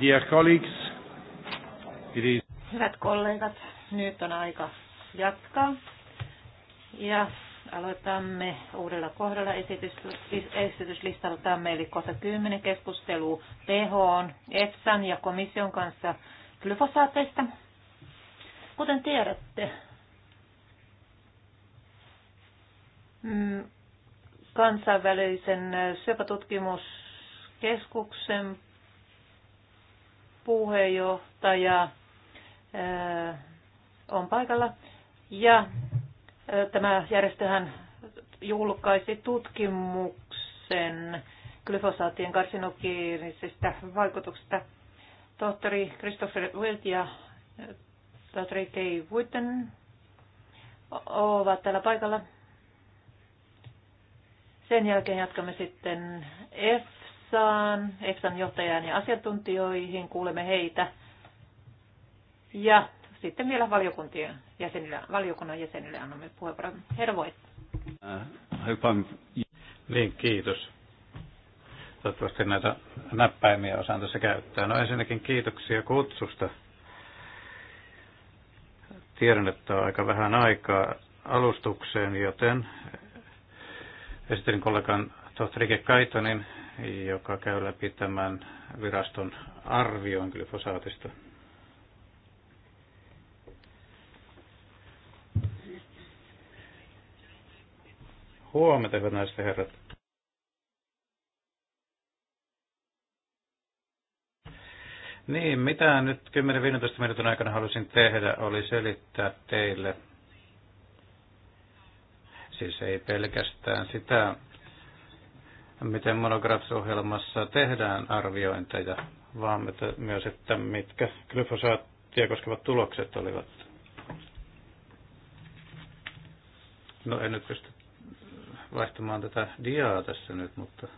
D: Dear colleagues, it is...
C: Hyvät kollegat, nyt on aika jatkaa. Ja aloitamme uudella kohdalla esityslistaltamme, eli kohta 10 keskustelu WHO, EFSAn ja komission kanssa glyfosaateista. Kuten tiedätte, mm, kansainvälisen syöpätutkimuskeskuksen puheenjohtaja äh, on paikalla. Ja äh, tämä järjestöhän julkaisi tutkimuksen glyfosaatien karsinogeenisistä vaikutuksista. Tohtori Christopher Wilt ja äh, tohtori Kay Witten ovat täällä paikalla. Sen jälkeen jatkamme sitten F EFSAan, EFSAn johtajaan ja asiantuntijoihin, kuulemme heitä. Ja sitten vielä valiokuntien jäsenille, valiokunnan jäsenille annamme puheenvuoron. Herra voi.
B: Äh, niin, kiitos. Toivottavasti näitä näppäimiä osaan tässä käyttää. No ensinnäkin kiitoksia kutsusta. Tiedän, että on aika vähän aikaa alustukseen, joten esittelin kollegan tohtori Kaitonin joka käy läpi tämän viraston arvion glyfosaatista. Huomenta, hyvät naiset ja herrat. Niin, mitä nyt 10-15 minuutin aikana halusin tehdä, oli selittää teille, siis ei pelkästään sitä, miten monografsohjelmassa tehdään arviointeja, vaan että myös, että mitkä glyfosaattia koskevat tulokset olivat. No en nyt pysty vaihtamaan tätä diaa tässä nyt, mutta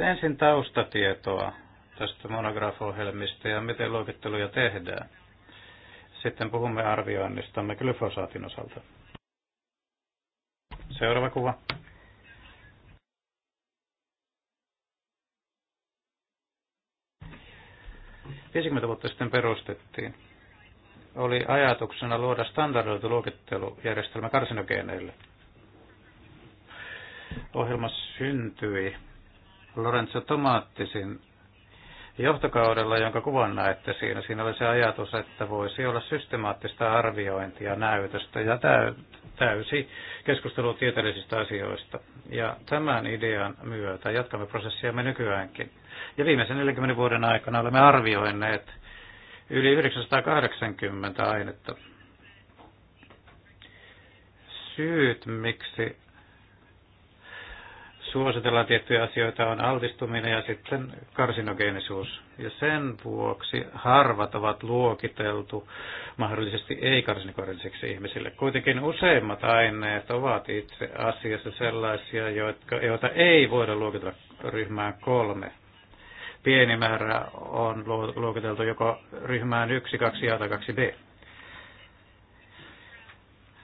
B: ensin taustatietoa tästä monografo ja miten luokitteluja tehdään. Sitten puhumme arvioinnistamme glyfosaatin osalta. Seuraava kuva. Viisikymmentä vuotta sitten perustettiin. Oli ajatuksena luoda standardoitu luokittelujärjestelmä karsinogeeneille. Ohjelma syntyi Lorenzo Tomaattisin johtokaudella, jonka kuvan näette siinä. Siinä oli se ajatus, että voisi olla systemaattista arviointia näytöstä ja täysi keskustelu tieteellisistä asioista. Ja tämän idean myötä jatkamme prosessiamme nykyäänkin. Ja viimeisen 40 vuoden aikana olemme arvioineet yli 980 ainetta. Syyt, miksi suositellaan tiettyjä asioita, on altistuminen ja sitten karsinogeenisuus. Ja sen vuoksi harvat ovat luokiteltu mahdollisesti ei-karsinogeeniseksi ihmisille. Kuitenkin useimmat aineet ovat itse asiassa sellaisia, jotka, joita ei voida luokitella ryhmään kolme. Pieni määrä on luokiteltu joko ryhmään 1, 2 A tai 2 B.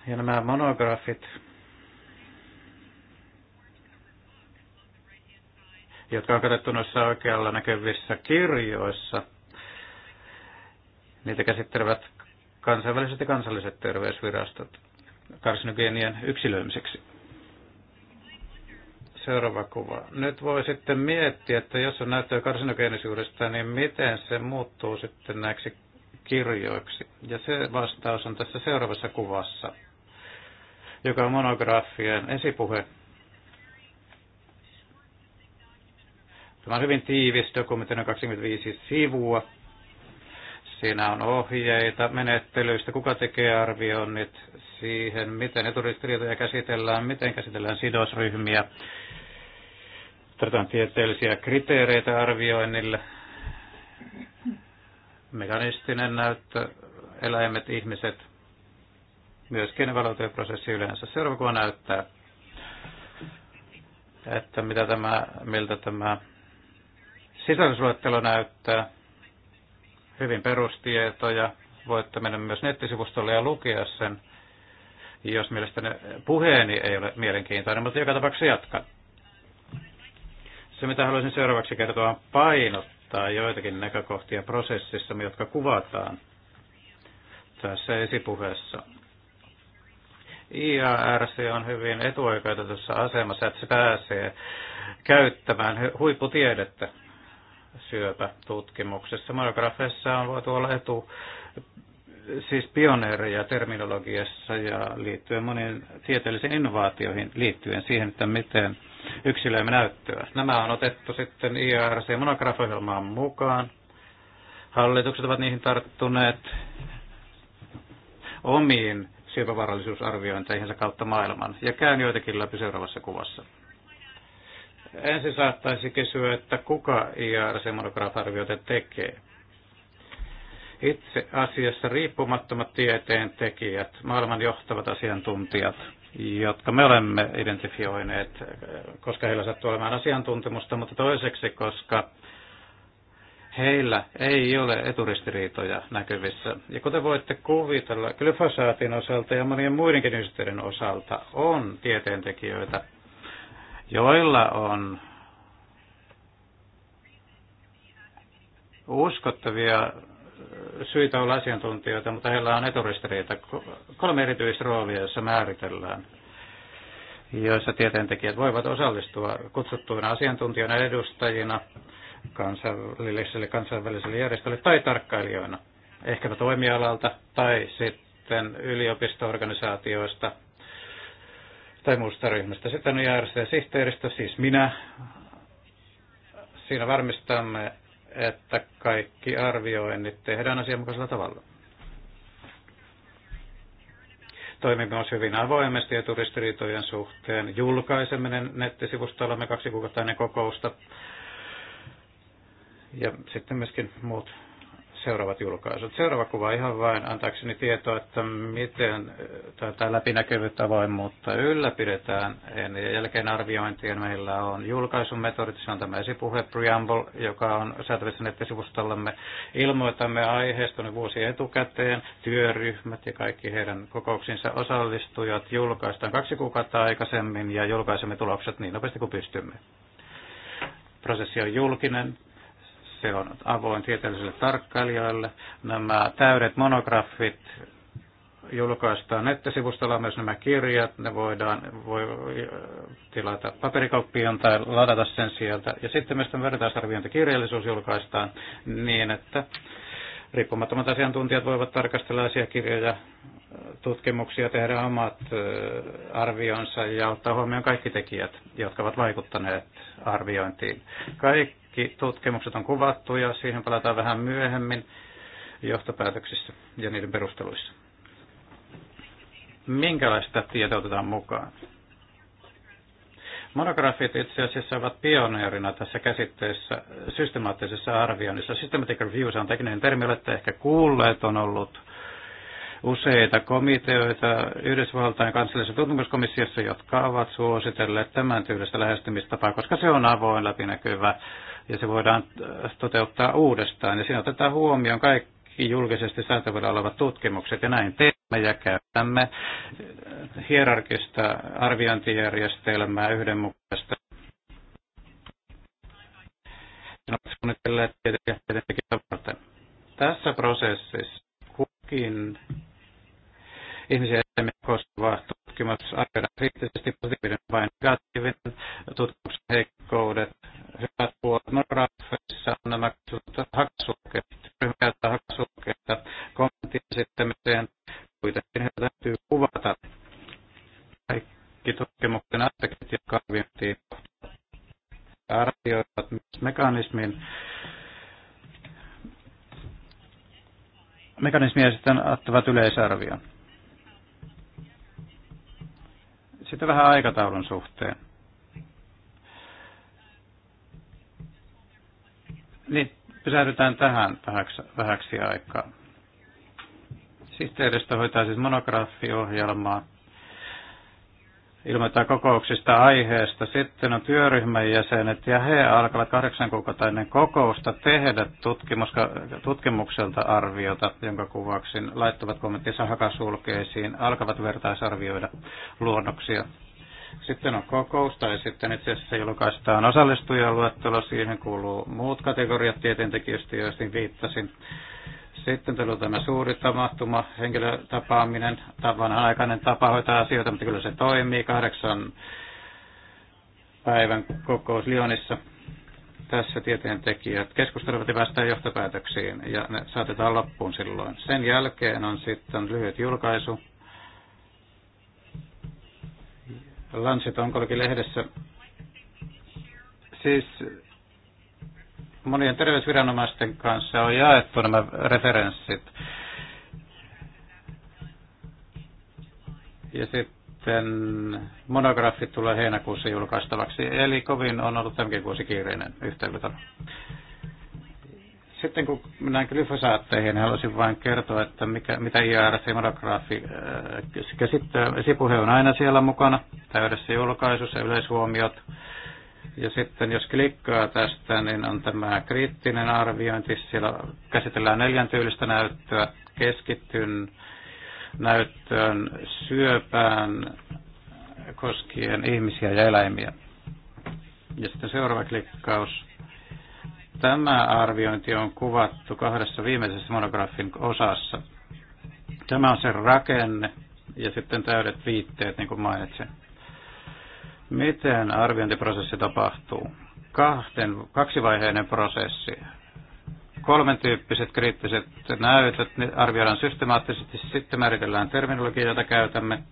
B: Ja nämä monografit jotka on katsottu noissa oikealla näkyvissä kirjoissa. Niitä käsittelevät kansainväliset ja kansalliset terveysvirastot karsinogeenien yksilöimiseksi. Seuraava kuva. Nyt voi sitten miettiä, että jos on näyttöä karsinogeenisuudesta, niin miten se muuttuu sitten näiksi kirjoiksi. Ja se vastaus on tässä seuraavassa kuvassa, joka on monografien esipuhe Tämä on hyvin tiivis dokumentti, on 25 sivua. Siinä on ohjeita menettelyistä, kuka tekee arvioinnit siihen, miten eturistiriitoja käsitellään, miten käsitellään sidosryhmiä. Tarvitaan tieteellisiä kriteereitä arvioinnille. Mekanistinen näyttö, eläimet, ihmiset, myöskin valoteprosessi yleensä. Seuraava näyttää, että mitä tämä, miltä tämä Sisällysluettelo näyttää hyvin perustietoja. Voitte mennä myös nettisivustolle ja lukea sen, jos mielestäni puheeni ei ole mielenkiintoinen, mutta joka tapauksessa jatkan. Se, mitä haluaisin seuraavaksi kertoa, on painottaa joitakin näkökohtia prosessissa, jotka kuvataan tässä esipuheessa. IARC on hyvin etuoikeutetussa asemassa, että se pääsee käyttämään huipputiedettä syöpätutkimuksessa. Monografeissa on voitu olla etu siis pioneereja terminologiassa ja liittyen moniin tieteellisiin innovaatioihin liittyen siihen, että miten yksilöimme näyttöä. Nämä on otettu sitten IRC monografohjelmaan mukaan. Hallitukset ovat niihin tarttuneet omiin syöpävarallisuusarviointeihinsa kautta maailman. Ja käyn joitakin läpi seuraavassa kuvassa. Ensin saattaisi kysyä, että kuka irc monograaf arvioita tekee. Itse asiassa riippumattomat tekijät, maailman johtavat asiantuntijat, jotka me olemme identifioineet, koska heillä sattuu olemaan asiantuntemusta, mutta toiseksi, koska heillä ei ole eturistiriitoja näkyvissä. Ja kuten voitte kuvitella, glyfosaatin osalta ja monien muidenkin yhteyden osalta on tieteentekijöitä, joilla on uskottavia äh, syitä olla asiantuntijoita, mutta heillä on eturistiriita. Kolme erityisroolia, joissa määritellään, joissa tieteentekijät voivat osallistua kutsuttuina asiantuntijoina edustajina kansainväliselle, kansainväliselle järjestölle tai tarkkailijoina, ehkäpä toimialalta tai sitten yliopistoorganisaatioista tai muusta ryhmästä. Sitten on järjestäjäsihteeristö, siis minä. Siinä varmistamme, että kaikki arvioinnit tehdään asianmukaisella tavalla. Toimimme myös hyvin avoimesti ja turistiriitojen suhteen. Julkaisemme ne nettisivustollamme kaksi kuukautta ennen kokousta. Ja sitten myöskin muut seuraavat julkaisut. Seuraava kuva ihan vain antaakseni tietoa, että miten eh, tätä läpinäkyvyyttä avoimuutta ylläpidetään. Ja jälkeen arviointien meillä on julkaisumetodit, se on tämä esipuhe Preamble, joka on säätävissä nettisivustollamme. Ilmoitamme aiheesta ne vuosi etukäteen, työryhmät ja kaikki heidän kokouksinsa osallistujat julkaistaan kaksi kuukautta aikaisemmin ja julkaisemme tulokset niin nopeasti kuin pystymme. Prosessi on julkinen, se on avoin tieteellisille tarkkailijoille. Nämä täydet monografit julkaistaan nettisivustolla myös nämä kirjat. Ne voidaan voi äh, tilata paperikauppiaan tai ladata sen sieltä. Ja sitten myös tämä vertaisarviointikirjallisuus julkaistaan niin, että riippumattomat asiantuntijat voivat tarkastella asiakirjoja, tutkimuksia, tehdä omat äh, arvionsa ja ottaa huomioon kaikki tekijät, jotka ovat vaikuttaneet arviointiin. Kaikki kaikki tutkimukset on kuvattu ja siihen palataan vähän myöhemmin johtopäätöksissä ja niiden perusteluissa. Minkälaista tietoa otetaan mukaan? Monografit itse asiassa ovat pioneerina tässä käsitteessä systemaattisessa arvioinnissa. Systematic reviews on tekninen termi, olette ehkä kuulleet, on ollut useita komiteoita Yhdysvaltain kansallisessa tutkimuskomissiossa, jotka ovat suositelleet tämän tyylistä lähestymistapaa, koska se on avoin läpinäkyvä ja se voidaan äh, toteuttaa uudestaan. Ja siinä otetaan huomioon kaikki julkisesti saatavilla olevat tutkimukset ja näin teemme ja käytämme äh, hierarkista arviointijärjestelmää yhdenmukaista Tässä prosessissa kukin ihmisiä emme koskevaa tutkimus arvioidaan kriittisesti positiivinen vai negatiivinen tutkimuksen heikkoudet. Hyvät puolet Norrafissa on nämä haksulkeet, ryhmäkäyttä kommenttia sitten, miten kuitenkin heitä täytyy kuvata kaikki tutkimuksen aspektit, jotka arviointiin arvioivat mekanismin mekanismia sitten ottavat yleisarvion. Sitten vähän aikataulun suhteen. Niin, pysähdytään tähän vähäksi aikaa. Sihteeristö hoitaa siis monograafiohjelmaa ilmoittaa kokouksista aiheesta. Sitten on työryhmän jäsenet ja he alkavat kahdeksan kuukautta ennen kokousta tehdä tutkimukselta arviota, jonka kuvaksi laittavat kommenttinsa hakasulkeisiin, alkavat vertaisarvioida luonnoksia. Sitten on kokous tai sitten itse asiassa julkaistaan osallistujaluettelo. Siihen kuuluu muut kategoriat tieteentekijöistä, joihin viittasin. Sitten tuli tämä suuri tapahtuma, henkilötapaaminen, vanhanaikainen tapa hoitaa asioita, mutta kyllä se toimii. Kahdeksan päivän kokous Lyonissa. Tässä tekijät keskustelevat ja päästään johtopäätöksiin ja ne saatetaan loppuun silloin. Sen jälkeen on sitten lyhyt julkaisu. Lancet Onkologi-lehdessä. Siis monien terveysviranomaisten kanssa on jaettu nämä referenssit. Ja sitten monografi tulee heinäkuussa julkaistavaksi, eli kovin on ollut tämänkin vuosi kiireinen yhteenvetona. Sitten kun mennään glyfosaatteihin, niin haluaisin vain kertoa, että mikä, mitä irc monografi äh, käsittää. Esipuhe on aina siellä mukana, täydessä julkaisussa, yleishuomiot, ja sitten jos klikkaa tästä, niin on tämä kriittinen arviointi. Siellä käsitellään neljän tyylistä näyttöä. Keskittyn näyttöön syöpään koskien ihmisiä ja eläimiä. Ja sitten seuraava klikkaus. Tämä arviointi on kuvattu kahdessa viimeisessä monografin osassa. Tämä on se rakenne ja sitten täydet viitteet, niin kuin mainitsin. Miten arviointiprosessi tapahtuu? Kahten, kaksivaiheinen prosessi. Kolmen tyyppiset kriittiset näytöt ne arvioidaan systemaattisesti, sitten määritellään terminologia, jota käytämme.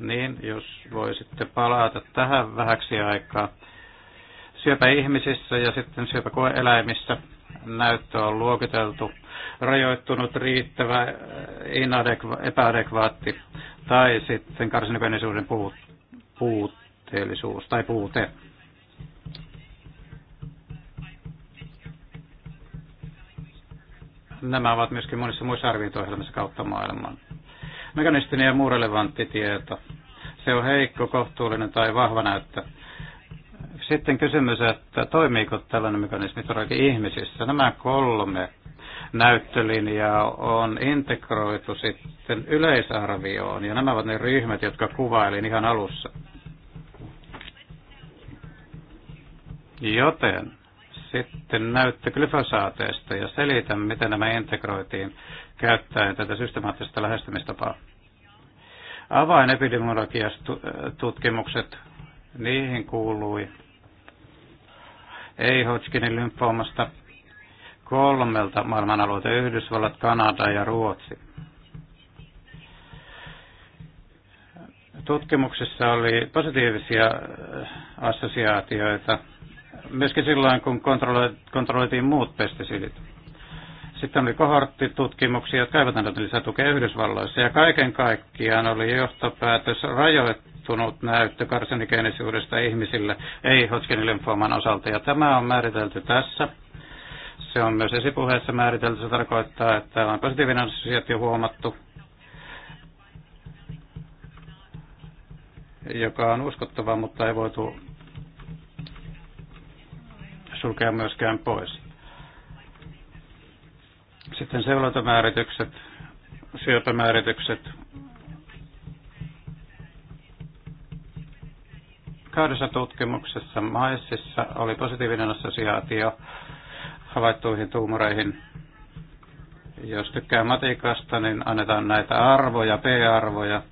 B: Niin, jos voisitte palata tähän vähäksi aikaa. Syöpä ihmisissä ja sitten syöpä koeeläimissä näyttö on luokiteltu rajoittunut, riittävä, inadekva, epäadekvaatti tai sitten karsinogeenisuuden puut puutteellisuus tai puute. Nämä ovat myöskin monissa muissa arviointiohjelmissa kautta maailman. Mekanistinen ja muu relevantti tieto. Se on heikko, kohtuullinen tai vahva näyttö. Sitten kysymys, että toimiiko tällainen mekanismi todellakin ihmisissä. Nämä kolme näyttölinjaa on integroitu sitten yleisarvioon, ja nämä ovat ne ryhmät, jotka kuvailin ihan alussa. Joten sitten näyttö glyfosaateesta ja selitän, miten nämä integroitiin käyttäen tätä systemaattista lähestymistapaa. tutkimukset niihin kuului ei Hodgkinin lymfoomasta kolmelta maailmanalueelta, Yhdysvallat, Kanada ja Ruotsi. Tutkimuksessa oli positiivisia äh, assosiaatioita myöskin silloin, kun kontrolloitiin muut pestisidit. Sitten oli kohorttitutkimuksia, jotka eivät antaneet lisätukea Yhdysvalloissa. Ja kaiken kaikkiaan oli johtopäätös rajoittunut näyttö karsinogeenisuudesta ihmisille, ei Hodgkinin lymfooman osalta. Ja tämä on määritelty tässä. Se on myös esipuheessa määritelty. Se tarkoittaa, että on positiivinen assosiaatio huomattu, joka on uskottava, mutta ei voitu sulkea myöskään pois. Sitten seulotamääritykset, syöpämääritykset. Kahdessa tutkimuksessa maississa oli positiivinen assosiaatio havaittuihin tuumoreihin. Jos tykkää matikasta, niin annetaan näitä arvoja, p-arvoja.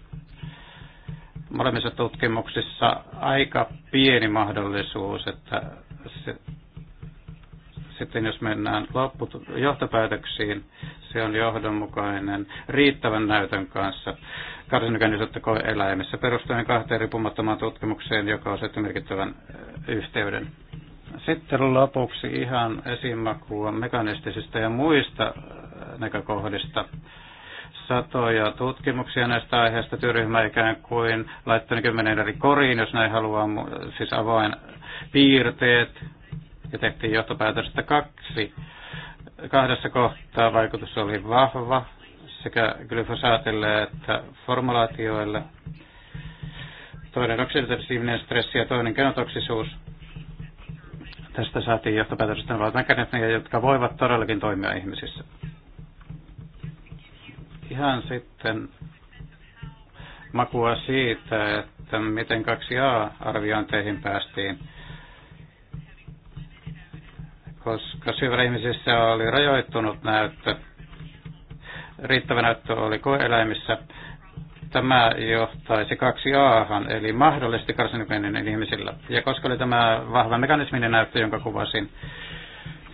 B: Molemmissa tutkimuksissa aika pieni mahdollisuus, että se sitten jos mennään lopput- johtopäätöksiin, se on johdonmukainen riittävän näytön kanssa karsinogenisottako eläimissä perustuen kahteen riippumattomaan tutkimukseen, joka osoitti merkittävän yhteyden. Sitten lopuksi ihan esimakua mekanistisista ja muista näkökohdista satoja tutkimuksia näistä aiheista. Työryhmä ikään kuin laittanut kymmenen eri koriin, jos näin haluaa, siis piirteet ja tehtiin johtopäätös, että kaksi, kahdessa kohtaa vaikutus oli vahva sekä glyfosaatille että formulaatioille. Toinen oksidatiivinen stressi ja toinen genotoksisuus. Tästä saatiin johtopäätös, että ne ovat mekanismeja, jotka voivat todellakin toimia ihmisissä. Ihan sitten makua siitä, että miten 2A-arviointeihin päästiin koska syväihmisissä oli rajoittunut näyttö. Riittävä näyttö oli koeläimissä. Tämä johtaisi kaksi aahan, eli mahdollisesti karsinogeeninen ihmisillä. Ja koska oli tämä vahva mekanisminen näyttö, jonka kuvasin,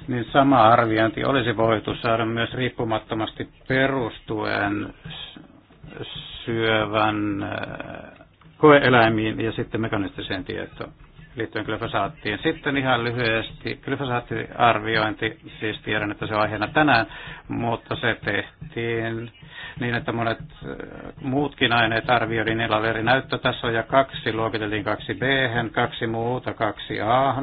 B: niin sama arviointi olisi voitu saada myös riippumattomasti perustuen syövän äh, koeeläimiin ja sitten mekanistiseen tietoon liittyen glyfosaattiin. Sitten ihan lyhyesti glyfosaattiarviointi, siis tiedän, että se on aiheena tänään, mutta se tehtiin niin, että monet äh, muutkin aineet arvioitiin, niillä oli eri näyttötasoja, kaksi luokiteltiin kaksi b kaksi muuta kaksi a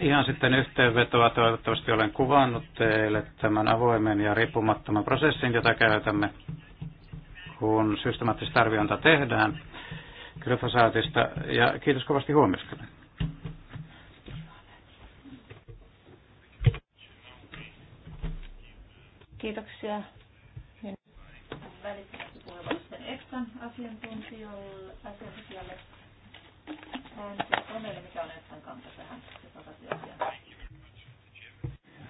B: Ihan sitten yhteenvetoa toivottavasti olen kuvannut teille tämän avoimen ja riippumattoman prosessin, jota käytämme, kun systemaattista arviointa tehdään glyfosaatista ja kiitos kovasti huomiosta.
C: Kiitoksia. Välittämättä asiantuntijalle. on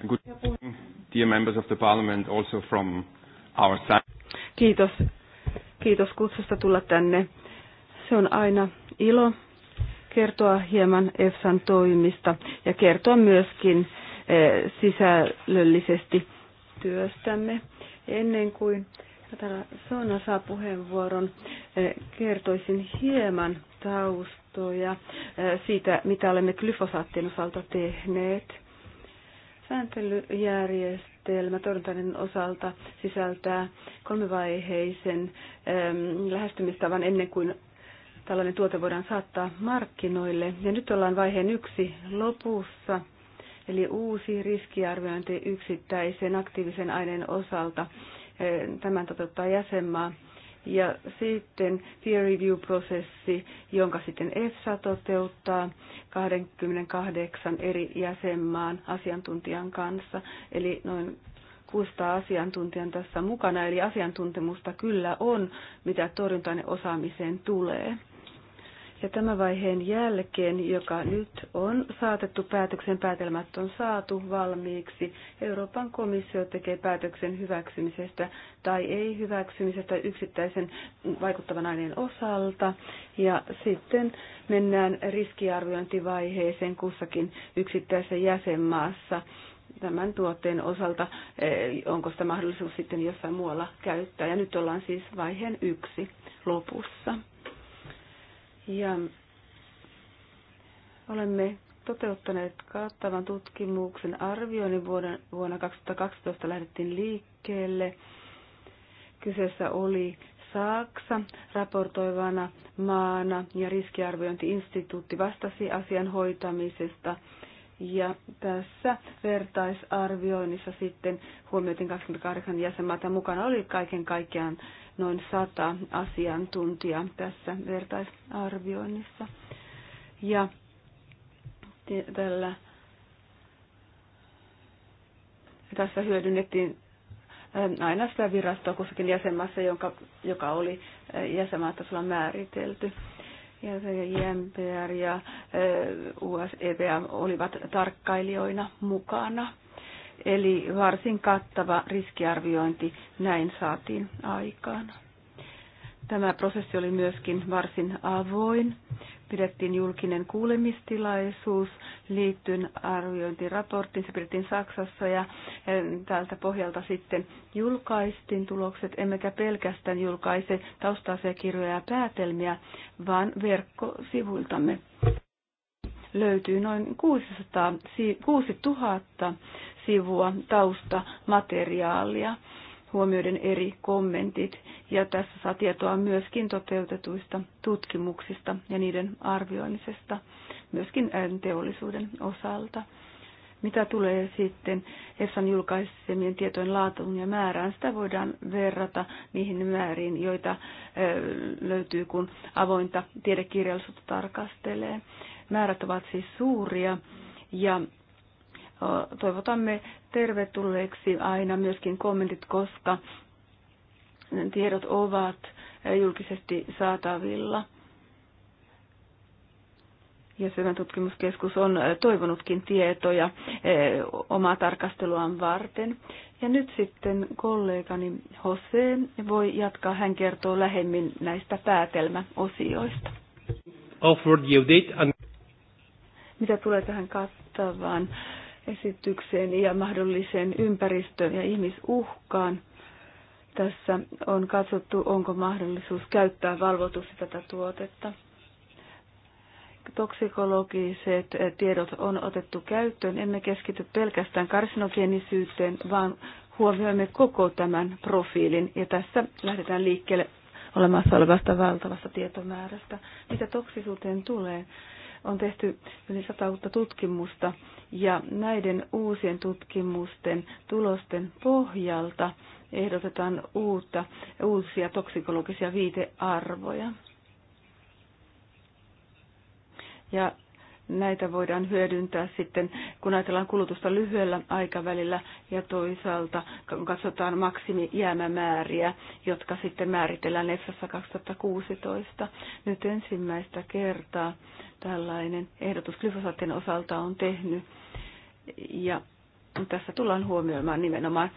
A: Good morning, dear members of the parliament, also from our side.
C: Kiitos. Kiitos
F: kutsusta tulla tänne se on aina ilo kertoa hieman EFSAn toimista ja kertoa myöskin eh, sisällöllisesti työstämme. Ennen kuin Soona saa puheenvuoron, eh, kertoisin hieman taustoja eh, siitä, mitä olemme glyfosaattien osalta tehneet. Sääntelyjärjestelmä torjuntainen osalta sisältää kolmivaiheisen lähestymistavan ennen kuin tällainen tuote voidaan saattaa markkinoille. Ja nyt ollaan vaiheen yksi lopussa, eli uusi riskiarviointi yksittäisen aktiivisen aineen osalta. Eh, tämän toteuttaa jäsenmaa. Ja sitten peer review-prosessi, jonka sitten EFSA toteuttaa 28 eri jäsenmaan asiantuntijan kanssa. Eli noin 600 asiantuntijan tässä mukana, eli asiantuntemusta kyllä on, mitä torjuntainen osaamiseen tulee. Ja tämän vaiheen jälkeen, joka nyt on saatettu päätöksen, päätelmät on saatu valmiiksi. Euroopan komissio tekee päätöksen hyväksymisestä tai ei hyväksymisestä yksittäisen vaikuttavan aineen osalta. Ja sitten mennään riskiarviointivaiheeseen kussakin yksittäisessä jäsenmaassa tämän tuotteen osalta, eh, onko sitä mahdollisuus sitten jossain muualla käyttää. Ja nyt ollaan siis vaiheen yksi lopussa. Ja olemme toteuttaneet kattavan tutkimuksen arvioinnin vuoden, vuonna 2012 lähdettiin liikkeelle. Kyseessä oli Saksa raportoivana maana ja riskiarviointiinstituutti vastasi asian hoitamisesta. Ja tässä vertaisarvioinnissa sitten huomioitiin 28 jäsenmaata. Mukana oli kaiken kaikkiaan noin sata asiantuntijaa tässä vertaisarvioinnissa. Ja tällä tässä hyödynnettiin ähm, aina sitä virastoa kussakin jäsenmaassa, jonka, joka oli äh, jäsenmaatasolla määritelty. Ja JMPR ja äh, US EVM olivat tarkkailijoina mukana. Eli varsin kattava riskiarviointi näin saatiin aikaan. Tämä prosessi oli myöskin varsin avoin. Pidettiin julkinen kuulemistilaisuus liittyen arviointiraporttiin. Se pidettiin Saksassa ja eh, tältä pohjalta sitten julkaistiin tulokset. Emmekä pelkästään julkaise taustaasiakirjoja ja päätelmiä, vaan verkkosivuiltamme löytyy noin 600, 6000 sivua taustamateriaalia huomioiden eri kommentit. Ja tässä saa tietoa myöskin toteutetuista tutkimuksista ja niiden arvioimisesta myöskin teollisuuden osalta. Mitä tulee sitten EFSAn julkaisemien tietojen laatuun ja määrään, sitä voidaan verrata niihin määriin, joita löytyy, kun avointa tiedekirjallisuutta tarkastelee. Määrät ovat siis suuria ja toivotamme tervetulleeksi aina myöskin kommentit, koska tiedot ovat julkisesti saatavilla. Ja Syvän tutkimuskeskus on toivonutkin tietoja e, omaa tarkasteluaan varten. Ja nyt sitten kollegani Jose voi jatkaa. Hän kertoo lähemmin näistä päätelmäosioista. Mitä tulee tähän kattavaan esitykseen ja mahdolliseen ympäristöön ja ihmisuhkaan. Tässä on katsottu, onko mahdollisuus käyttää valvotusti tätä tuotetta. Toksikologiset tiedot on otettu käyttöön. Emme keskity pelkästään karsinogenisyyteen, vaan huomioimme koko tämän profiilin. Ja tässä lähdetään liikkeelle olemassa olevasta valtavasta tietomäärästä. Mitä toksisuuteen tulee, on tehty yli sata uutta tutkimusta ja näiden uusien tutkimusten tulosten pohjalta ehdotetaan uutta, uusia toksikologisia viitearvoja. Ja näitä voidaan hyödyntää sitten, kun ajatellaan kulutusta lyhyellä aikavälillä ja toisaalta katsotaan maksimijäämämääriä, jotka sitten määritellään EFSA 2016. Nyt ensimmäistä kertaa tällainen ehdotus glyfosaattien osalta on tehnyt ja tässä tullaan huomioimaan nimenomaan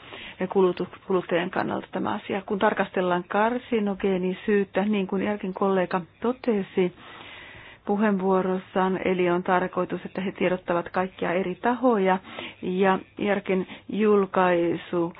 F: kuluttajien kannalta tämä asia. Kun tarkastellaan karsinogeenisyyttä, niin kuin jälkin kollega totesi, puheenvuorossaan, eli on tarkoitus, että he tiedottavat kaikkia eri tahoja ja Jarkin julkaisu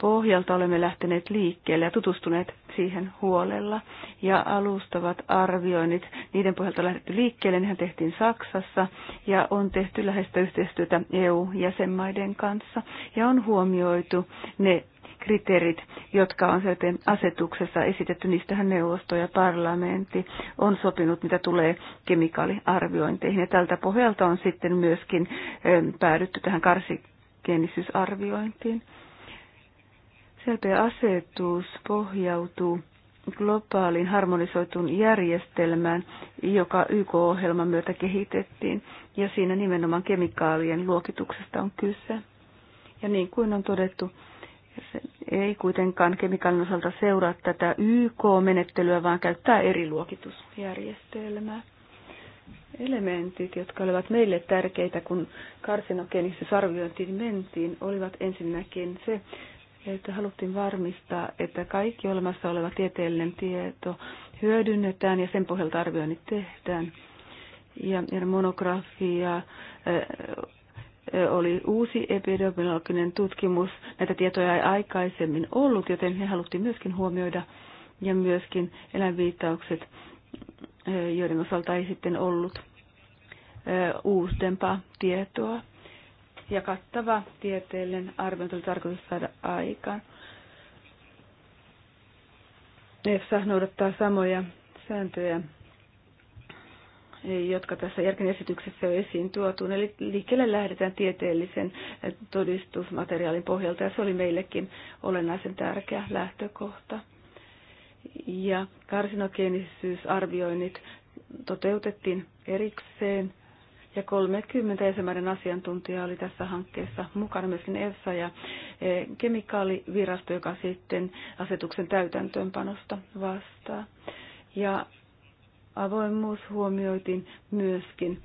F: pohjalta olemme lähteneet liikkeelle ja tutustuneet siihen huolella. Ja alustavat arvioinnit, niiden pohjalta on lähdetty liikkeelle, nehän tehtiin Saksassa ja on tehty läheistä yhteistyötä EU-jäsenmaiden kanssa. Ja on huomioitu ne kriteerit, jotka on sitten asetuksessa esitetty, niistähän neuvosto ja parlamentti on sopinut, mitä tulee kemikaaliarviointeihin. Ja tältä pohjalta on sitten myöskin päädytty tähän karsigeenisyysarviointiin. Selpeä asetus pohjautuu globaaliin harmonisoitun järjestelmään, joka YK-ohjelman myötä kehitettiin, ja siinä nimenomaan kemikaalien luokituksesta on kyse. Ja niin kuin on todettu, se ei kuitenkaan kemikaalin osalta seuraa tätä YK-menettelyä, vaan käyttää eri luokitusjärjestelmää. Elementit, jotka olivat meille tärkeitä, kun karsinogeenisessa arviointiin mentiin, olivat ensinnäkin se, että haluttiin varmistaa, että kaikki olemassa oleva tieteellinen tieto hyödynnetään ja sen pohjalta arvioinnit tehdään. Ja, ja monografia oli uusi epidemiologinen tutkimus. Näitä tietoja ei aikaisemmin ollut, joten he haluttiin myöskin huomioida ja myöskin eläinviittaukset, joiden osalta ei sitten ollut uusempaa tietoa. Ja kattava tieteellinen arviointi oli tarkoitus saada aikaan. EFSA noudattaa samoja sääntöjä jotka tässä Jerkin esityksessä on esiin tuotu. Eli liikkeelle lähdetään tieteellisen todistusmateriaalin pohjalta ja se oli meillekin olennaisen tärkeä lähtökohta. Ja karsinogeenisyysarvioinnit toteutettiin erikseen ja 30 ensimmäinen asiantuntijaa oli tässä hankkeessa mukana, myöskin EFSA ja e, kemikaalivirasto, joka sitten asetuksen täytäntöönpanosta vastaa. Ja avoimuus huomioitiin myöskin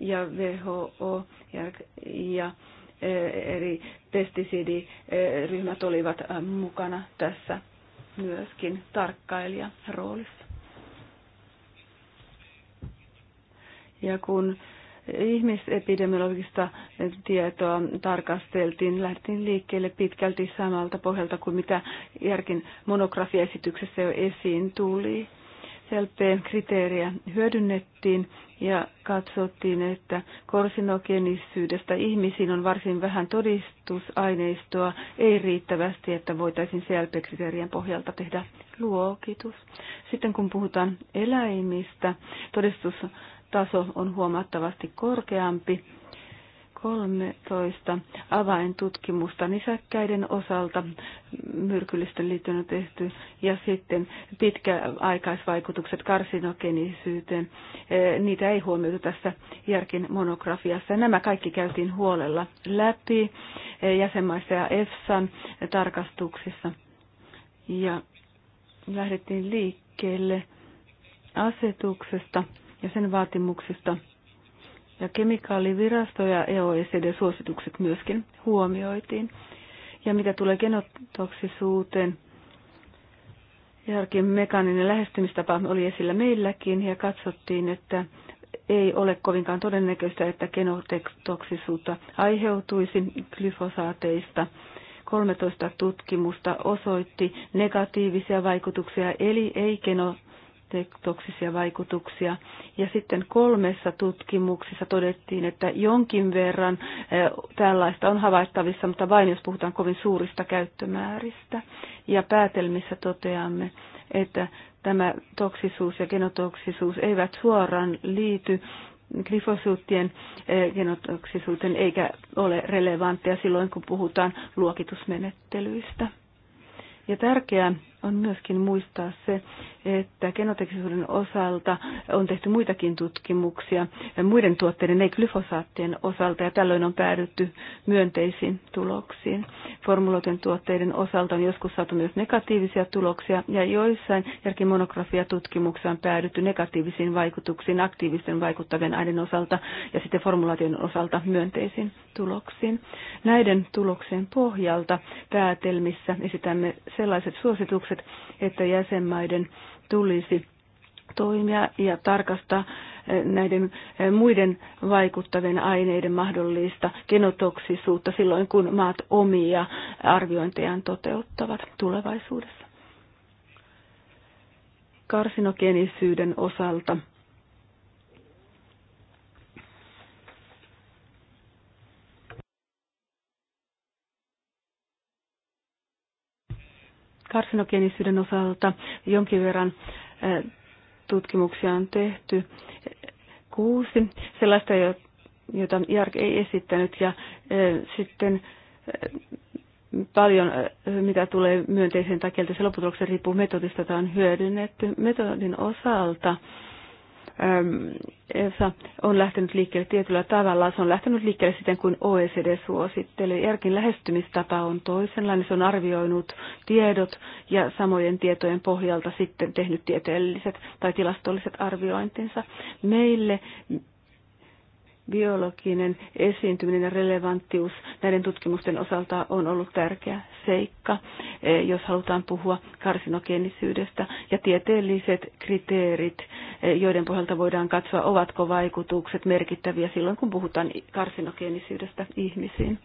F: ja WHO ja e, eri pestisidiryhmät olivat mukana tässä myöskin tarkkailijaroolissa. Ja kun ihmisepidemiologista tietoa tarkasteltiin, lähdettiin liikkeelle pitkälti samalta pohjalta kuin mitä Järkin monografiaesityksessä jo esiin tuli. SLP-kriteeriä hyödynnettiin ja katsottiin, että korsinogenisyydestä ihmisiin on varsin vähän todistusaineistoa, ei riittävästi, että voitaisiin CLP-kriteerien pohjalta tehdä luokitus. Sitten kun puhutaan eläimistä, todistustaso on huomattavasti korkeampi 13 avaintutkimusta nisäkkäiden osalta myrkyllisten liittyen on tehty ja sitten pitkäaikaisvaikutukset karsinogenisyyteen. Eh, niitä ei huomioitu tässä Järkin monografiassa. Nämä kaikki käytiin huolella läpi eh, jäsenmaissa ja EFSAn tarkastuksissa ja lähdettiin liikkeelle asetuksesta ja sen vaatimuksista – ja kemikaalivirasto ja eoecd suositukset myöskin huomioitiin. Ja mitä tulee genotoksisuuteen, järkin mekaaninen lähestymistapa oli esillä meilläkin ja katsottiin, että ei ole kovinkaan todennäköistä, että genotoksisuutta aiheutuisi glyfosaateista. 13 tutkimusta osoitti negatiivisia vaikutuksia, eli ei genotoksisuutta toksisia vaikutuksia. Ja sitten kolmessa tutkimuksessa todettiin, että jonkin verran e, tällaista on havaittavissa, mutta vain jos puhutaan kovin suurista käyttömääristä. Ja päätelmissä toteamme, että tämä toksisuus ja genotoksisuus eivät suoraan liity glyfosuuttien e, genotoksisuuteen eikä ole relevantteja silloin, kun puhutaan luokitusmenettelyistä. Ja tärkeää on myöskin muistaa se, että genoteknisuuden osalta on tehty muitakin tutkimuksia muiden tuotteiden, ei glyfosaattien osalta, ja tällöin on päädytty myönteisiin tuloksiin. Formuloiden tuotteiden osalta on joskus saatu myös negatiivisia tuloksia, ja joissain järkimonografiatutkimuksissa on päädytty negatiivisiin vaikutuksiin aktiivisten vaikuttavien aineen osalta ja sitten formulaation osalta myönteisiin tuloksiin. Näiden tuloksien pohjalta päätelmissä esitämme sellaiset suositukset, vaatimukset, että jäsenmaiden tulisi toimia ja tarkastaa eh, näiden eh, muiden vaikuttavien aineiden mahdollista genotoksisuutta silloin, kun maat omia arviointejaan toteuttavat tulevaisuudessa. Karsinogenisyyden osalta – karsinogeenisyyden osalta jonkin verran eh, tutkimuksia on tehty. Kuusi sellaista, jota Jark ei esittänyt ja eh, sitten eh, paljon, mitä tulee myönteiseen tai kielteiseen lopputulokseen, riippuu metodista, jota on hyödynnetty. Metodin osalta Ähm, EFSA on lähtenyt liikkeelle tietyllä tavalla. Se on lähtenyt liikkeelle siten kuin OECD suositteli. ERKin lähestymistapa on toisenlainen. Se on arvioinut tiedot ja samojen tietojen pohjalta sitten tehnyt tieteelliset tai tilastolliset arviointinsa. Meille biologinen esiintyminen ja relevanttius näiden tutkimusten osalta on ollut tärkeä seikka, eh, jos halutaan puhua karsinogeenisyydestä. Ja tieteelliset kriteerit, eh, joiden pohjalta voidaan katsoa, ovatko vaikutukset merkittäviä silloin, kun puhutaan karsinogeenisyydestä ihmisiin.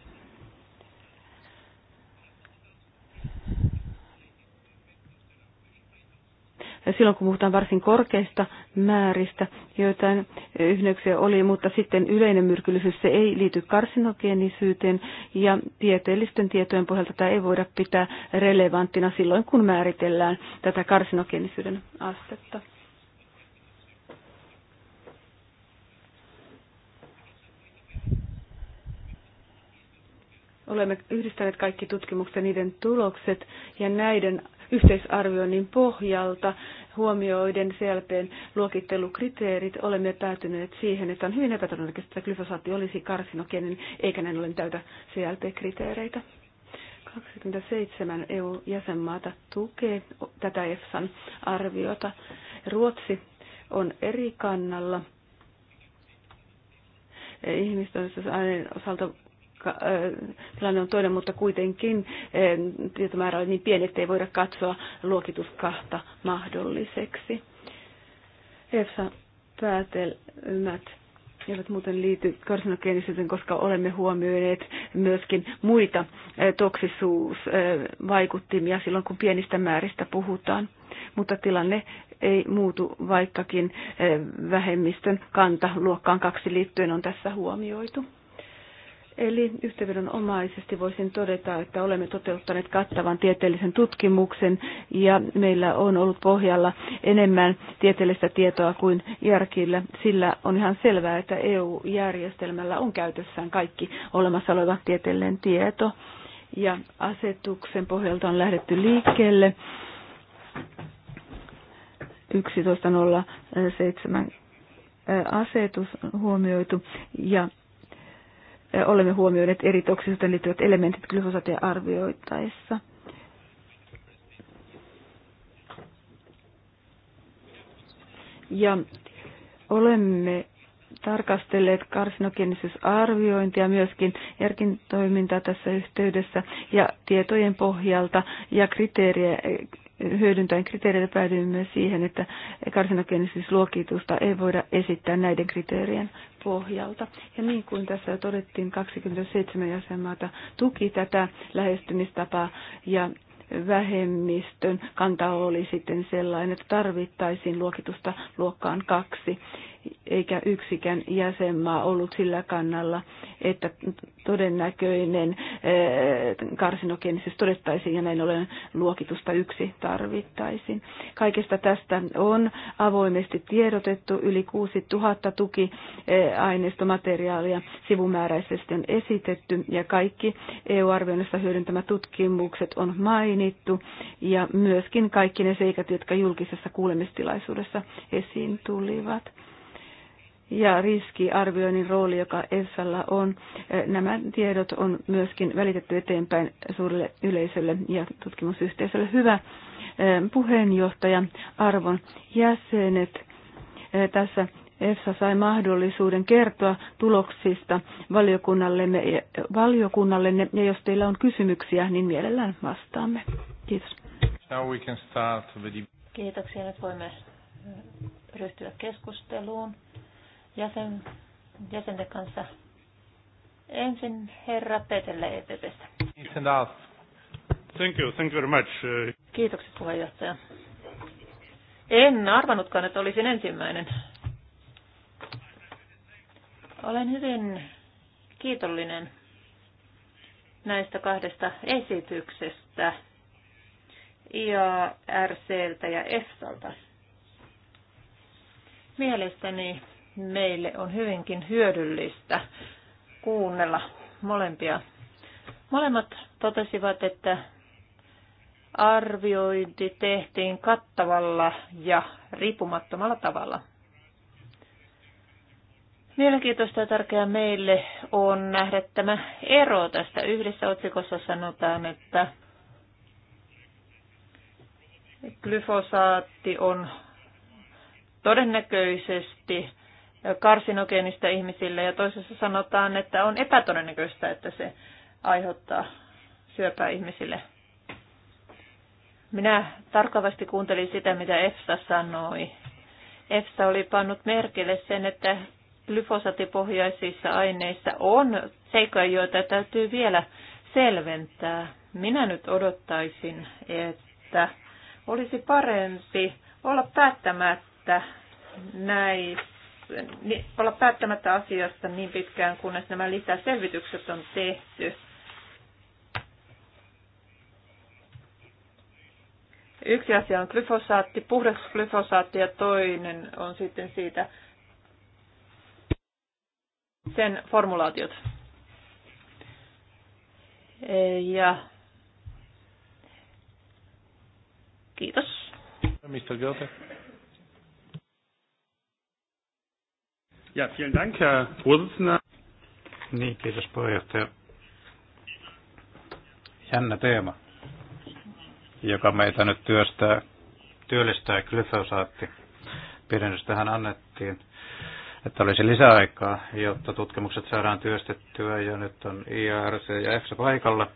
F: silloin, kun puhutaan varsin korkeista määristä, joitain yhdyksiä oli, mutta sitten yleinen myrkyllisyys, se ei liity karsinogeenisyyteen ja tieteellisten tietojen pohjalta tätä ei voida pitää relevanttina silloin, kun määritellään tätä karsinogeenisyyden astetta. olemme yhdistäneet kaikki tutkimukset ja niiden tulokset ja näiden yhteisarvioinnin pohjalta huomioiden CLPn luokittelukriteerit olemme päätyneet siihen, että on hyvin epätodennäköistä, että glyfosaatti olisi karsinogeeninen, eikä näin ollen täytä CLP-kriteereitä. 27 EU-jäsenmaata tukee tätä EFSAn arviota. Ruotsi on eri kannalla ihmisten osalta tilanne on toinen, mutta kuitenkin tietomäärä oli niin pieni, että ei voida katsoa luokituskahta mahdolliseksi. EFSA päätelmät eivät muuten liity karsinogeenisyyteen, koska olemme huomioineet myöskin muita toksisuusvaikuttimia silloin, kun pienistä määristä puhutaan. Mutta tilanne ei muutu, vaikkakin vähemmistön kanta luokkaan kaksi liittyen on tässä huomioitu. Eli yhteenvedonomaisesti voisin todeta, että olemme toteuttaneet kattavan tieteellisen tutkimuksen ja meillä on ollut pohjalla enemmän tieteellistä tietoa kuin järkillä. Sillä on ihan selvää, että EU-järjestelmällä on käytössään kaikki olemassa oleva tieteellinen tieto. Ja asetuksen pohjalta on lähdetty liikkeelle 11.07 asetus huomioitu ja olemme huomioineet eri toksisuuteen liittyvät elementit glyfosatia arvioitaessa. Ja olemme tarkastelleet karsinogenisyysarviointia myöskin ERKin toimintaa tässä yhteydessä ja tietojen pohjalta ja kriteerejä, hyödyntäen kriteereitä päädyimme siihen, että karsinogeenisisluokitusta ei voida esittää näiden kriteerien
C: pohjalta.
F: Ja niin kuin tässä todettiin, 27 jäsenmaata tuki tätä lähestymistapaa ja vähemmistön kanta oli sitten sellainen, että tarvittaisiin luokitusta luokkaan kaksi eikä yksikään jäsenmaa ollut sillä kannalla, että todennäköinen eh, karsinogenisus todettaisiin ja näin ollen luokitusta yksi tarvittaisiin. Kaikesta tästä on avoimesti tiedotettu. Yli 6000 tukiaineistomateriaalia eh, sivumääräisesti on esitetty ja kaikki EU-arvioinnissa hyödyntämät tutkimukset on mainittu ja myöskin kaikki ne seikat, jotka julkisessa kuulemistilaisuudessa esiin tulivat ja riskiarvioinnin rooli, joka EFSalla on. Eh, nämä tiedot on myöskin välitetty eteenpäin suurelle yleisölle ja tutkimusyhteisölle. Hyvä eh, puheenjohtaja, arvon jäsenet. Eh, tässä EFSA sai mahdollisuuden kertoa tuloksista valiokunnallemme, valiokunnallenne ja jos teillä on kysymyksiä, niin mielellään vastaamme.
C: Kiitos.
D: Now we can start with the... Kiitoksia. Nyt voimme
C: ryhtyä keskusteluun jäsen, jäsenten kanssa. Ensin herra Petelle EPPstä.
D: Thank you, thank you very much.
C: Kiitokset puheenjohtaja. En arvanutkaan, että olisin ensimmäinen. Olen hyvin kiitollinen näistä kahdesta esityksestä IARCltä ja EFSalta. Mielestäni meille on hyvinkin hyödyllistä kuunnella molempia. Molemmat totesivat, että arviointi tehtiin kattavalla ja riippumattomalla tavalla. Mielenkiintoista ja tärkeää meille on nähdä tämä ero tästä. Yhdessä otsikossa sanotaan, että glyfosaatti on todennäköisesti karsinogeenista ihmisille ja toisessa sanotaan, että on epätodennäköistä, että se aiheuttaa syöpää ihmisille. Minä tarkavasti kuuntelin sitä, mitä EFSA sanoi. EFSA oli pannut merkille sen, että glyfosatipohjaisissa aineissa on seikkoja, joita täytyy vielä selventää. Minä nyt odottaisin, että olisi parempi olla päättämättä näistä olla päättämättä asiasta niin pitkään, kunnes nämä lisäselvitykset on tehty. Yksi asia on glyfosaatti, puhdas glyfosaatti ja toinen on sitten siitä sen formulaatiot. Ja
D: kiitos. Mr. Goethe. Ja, vielen Dank, Herr Vorsitzender.
B: Niin, kiitos puheenjohtaja. Jännä teema, joka meitä nyt työstää, työllistää glyfosaatti. Pidennys tähän annettiin, että olisi lisäaikaa, jotta tutkimukset saadaan työstettyä ja nyt on IARC ja EFSA paikalla.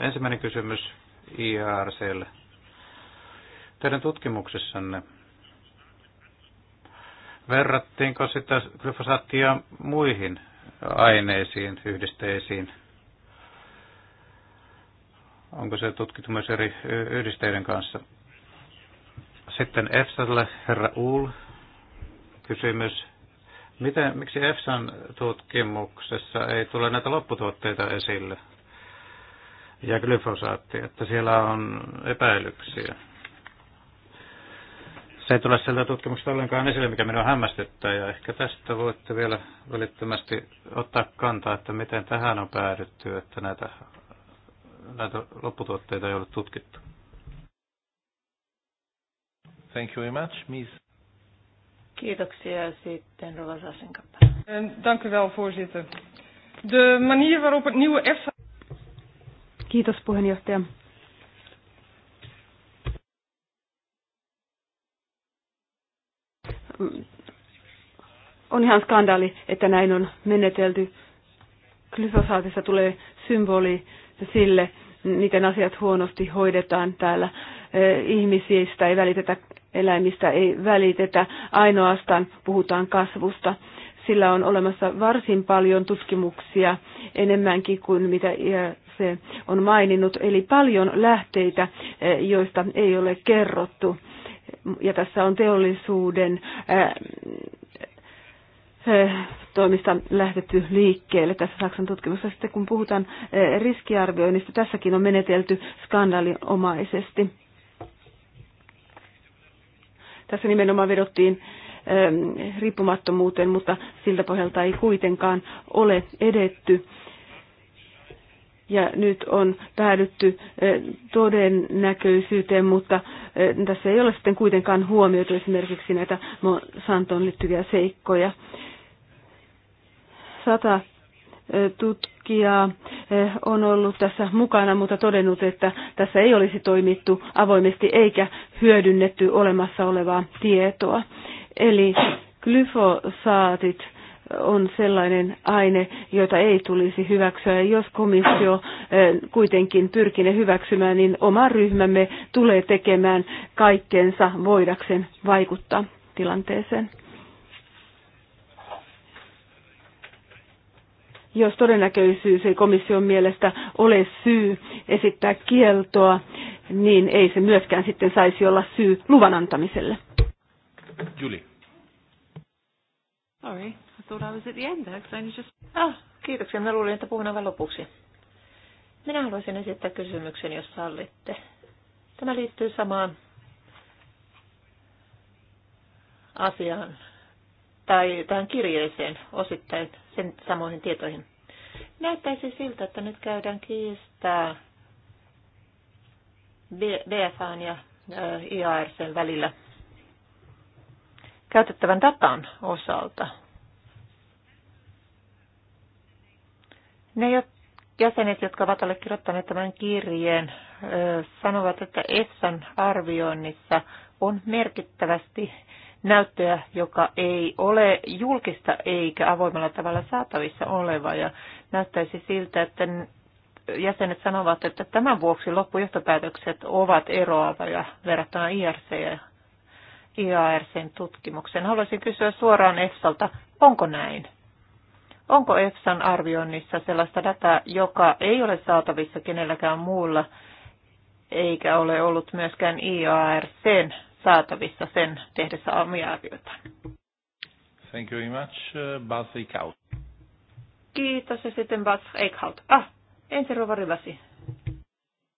B: Ensimmäinen kysymys IARClle. Teidän tutkimuksessanne Verrattiinko sitä glyfosaattia muihin aineisiin, yhdisteisiin? Onko se tutkittu myös eri yhdisteiden kanssa? Sitten EFSAlle herra Uul kysymys. Miten, miksi EFSAn tutkimuksessa ei tule näitä lopputuotteita esille ja glyfosaattia, että siellä on epäilyksiä? Se ei tule sieltä tutkimuksesta ollenkaan esille, mikä minua hämmästyttää, ja ehkä tästä voitte vielä välittömästi ottaa kantaa, että miten tähän on päädytty, että näitä, näitä
D: lopputuotteita ei ole tutkittu. Thank you very much, Miss.
C: Kiitoksia sitten Rova Sassenkappa. Eh, dank u wel, voorzitter. De manier waarop het nieuwe EFSA...
F: Kiitos puheenjohtaja. on ihan skandaali, että näin on menetelty. Glyfosaatista tulee symboli sille, miten asiat huonosti hoidetaan täällä. Ihmisistä ei välitetä, eläimistä ei välitetä, ainoastaan puhutaan kasvusta. Sillä on olemassa varsin paljon tutkimuksia, enemmänkin kuin mitä se on maininnut, eli paljon lähteitä, joista ei ole kerrottu. Ja tässä on teollisuuden Eh, toimista lähdetty liikkeelle tässä Saksan tutkimuksessa. Sitten kun puhutaan eh, riskiarvioinnista, tässäkin on menetelty skandaalinomaisesti. Tässä nimenomaan vedottiin eh, riippumattomuuteen, mutta siltä pohjalta ei kuitenkaan ole edetty. Ja nyt on päädytty todennäköisyyteen, mutta tässä ei ole sitten kuitenkaan huomioitu esimerkiksi näitä Monsantoon liittyviä seikkoja sata tutkijaa on ollut tässä mukana, mutta todennut, että tässä ei olisi toimittu avoimesti eikä hyödynnetty olemassa olevaa tietoa. Eli glyfosaatit on sellainen aine, jota ei tulisi hyväksyä. Ja jos komissio kuitenkin pyrkii ne hyväksymään, niin oma ryhmämme tulee tekemään kaikkensa voidaksen vaikuttaa tilanteeseen. jos todennäköisyys ei komission mielestä ole syy esittää kieltoa, niin ei se myöskään sitten saisi olla syy luvan antamiselle.
E: Julie. Sorry, I
C: thought I was at the end there, I just... Ah, kiitoksia. Mä luulin, että puhun aivan lopuksi. Minä haluaisin esittää kysymyksen, jos sallitte. Tämä liittyy samaan asiaan tai tähän kirjeeseen osittain sen samoihin tietoihin. Näyttäisi siltä, että nyt käydään kiistää BFAn ja IARCn välillä käytettävän datan osalta. Ne jäsenet, jotka ovat allekirjoittaneet tämän kirjeen, sanovat, että EFSAn arvioinnissa on merkittävästi näyttöä, joka ei ole julkista eikä avoimella tavalla saatavissa oleva. Ja näyttäisi siltä, että jäsenet sanovat, että tämän vuoksi loppujohtopäätökset ovat eroavia verrattuna IRC ja IARCn tutkimukseen. Haluaisin kysyä suoraan EFSAlta, onko näin? Onko EFSAn arvioinnissa sellaista dataa, joka ei ole saatavissa kenelläkään muulla, eikä ole ollut myöskään IARCn saatavissa sen tehdessä omia arvioita.
D: Thank you very much, uh, Bas Eichhout.
C: Kiitos ja sitten Bas Eichhout. Ah, ensin Rova Rivasi.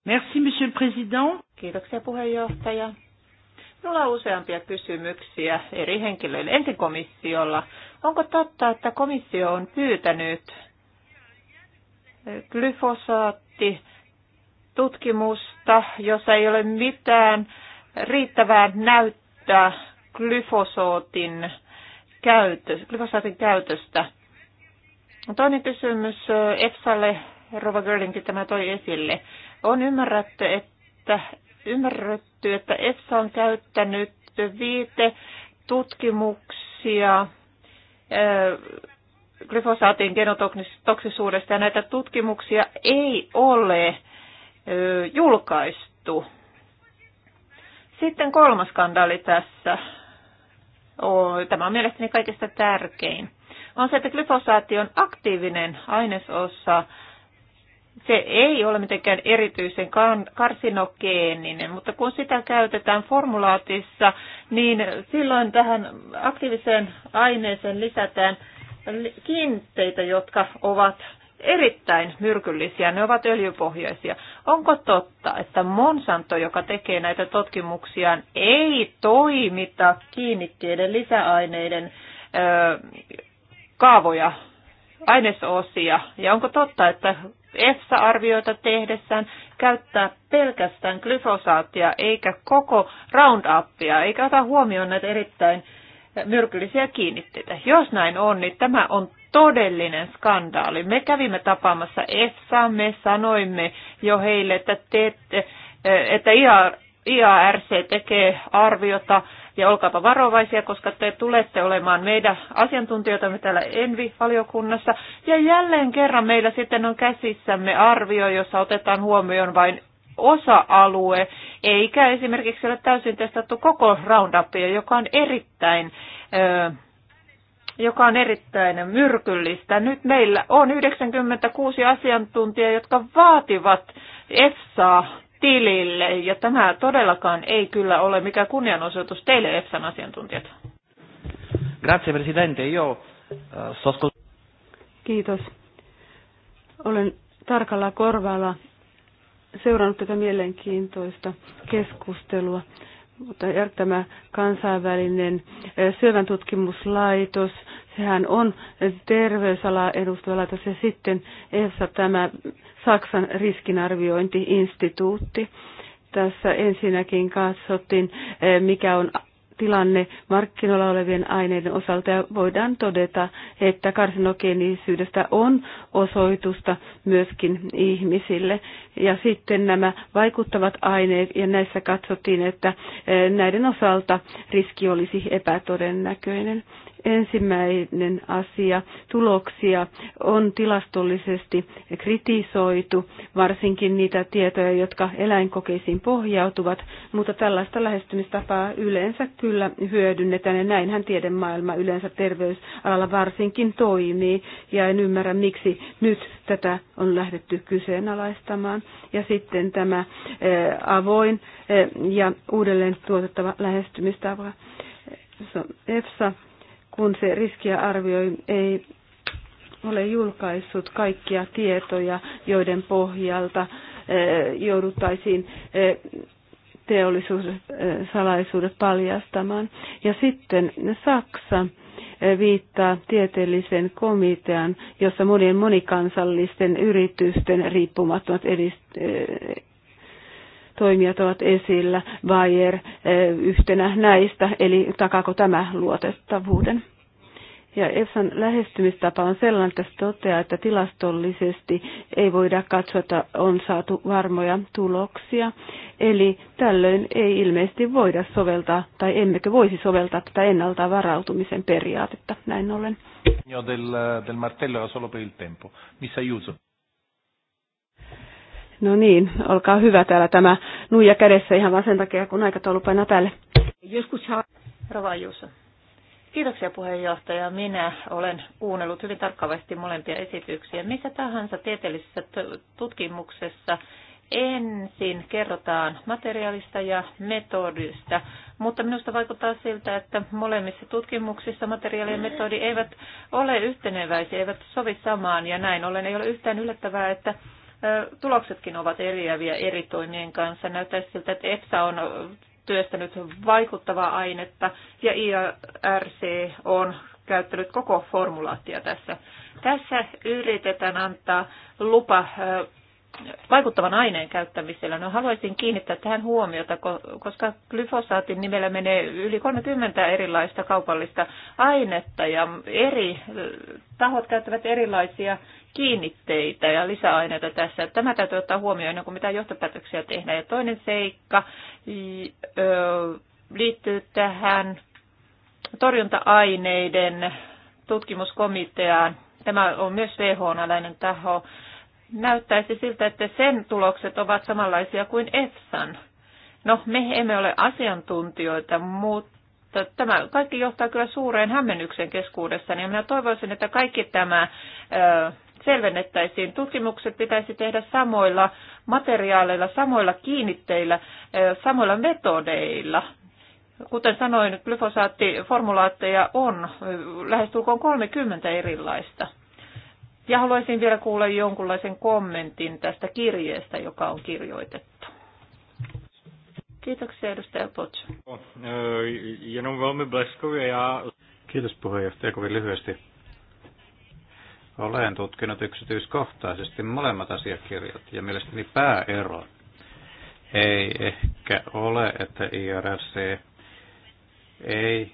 C: Merci, Monsieur le Président. Kiitoksia puheenjohtaja. Minulla on useampia kysymyksiä eri henkilöille. Ensin komissiolla. Onko totta, että komissio on pyytänyt glyfosaatti tutkimusta, jossa ei ole mitään riittävää näyttää glyfosootin, käytöstä. glyfosaatin käytöstä. Toinen kysymys EFSAlle, Rova Görlingkin tämä toi esille. On ymmärretty, että, ymmärretty, että EFSA on käyttänyt viite tutkimuksia glyfosaatin genotoksisuudesta ja näitä tutkimuksia ei ole julkaistu. Sitten kolmas skandaali tässä. Oh, tämä on mielestäni kaikista tärkein. On se, että glyfosaatti on aktiivinen ainesosa. Se ei ole mitenkään erityisen karsinogeeninen, mutta kun sitä käytetään formulaatissa, niin silloin tähän aktiiviseen aineeseen lisätään kiinteitä, jotka ovat erittäin myrkyllisiä, ne ovat öljypohjaisia. Onko totta, että Monsanto, joka tekee näitä tutkimuksia, ei toimita kiinnitteiden lisäaineiden ö, kaavoja, ainesosia? Ja onko totta, että EFSA-arvioita tehdessään käyttää pelkästään glyfosaattia eikä koko Roundupia, eikä ota huomioon näitä erittäin myrkyllisiä kiinnitteitä. Jos näin on, niin tämä on todellinen skandaali. Me kävimme tapaamassa EFSA, me sanoimme jo heille, että, te, että IARC tekee arviota ja olkaapa varovaisia, koska te tulette olemaan meidän asiantuntijoitamme täällä Envi-valiokunnassa. Ja jälleen kerran meillä sitten on käsissämme arvio, jossa otetaan huomioon vain osa-alue, eikä esimerkiksi ole täysin testattu koko Roundupia, joka on erittäin joka on erittäin myrkyllistä. Nyt meillä on 96 asiantuntijaa, jotka vaativat EFSAa tilille, ja tämä todellakaan ei kyllä ole mikään kunnianosoitus teille EFSAn asiantuntijat.
B: Grazie Presidente, io eh, sosko...
F: Kiitos. Olen tarkalla korvalla seurannut tätä mielenkiintoista keskustelua. Mutta tämä kansainvälinen syövän tutkimuslaitos, sehän on terveysalaa edustava laitos ja sitten EFSA tämä Saksan riskinarviointiinstituutti. Tässä ensinnäkin katsottiin, mikä on tilanne markkinoilla olevien aineiden osalta ja voidaan todeta, että karsinogeenisyydestä on osoitusta myöskin ihmisille. Ja sitten nämä vaikuttavat aineet ja näissä katsottiin, että eh, näiden osalta riski olisi epätodennäköinen. Ensimmäinen asia, tuloksia on tilastollisesti kritisoitu, varsinkin niitä tietoja, jotka eläinkokeisiin pohjautuvat, mutta tällaista lähestymistapaa yleensä kyllä hyödynnetään ja näinhän tiedemaailma yleensä terveysalalla varsinkin toimii ja en ymmärrä miksi nyt tätä on lähdetty kyseenalaistamaan. Ja sitten tämä eh, avoin eh, ja uudelleen tuotettava lähestymistapa. EFSA kun se riskiä arvioi, ei ole julkaissut kaikkia tietoja, joiden pohjalta eh, jouduttaisiin eh, teollisuussalaisuudet eh, paljastamaan. Ja sitten Saksa viittaa tieteellisen komitean, jossa monien monikansallisten yritysten riippumattomat edist- toimijat ovat esillä, Bayer eh, yhtenä näistä, eli takaako tämä luotettavuuden? Ja EFSAn lähestymistapa on sellainen, että se toteaa, että tilastollisesti ei voida katsoa, että on saatu varmoja tuloksia. Eli tällöin ei ilmeisesti voida soveltaa, tai emmekö voisi soveltaa tätä ennalta varautumisen periaatetta näin ollen.
D: Del, del martello solo per il tempo. Missä
F: No niin, olkaa hyvä täällä tämä nuija kädessä ihan vaan sen takia, kun aikataulu painaa päälle.
D: Joskus saa
C: Juuso. Kiitoksia puheenjohtaja. Minä olen kuunnellut hyvin tarkkaavasti molempia esityksiä. Missä tahansa tieteellisessä tutkimuksessa ensin kerrotaan materiaalista ja metodista, mutta minusta vaikuttaa siltä, että molemmissa tutkimuksissa materiaali ja metodi eivät ole yhteneväisiä, eivät sovi samaan ja näin ollen ei ole yhtään yllättävää, että tuloksetkin ovat eriäviä eri toimien kanssa. Näyttää siltä, että EFSA on työstänyt vaikuttavaa ainetta ja IRC on käyttänyt koko formulaattia tässä. Tässä yritetään antaa lupa vaikuttavan aineen käyttämisellä. No haluaisin kiinnittää tähän huomiota, koska glyfosaatin nimellä menee yli 30 erilaista kaupallista ainetta ja eri tahot käyttävät erilaisia kiinnitteitä ja lisäaineita tässä. Tämä täytyy ottaa huomioon ennen kuin mitä johtopäätöksiä tehdään. Ja toinen seikka liittyy tähän torjunta-aineiden tutkimuskomiteaan. Tämä on myös WHO-alainen taho. Näyttäisi siltä, että sen tulokset ovat samanlaisia kuin EFSAn. No, me emme ole asiantuntijoita, mutta tämä kaikki johtaa kyllä suureen hämmennyksen keskuudessa, niin minä toivoisin, että kaikki tämä selvennettäisiin. Tutkimukset pitäisi tehdä samoilla materiaaleilla, samoilla kiinnitteillä, samoilla metodeilla. Kuten sanoin, glyfosaattiformulaatteja on lähestulkoon 30 erilaista. Ja haluaisin vielä kuulla jonkunlaisen kommentin tästä kirjeestä, joka on kirjoitettu. Kiitoksia edustaja Potsu.
B: ja... Kiitos puheenjohtaja kovin lyhyesti olen tutkinut yksityiskohtaisesti molemmat asiakirjat ja mielestäni pääero ei ehkä ole, että IRC ei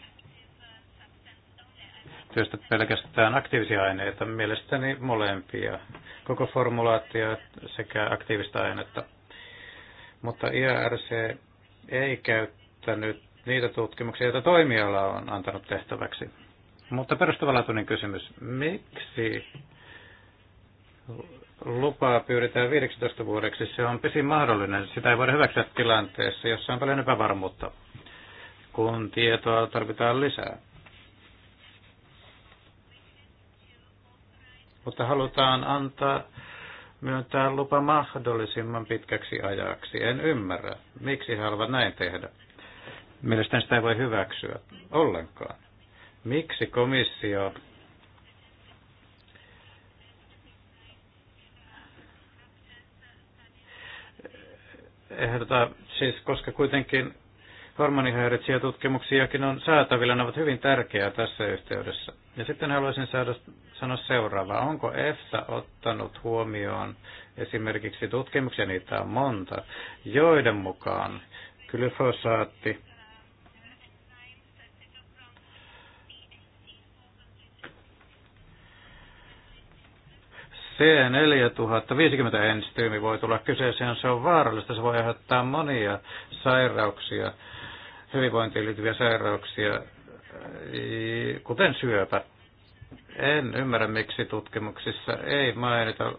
B: työstä pelkästään aktiivisia aineita, mielestäni molempia, koko formulaatio sekä aktiivista ainetta. Mutta IRC ei käyttänyt niitä tutkimuksia, joita toimiala on antanut tehtäväksi mutta perustavanlaatuinen kysymys. Miksi lupaa pyydetään 15 vuodeksi? Se on pisin mahdollinen. Sitä ei voida hyväksyä tilanteessa, jossa on paljon epävarmuutta, kun tietoa tarvitaan lisää. Mutta halutaan antaa myöntää lupa mahdollisimman pitkäksi ajaksi. En ymmärrä, miksi haluavat näin tehdä. Mielestäni sitä ei voi hyväksyä ollenkaan. Miksi komissio ehdota, siis koska kuitenkin hormonihäiritsijä tutkimuksiakin on saatavilla, ne ovat hyvin tärkeää tässä yhteydessä. Ja sitten haluaisin saada, sanoa seuraavaa. Onko EFSA ottanut huomioon esimerkiksi tutkimuksia, niitä on monta, joiden mukaan glyfosaatti C4050 enstyymi voi tulla kyseeseen, se on vaarallista, se voi aiheuttaa monia sairauksia, hyvinvointiin liittyviä sairauksia, kuten syöpä. En ymmärrä, miksi tutkimuksissa ei mainita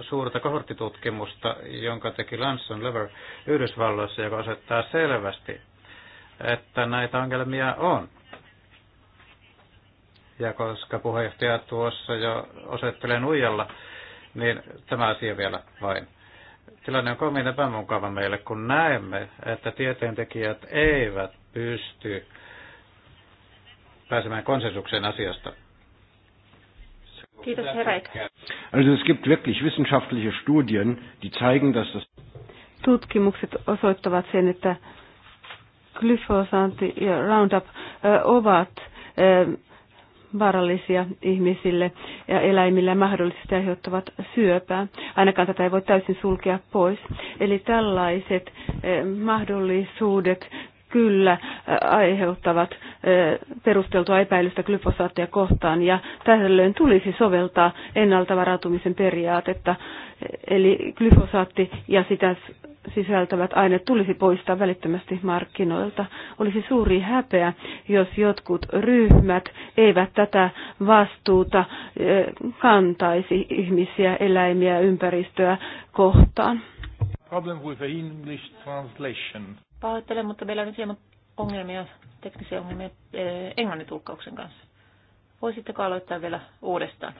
B: suurta kohorttitutkimusta, jonka teki Lanson Lever Yhdysvalloissa, joka osoittaa selvästi, että näitä ongelmia on. Ja koska puheenjohtaja tuossa jo osoittelee nuijalla, niin tämä asia vielä vain. Tilanne on kovin epämukava meille, kun näemme, että tieteentekijät eivät pysty pääsemään konsensukseen asiasta.
C: Kiitos, Herr
E: Also es gibt wirklich wissenschaftliche Studien, die zeigen, dass das
F: Tutkimukset osoittavat sen, että glyfosaanti ja Roundup ovat vaarallisia ihmisille ja eläimille mahdollisesti aiheuttavat syöpää. Ainakaan tätä ei voi täysin sulkea pois. Eli tällaiset eh, mahdollisuudet kyllä äh, aiheuttavat äh, perusteltua epäilystä glyfosaattia kohtaan ja tällöin tulisi soveltaa ennalta varautumisen periaatetta. Eli glyfosaatti ja sitä sisältävät aineet tulisi poistaa välittömästi markkinoilta. Olisi suuri häpeä, jos jotkut ryhmät eivät tätä vastuuta äh, kantaisi ihmisiä, eläimiä, ja ympäristöä kohtaan
D: problem with the English translation.
C: Pahoittelen, mutta meillä on hieman ongelmia, teknisiä ongelmia eh, tulkkauksen kanssa. Voisitteko aloittaa vielä uudestaan?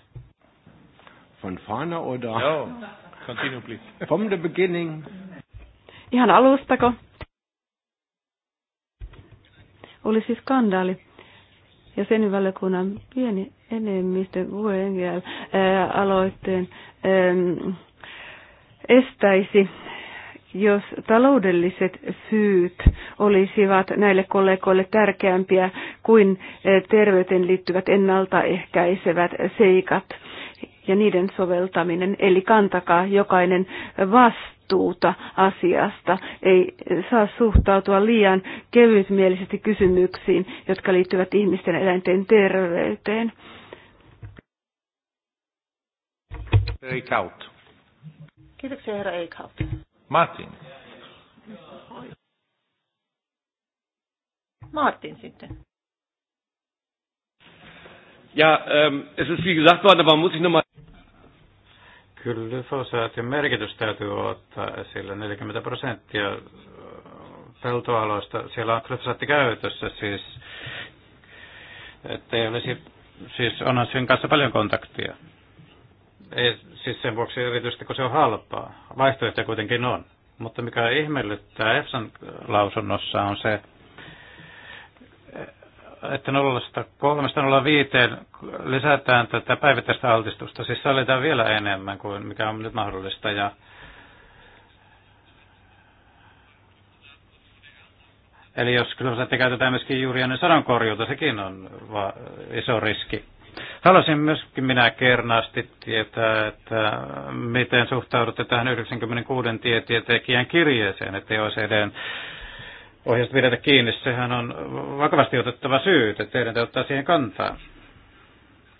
E: Von Fana oder? Joo, no, continue please. From the beginning.
F: Ihan alustako? Oli siis skandaali. Ja sen valiokunnan pieni enemmistö vuoden eh, aloitteen estäisi jos taloudelliset syyt olisivat näille kollegoille tärkeämpiä kuin eh, terveyteen liittyvät ennaltaehkäisevät seikat ja niiden soveltaminen. Eli kantakaa jokainen vastuuta asiasta. Ei saa suhtautua liian kevytmielisesti kysymyksiin, jotka liittyvät ihmisten eläinten terveyteen.
C: Kiitoksia herra Eichhout.
D: Martin.
A: Martin sitten. Ja, ähm, es ist wie gesagt worden, aber muss ich nochmal...
B: Glyfosaatin merkitys täytyy ottaa esille. 40 prosenttia äh, peltoaloista, siellä on glyfosaatti käytössä, siis, ettei olisi, siis onhan sen kanssa paljon kontaktia. Ei, siis sen vuoksi erityisesti, kun se on halpaa. Vaihtoehtoja kuitenkin on. Mutta mikä ihmellyttää EFSAn lausunnossa on se, että 0,3-0,5 lisätään tätä päivittäistä altistusta. Siis sallitaan vielä enemmän kuin mikä on nyt mahdollista. Ja Eli jos kyllä käytetään myöskin juuri ennen korjuuta, sekin on iso riski. Haluaisin myöskin minä kernaasti tietää, että miten suhtaudutte tähän 96 tietietekijän kirjeeseen, että OECDn ohjeista pidetä kiinni. Sehän on vakavasti otettava syy, että teidän te ottaa siihen kantaa.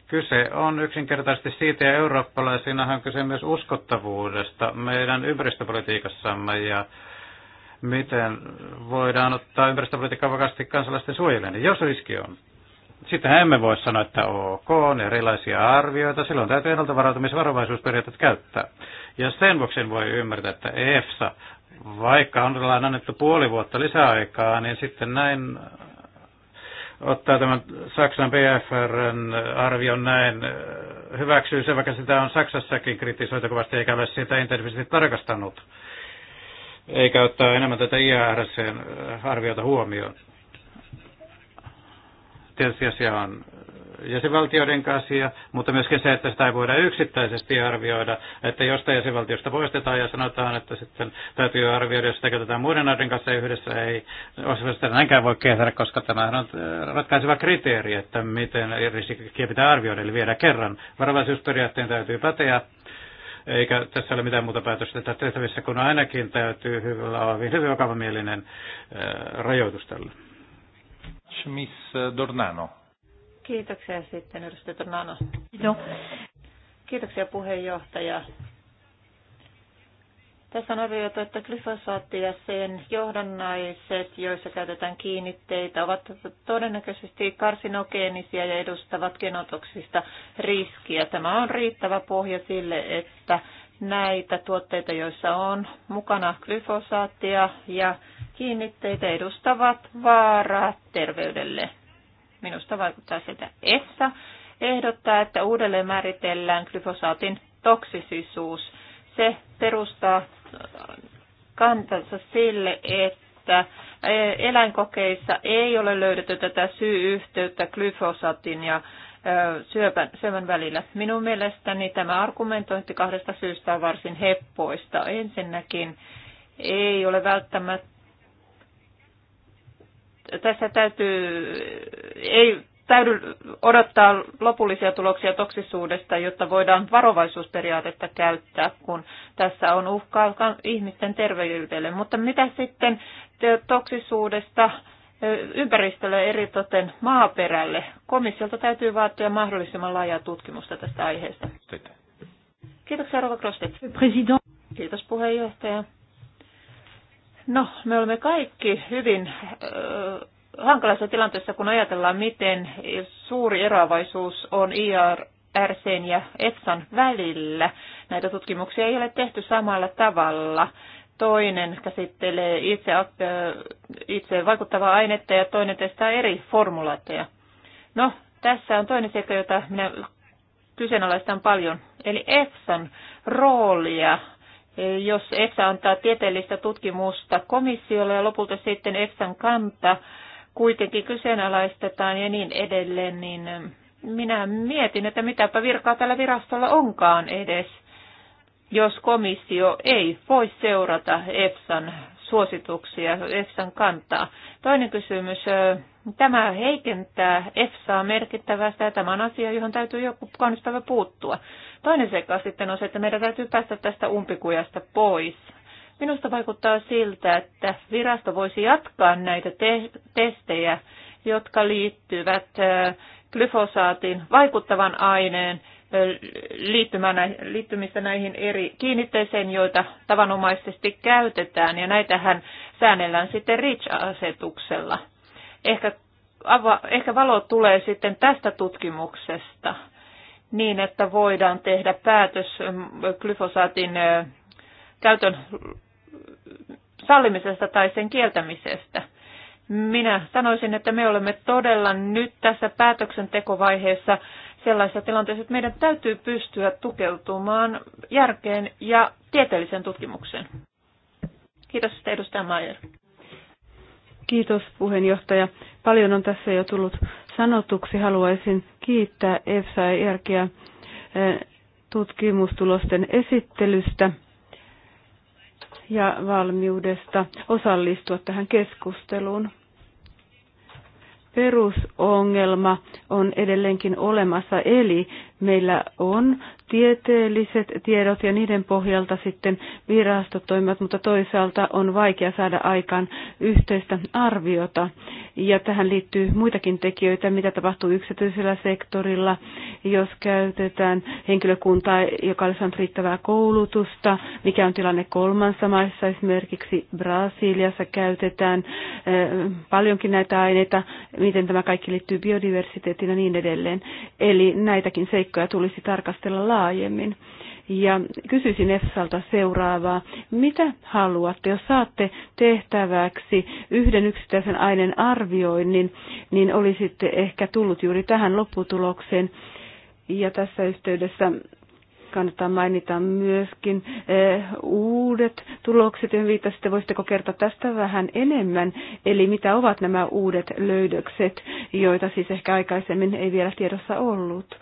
B: Kyse on yksinkertaisesti siitä ja eurooppalaisinahan on kyse myös uskottavuudesta meidän ympäristöpolitiikassamme ja miten voidaan ottaa ympäristöpolitiikka vakaasti kansalaisten suojeleen. Jos riski on Sittenhän emme voi sanoa, että ok, on erilaisia arvioita, silloin täytyy ennalta varautumisvarovaisuusperiaatteet käyttää. Ja sen vuoksi voi ymmärtää, että EFSA, vaikka on annettu puoli vuotta lisäaikaa, niin sitten näin ottaa tämän Saksan BFRn arvion näin, hyväksyy se, vaikka sitä on Saksassakin kritisoitu kovasti, eikä ole sitä intensiivisesti tarkastanut, eikä ottaa enemmän tätä IRCn arviota huomioon tietysti asia on jäsenvaltioiden asia, mutta myöskin se, että sitä ei voida yksittäisesti arvioida, että josta jäsenvaltiosta poistetaan ja sanotaan, että sitten täytyy arvioida, jos sitä käytetään muiden maiden kanssa yhdessä, ei osallista näinkään voi tehdä, koska tämä on äh, ratkaiseva kriteeri, että miten riskiä pitää arvioida, eli viedä kerran. Varovaisuusperiaatteen täytyy päteä, eikä tässä ole mitään muuta päätöstä tehtävissä, kun ainakin täytyy hyvin, olla hyvin vakavamielinen äh, rajoitus tällä much, Miss eh,
D: Dornano.
C: Kiitoksia sitten, edustaja Dornano. No. Kiitoksia puheenjohtaja. Tässä on arvioitu, että glyfosaatti ja sen johdannaiset, joissa käytetään kiinnitteitä, ovat todennäköisesti karsinogeenisia ja edustavat genotoksista riskiä. Tämä on riittävä pohja sille, että näitä tuotteita, joissa on mukana glyfosaattia ja kiinnitteitä edustavat vaaraa terveydelle. Minusta vaikuttaa siltä että ehdottaa, että uudelleen määritellään glyfosaatin toksisisuus. Se perustaa kantansa sille, että eläinkokeissa ei ole löydetty tätä syy-yhteyttä glyfosaatin ja syöpän, syövän välillä. Minun mielestäni tämä argumentointi kahdesta syystä on varsin heppoista. Ensinnäkin ei ole välttämättä tässä täytyy, ei täydy odottaa lopullisia tuloksia toksisuudesta, jotta voidaan varovaisuusperiaatetta käyttää, kun tässä on uhkaa ihmisten terveydelle. Mutta mitä sitten toksisuudesta ympäristölle eritoten maaperälle? Komissiolta täytyy vaatia mahdollisimman laajaa tutkimusta tästä aiheesta. Kiitoksia, Rova Kiitos puheenjohtaja. No, me olemme kaikki hyvin äh, hankalassa tilanteessa, kun ajatellaan, miten suuri eroavaisuus on IRCn ja ETSAn välillä. Näitä tutkimuksia ei ole tehty samalla tavalla. Toinen käsittelee itse, äh, itse vaikuttavaa ainetta ja toinen testaa eri formulaatteja. No, tässä on toinen seikka, jota minä kyseenalaistan paljon, eli EFSAn roolia jos EFSA antaa tieteellistä tutkimusta komissiolle ja lopulta sitten EFSAn kanta kuitenkin kyseenalaistetaan ja niin edelleen, niin minä mietin, että mitäpä virkaa tällä virastolla onkaan edes, jos komissio ei voi seurata EFSAn suosituksia, EFSAn kantaa. Toinen kysymys. Tämä heikentää EFSAa merkittävästi ja tämä on asia, johon täytyy joku kannustava puuttua. Toinen seikka sitten on se, että meidän täytyy päästä tästä umpikujasta pois. Minusta vaikuttaa siltä, että virasto voisi jatkaa näitä te- testejä, jotka liittyvät glyfosaatin vaikuttavan aineen liittymistä näihin eri kiinnitteisiin, joita tavanomaisesti käytetään, ja näitähän säännellään sitten REACH-asetuksella. Ehkä, ava, ehkä valo tulee sitten tästä tutkimuksesta niin, että voidaan tehdä päätös glyfosaatin käytön sallimisesta tai sen kieltämisestä. Minä sanoisin, että me olemme todella nyt tässä päätöksentekovaiheessa sellaisessa tilanteessa, että meidän täytyy pystyä tukeutumaan järkeen ja tieteelliseen tutkimukseen. Kiitos edustaja Maier.
F: Kiitos puheenjohtaja. Paljon on tässä jo tullut sanotuksi. Haluaisin kiittää EFSA ja Järkeä eh, tutkimustulosten esittelystä ja valmiudesta osallistua tähän keskusteluun perusongelma on edelleenkin olemassa, eli meillä on tieteelliset tiedot ja niiden pohjalta sitten virastot toimivat, mutta toisaalta on vaikea saada aikaan yhteistä arviota. Ja tähän liittyy muitakin tekijöitä, mitä tapahtuu yksityisellä sektorilla, jos käytetään henkilökuntaa, joka on saanut riittävää koulutusta, mikä on tilanne kolmansa maissa, esimerkiksi Brasiliassa käytetään eh, paljonkin näitä aineita, miten tämä kaikki liittyy biodiversiteettiin ja niin edelleen. Eli näitäkin seikkoja seikkoja tulisi tarkastella laajemmin. Ja kysyisin Efsalta seuraavaa. Mitä haluatte, jos saatte tehtäväksi yhden yksittäisen aineen arvioinnin, niin olisitte ehkä tullut juuri tähän lopputulokseen. Ja tässä yhteydessä kannattaa mainita myöskin eh, uudet tulokset, joihin viittasitte. Voisitteko kertoa tästä vähän enemmän? Eli mitä ovat nämä uudet löydökset, joita siis ehkä aikaisemmin ei vielä tiedossa ollut?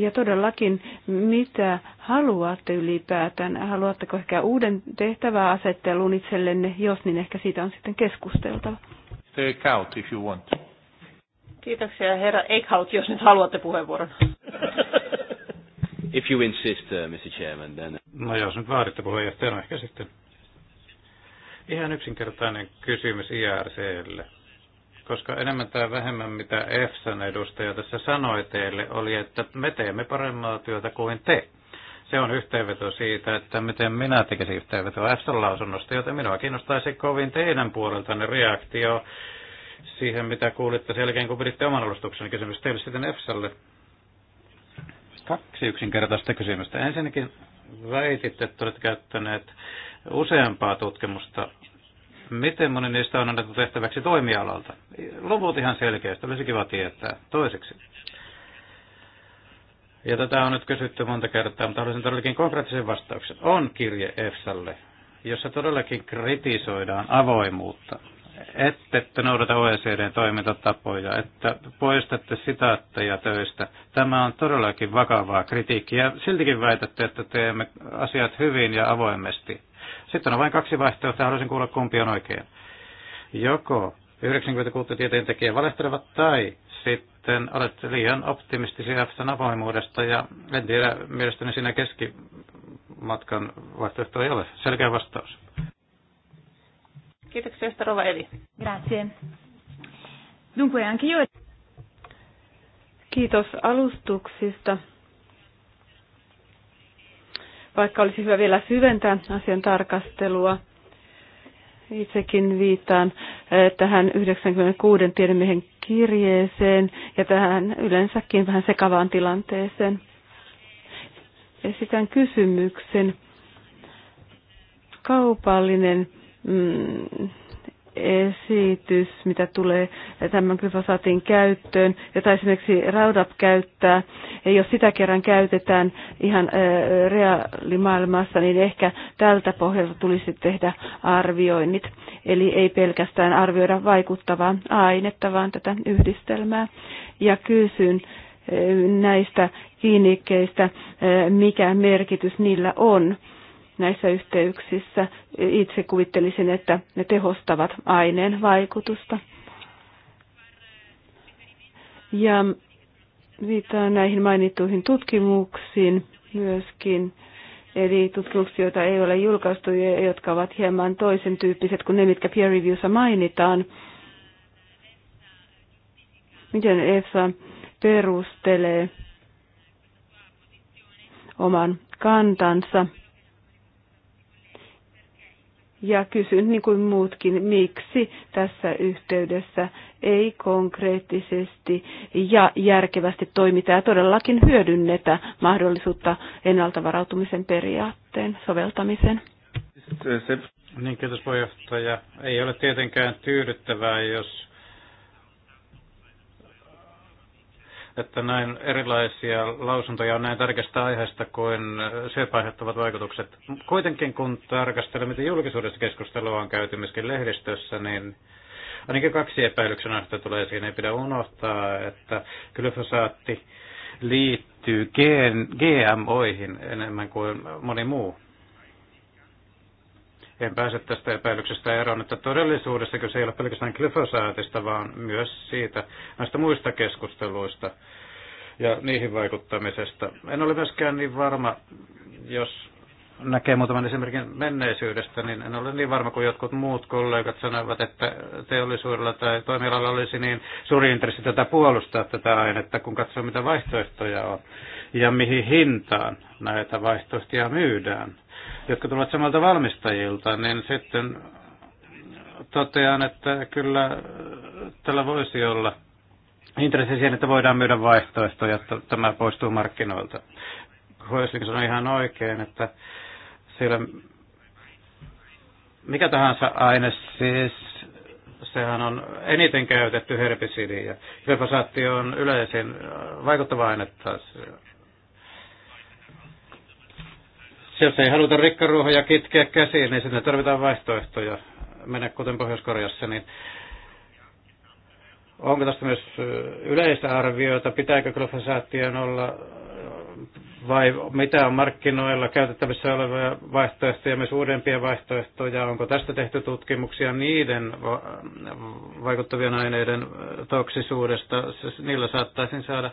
F: Ja todellakin, mitä haluatte ylipäätään? Haluatteko ehkä uuden asettelun itsellenne? Jos niin, ehkä siitä on sitten keskusteltava.
D: Stay out if you want.
C: Kiitoksia herra Eichhout, jos nyt haluatte puheenvuoron.
D: If you insist,
B: uh, Mr. Chairman, then... No jos nyt vaaditte puheenjohtajana ehkä sitten. Ihan yksinkertainen kysymys IRClle koska enemmän tai vähemmän mitä EFSAn edustaja tässä sanoi teille oli, että me teemme paremmaa työtä kuin te. Se on yhteenveto siitä, että miten minä tekisin yhteenvetoa EFSAn lausunnosta, joten minua kiinnostaisi kovin teidän puoleltanne reaktio siihen, mitä kuulitte sen jälkeen, kun piditte oman alustuksen kysymys teille sitten EFSAlle. Kaksi yksinkertaista kysymystä. Ensinnäkin väititte, että olette käyttäneet useampaa tutkimusta Miten moni niistä on annettu tehtäväksi toimialalta? Luvut ihan selkeästi, olisi kiva tietää. Toiseksi. Ja tätä on nyt kysytty monta kertaa, mutta haluaisin todellakin konkreettisen vastauksen. On kirje EFSAlle, jossa todellakin kritisoidaan avoimuutta, että, että noudata OECDn toimintatapoja, että poistatte sitaatteja töistä. Tämä on todellakin vakavaa kritiikkiä. Siltikin väitätte, että teemme asiat hyvin ja avoimesti. Sitten on vain kaksi vaihtoehtoa, haluaisin kuulla kumpi on oikein. Joko 96 tekijä valehtelevat tai sitten olet liian optimistisia sen avoimuudesta ja en tiedä, mielestäni siinä keskimatkan vaihtoehto ei ole. Selkeä vastaus.
C: Kiitoksia, Starova Eli. Grazie. Dunque, anche io...
F: Kiitos alustuksista vaikka olisi hyvä vielä syventää asian tarkastelua. Itsekin viittaan eh, tähän 96 tiedemiehen kirjeeseen ja tähän yleensäkin vähän sekavaan tilanteeseen. Esitän kysymyksen. Kaupallinen mm, esitys, mitä tulee tämän glyfosaatin käyttöön, jota esimerkiksi Roundup käyttää. Ja jos sitä kerran käytetään ihan reaalimaailmassa, niin ehkä tältä pohjalta tulisi tehdä arvioinnit. Eli ei pelkästään arvioida vaikuttavaa ainetta, vaan tätä yhdistelmää. Ja kysyn näistä kiinnikkeistä, mikä merkitys niillä on näissä yhteyksissä. Itse kuvittelisin, että ne tehostavat aineen vaikutusta. Ja viitaan näihin mainittuihin tutkimuksiin myöskin. Eli tutkimuksia, joita ei ole julkaistu ja jotka ovat hieman toisen tyyppiset kuin ne, mitkä peer reviewsa mainitaan. Miten EFSA perustelee oman kantansa? Ja kysyn niin kuin muutkin, miksi tässä yhteydessä ei konkreettisesti ja järkevästi toimita ja todellakin hyödynnetä mahdollisuutta ennalta varautumisen periaatteen soveltamisen.
B: Niin, kiitos puheenjohtaja. Ei ole tietenkään tyydyttävää, jos että näin erilaisia lausuntoja on näin tärkeästä aiheesta kuin syöpä vaikutukset. Kuitenkin kun tarkastelemme, miten julkisuudessa keskustelua on käyty myöskin lehdistössä, niin ainakin kaksi epäilyksen aihetta tulee siinä. Ei pidä unohtaa, että glyfosaatti liittyy GMOihin enemmän kuin moni muu en pääse tästä epäilyksestä eroon, että todellisuudessa kyse ei ole pelkästään glyfosaatista, vaan myös siitä näistä muista keskusteluista ja niihin vaikuttamisesta. En ole myöskään niin varma, jos näkee muutaman esimerkin menneisyydestä, niin en ole niin varma kuin jotkut muut kollegat sanovat, että teollisuudella tai toimialalla olisi niin suuri intressi tätä puolustaa tätä ainetta, kun katsoo mitä vaihtoehtoja on ja mihin hintaan näitä vaihtoehtoja myydään jotka tulevat samalta valmistajilta, niin sitten totean, että kyllä tällä voisi olla intressi siihen, että voidaan myydä vaihtoehtoja, että tämä poistuu markkinoilta. Hoisling sanoi ihan oikein, että siellä mikä tahansa aine, siis sehän on eniten käytetty herbisidi ja glyfosaatti on yleisin vaikuttava aine taas jos ei haluta rikkaruohoja kitkeä käsiin, niin sinne tarvitaan vaihtoehtoja. Mennä kuten Pohjois-Koreassa, niin onko tästä myös yleistä arviota, pitääkö glyfosaattien olla vai mitä on markkinoilla käytettävissä olevia vaihtoehtoja, myös uudempia vaihtoehtoja, onko tästä tehty tutkimuksia niiden vaikuttavien aineiden toksisuudesta, niillä saattaisiin saada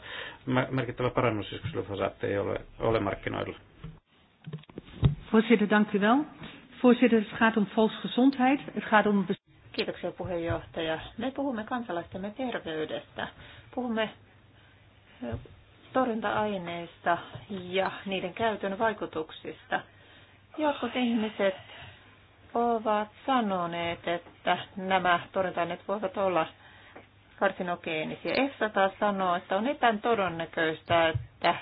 B: merkittävä parannus, jos glyfosaatti ei ole, ole markkinoilla.
F: Voorzitter, dank u wel. Voorzitter, het gaat om volksgezondheid. Het gaat
D: om...
C: Kiitoksia puheenjohtaja. Me puhumme kansalaistemme terveydestä. Puhumme torjunta-aineista ja niiden käytön vaikutuksista. Jotkut ihmiset ovat sanoneet, että nämä torjunta-aineet voivat olla karsinogeenisia. EFSA taas sanoo, että on todennäköistä, että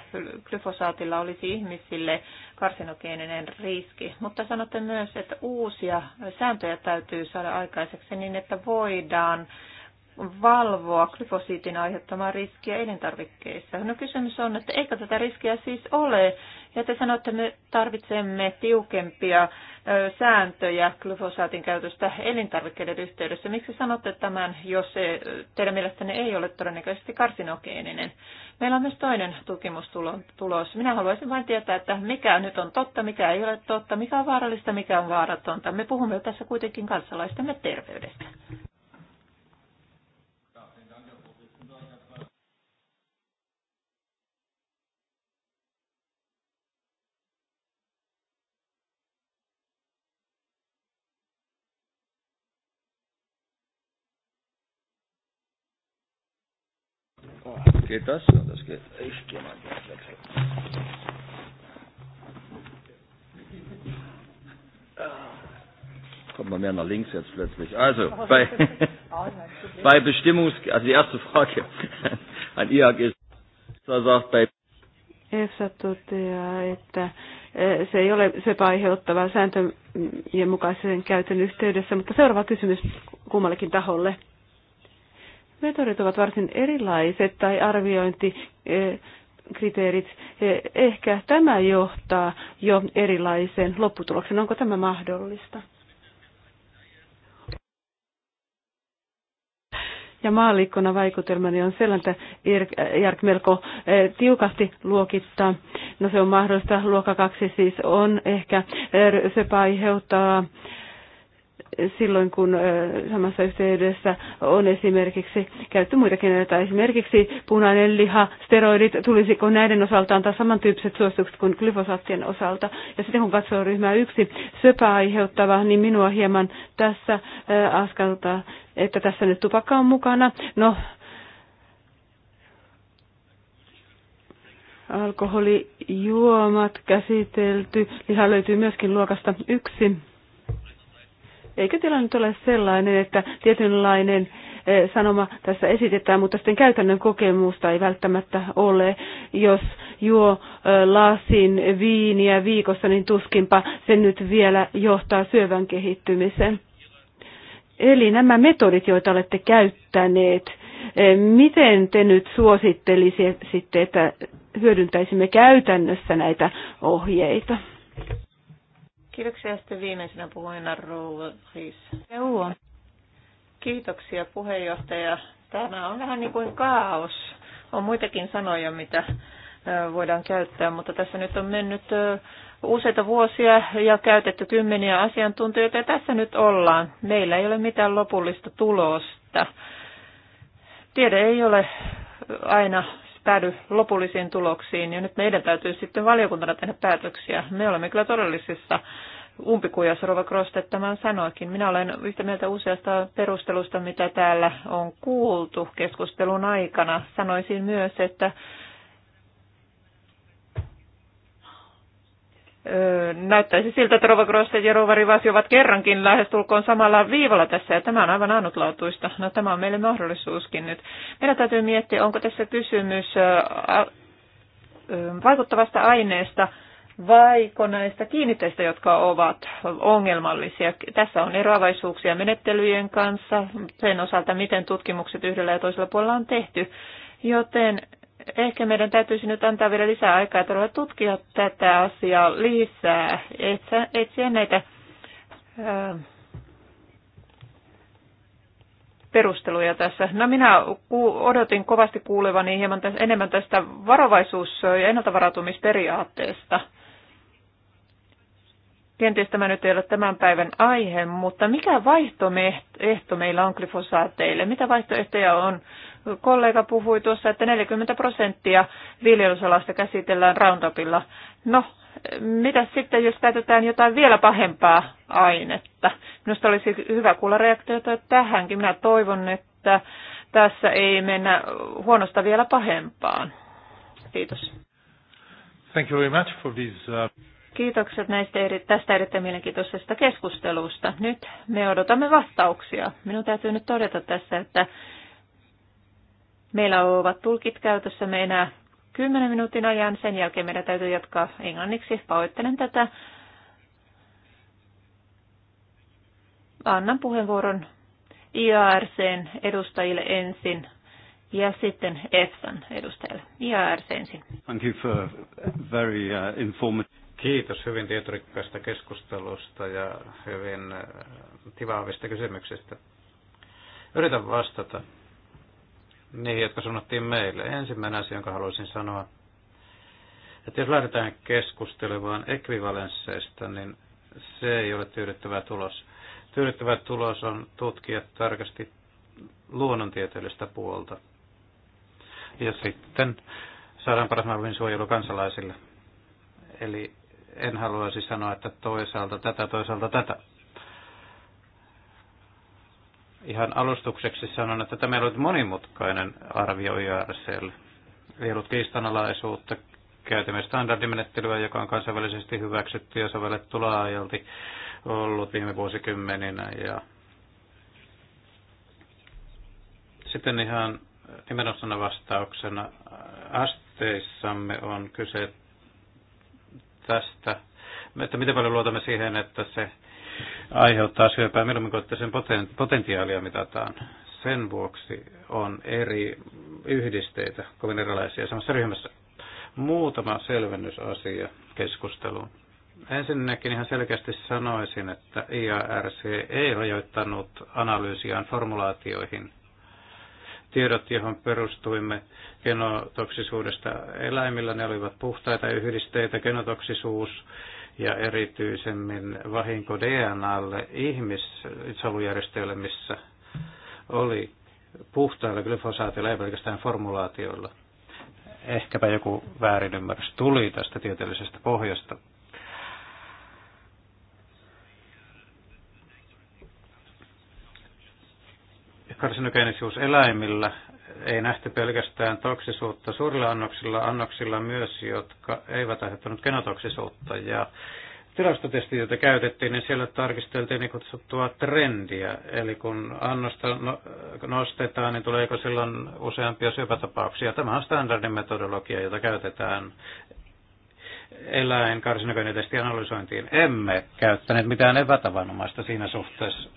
C: glyfosaatilla olisi ihmisille karsinogeeninen riski, mutta sanotte myös, että uusia sääntöjä täytyy saada aikaiseksi niin, että voidaan valvoa glykosiitin aiheuttamaa riskiä elintarvikkeissa. No kysymys on, että eikö tätä riskiä siis ole? Ja te sanotte, että me tarvitsemme tiukempia sääntöjä glyfosaatin käytöstä elintarvikkeiden yhteydessä. Miksi sanotte tämän, jos se teidän mielestänne ei ole todennäköisesti karsinogeeninen? Meillä on myös toinen tutkimustulos. Minä haluaisin vain tietää, että mikä nyt on totta, mikä ei ole totta, mikä on vaarallista, mikä on vaaratonta. Me puhumme tässä kuitenkin kansalaistemme terveydestä.
E: Kiitos. Kiitos.
A: Ah. Kommt man mehr nach links jetzt plötzlich. Also, bei, bei Bestimmungs... Also die erste Frage an IAG ist, er sagt, bei...
F: EFSA toteaa, että eh, se ei ole sepaiheottavaa sääntöjen mukaisen käytön yhteydessä, mutta seuraava kysymys kummallekin taholle metodit ovat varsin erilaiset tai arviointikriteerit. E, e, ehkä tämä johtaa jo erilaiseen lopputulokseen. Onko tämä mahdollista? ja maallikkona vaikutelmani on sellainen, että Jark melko e, tiukasti luokittaa. No se on mahdollista, luokka kaksi siis on ehkä, se aiheuttaa silloin, kun samassa yhteydessä on esimerkiksi käytetty muitakin näitä, esimerkiksi punainen liha, steroidit, tulisiko näiden osalta antaa samantyyppiset suositukset kuin glyfosaattien osalta. Ja sitten kun katsoo ryhmää yksi söpää aiheuttava, niin minua hieman tässä askelta, että tässä nyt tupakka on mukana. No, alkoholijuomat käsitelty. Liha löytyy myöskin luokasta yksi. Eikö tilanne ole sellainen, että tietynlainen eh, sanoma tässä esitetään, mutta sitten käytännön kokemusta ei välttämättä ole. Jos juo eh, lasin viiniä viikossa, niin tuskinpa se nyt vielä johtaa syövän kehittymiseen. Eli nämä metodit, joita olette käyttäneet, eh, miten te nyt suosittelisitte, että hyödyntäisimme käytännössä näitä ohjeita?
C: Kiitoksia sitten viimeisenä puhujana Rouva Riis. Kiitoksia puheenjohtaja. Tämä on vähän niin kuin kaos. On muitakin sanoja, mitä voidaan käyttää, mutta tässä nyt on mennyt useita vuosia ja käytetty kymmeniä asiantuntijoita ja tässä nyt ollaan. Meillä ei ole mitään lopullista tulosta. Tiede ei ole aina päädy lopullisiin tuloksiin, ja nyt meidän täytyy sitten valiokuntana tehdä päätöksiä. Me olemme kyllä todellisissa umpikujassa, Rova Krostet tämän sanoikin. Minä olen yhtä mieltä useasta perustelusta, mitä täällä on kuultu keskustelun aikana. Sanoisin myös, että näyttäisi siltä, että Rova ja Rovarivasi ovat kerrankin lähestulkoon samalla viivalla tässä, ja tämä on aivan ainutlaatuista. No tämä on meille mahdollisuuskin nyt. Meidän täytyy miettiä, onko tässä kysymys vaikuttavasta aineesta vaiko näistä kiinnitteistä, jotka ovat ongelmallisia. Tässä on eroavaisuuksia menettelyjen kanssa sen osalta, miten tutkimukset yhdellä ja toisella puolella on tehty. Joten ehkä meidän täytyisi nyt antaa vielä lisää aikaa ruveta tutkia tätä asiaa lisää, etsiä, etsiä näitä ää, perusteluja tässä. No minä odotin kovasti kuulevani hieman tästä, enemmän tästä varovaisuus- ja ennaltavarautumisperiaatteesta. Kenties tämä nyt ei ole tämän päivän aihe, mutta mikä vaihtoehto meillä on glyfosaateille? Mitä vaihtoehtoja on kollega puhui tuossa, että 40 prosenttia viljelysalasta käsitellään Roundupilla. No, mitä sitten, jos käytetään jotain vielä pahempaa ainetta? Minusta olisi hyvä kuulla reaktiota tähänkin. Minä toivon, että tässä ei mennä huonosta vielä pahempaan. Kiitos.
D: Thank you very much for this, uh...
C: Kiitokset näistä eri, tästä erittäin mielenkiintoisesta keskustelusta. Nyt me odotamme vastauksia. Minun täytyy nyt todeta tässä, että Meillä ovat tulkit me enää 10 minuutin ajan. Sen jälkeen meidän täytyy jatkaa englanniksi. Pahoittelen tätä. Annan puheenvuoron IARCn edustajille ensin ja sitten EFSAn edustajille IARC ensin.
B: Thank you for very uh, informative. Kiitos hyvin tietorikkaasta keskustelusta ja hyvin uh, tivaavista kysymyksistä. Yritän vastata niihin, jotka sanottiin meille. Ensimmäinen asia, jonka haluaisin sanoa, että jos lähdetään keskustelemaan ekvivalensseista, niin se ei ole tyydyttävä tulos. Tyydyttävä tulos on tutkia tarkasti luonnontieteellistä puolta. Ja sitten saadaan paras mahdollinen suojelu kansalaisille. Eli en haluaisi sanoa, että toisaalta tätä, toisaalta tätä. Ihan alustukseksi sanon, että tämä oli monimutkainen arvio IRCL. Ei ollut kiistanalaisuutta, käytimme standardimenettelyä, joka on kansainvälisesti hyväksytty ja sovellettu laajalti ollut viime vuosikymmeninä. Ja sitten ihan nimenomaisena vastauksena asteissamme on kyse tästä, että miten paljon luotamme siihen, että se
A: aiheuttaa syöpää
B: milloin kun sen potentiaalia mitataan. Sen vuoksi on eri yhdisteitä, kovin erilaisia samassa ryhmässä. Muutama selvennysasia keskusteluun. Ensinnäkin ihan selkeästi sanoisin, että IARC ei rajoittanut analyysiaan formulaatioihin. Tiedot, johon perustuimme genotoksisuudesta eläimillä, ne olivat puhtaita yhdisteitä. Genotoksisuus ja erityisemmin vahinko DNAlle ihmissolujärjestöille, missä oli puhtailla glyfosaatilla, ei pelkästään formulaatioilla. Ehkäpä joku väärinymmärrys tuli tästä tieteellisestä pohjasta. Karsinogeenisuus eläimillä ei nähty pelkästään toksisuutta suurilla annoksilla, annoksilla myös, jotka eivät aiheuttaneet genotoksisuutta. Ja tilastotesti, jota käytettiin, niin siellä tarkisteltiin niin kutsuttua trendiä. Eli kun annosta no, nostetaan, niin tuleeko silloin useampia syöpätapauksia. Tämä on standardin metodologia, jota käytetään eläinkarsinogeenitestin analysointiin. Emme käyttäneet mitään epätavanomaista siinä suhteessa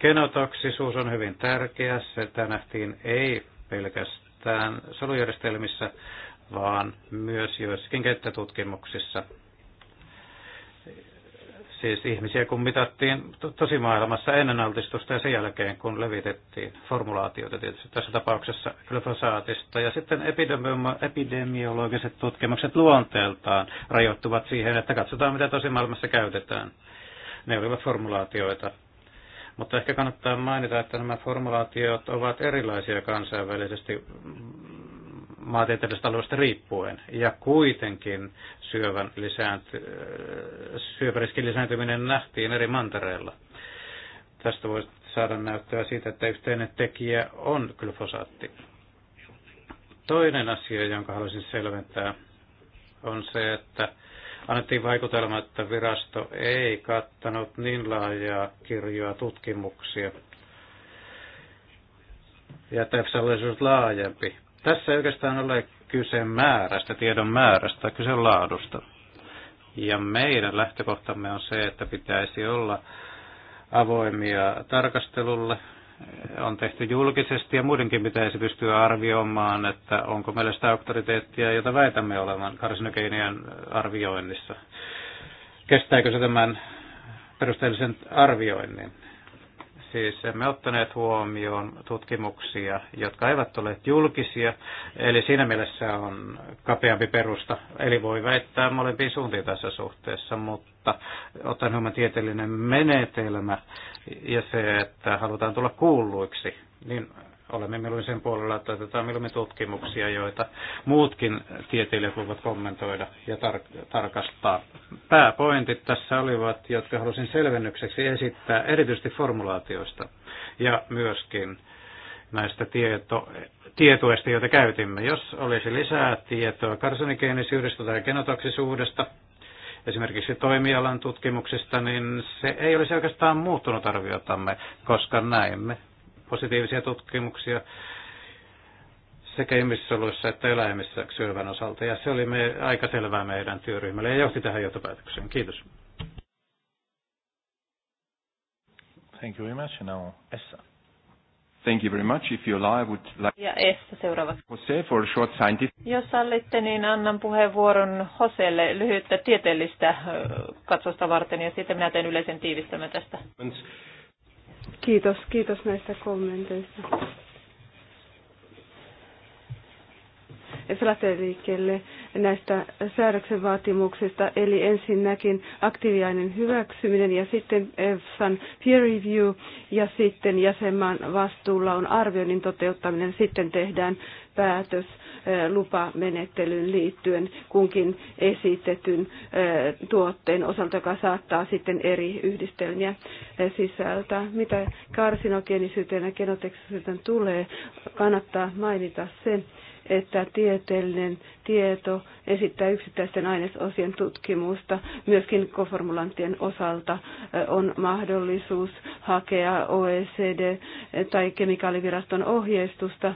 B: Genotoksisuus on hyvin tärkeä. Sitä nähtiin ei pelkästään solujärjestelmissä, vaan myös joissakin kenttätutkimuksissa. Siis ihmisiä kun mitattiin tosi maailmassa ennen altistusta ja sen jälkeen, kun levitettiin formulaatioita tietysti tässä tapauksessa glyfosaatista. Ja sitten epidemiologiset tutkimukset luonteeltaan rajoittuvat siihen, että katsotaan mitä tosi maailmassa käytetään. Ne olivat formulaatioita mutta ehkä kannattaa mainita, että nämä formulaatiot ovat erilaisia kansainvälisesti maantieteellisestä alueesta riippuen. Ja kuitenkin syövän lisäänty, äh, syöväriskin lisääntyminen nähtiin eri mantereilla. Tästä voisi saada näyttöä siitä, että yhteinen tekijä on glyfosaatti. Toinen asia, jonka haluaisin selventää, on se, että annettiin vaikutelma, että virasto ei kattanut niin laajaa kirjoa tutkimuksia ja tässä EFSA olisi laajempi. Tässä ei oikeastaan ole kyse määrästä, tiedon määrästä, kyse laadusta. Ja meidän lähtökohtamme on se, että pitäisi olla avoimia tarkastelulle, on tehty julkisesti ja muidenkin pitäisi pystyä arvioimaan, että onko meillä sitä auktoriteettia, jota väitämme olevan karsinogeenien arvioinnissa. Kestääkö se tämän perusteellisen arvioinnin? Siis emme ottaneet huomioon tutkimuksia, jotka eivät ole julkisia, eli siinä mielessä on kapeampi perusta. Eli voi väittää molempiin suuntiin tässä suhteessa, mutta otan huomioon tieteellinen menetelmä ja se, että halutaan tulla kuulluiksi, niin Olemme mieluummin sen puolella, että otetaan mieluummin tutkimuksia, joita muutkin tieteilijät voivat kommentoida ja tar- tarkastaa. Pääpointit tässä olivat, jotka halusin selvennykseksi esittää erityisesti formulaatioista ja myöskin näistä tieto, tietoista, joita käytimme. Jos olisi lisää tietoa karsonikeenisyydestä tai genotoksisuudesta, esimerkiksi toimialan tutkimuksista, niin se ei olisi oikeastaan muuttunut arviotamme, koska näemme positiivisia tutkimuksia sekä ihmissoluissa että eläimissä syövän osalta. Ja se oli me, aika selvää meidän työryhmälle ja johti tähän
A: johtopäätökseen. Kiitos.
D: Thank you very much.
A: Now, Essa. Thank you very much. If you allow, I would like... Ja
D: Essa seuraavaksi.
A: Jose for short scientific...
C: Jos sallitte, niin annan puheenvuoron Joselle lyhyttä tieteellistä katsosta varten ja sitten minä teen yleisen tiivistämä tästä.
F: Kiitos, kiitos näistä kommenteista. Se lähtee liikkeelle näistä säädöksen vaatimuksista, eli ensinnäkin aktiiviainen hyväksyminen ja sitten EFSAn peer review ja sitten jäsenmaan vastuulla on arvioinnin toteuttaminen, sitten tehdään päätös lupamenettelyyn liittyen kunkin esitetyn tuotteen osalta, joka saattaa sitten eri yhdistelmiä sisältää. Mitä karsinogenisyyteen ja genoteksisyyteen tulee, kannattaa mainita se, että tieteellinen tieto esittää yksittäisten ainesosien tutkimusta. Myöskin koformulanttien osalta on mahdollisuus hakea OECD- tai kemikaaliviraston ohjeistusta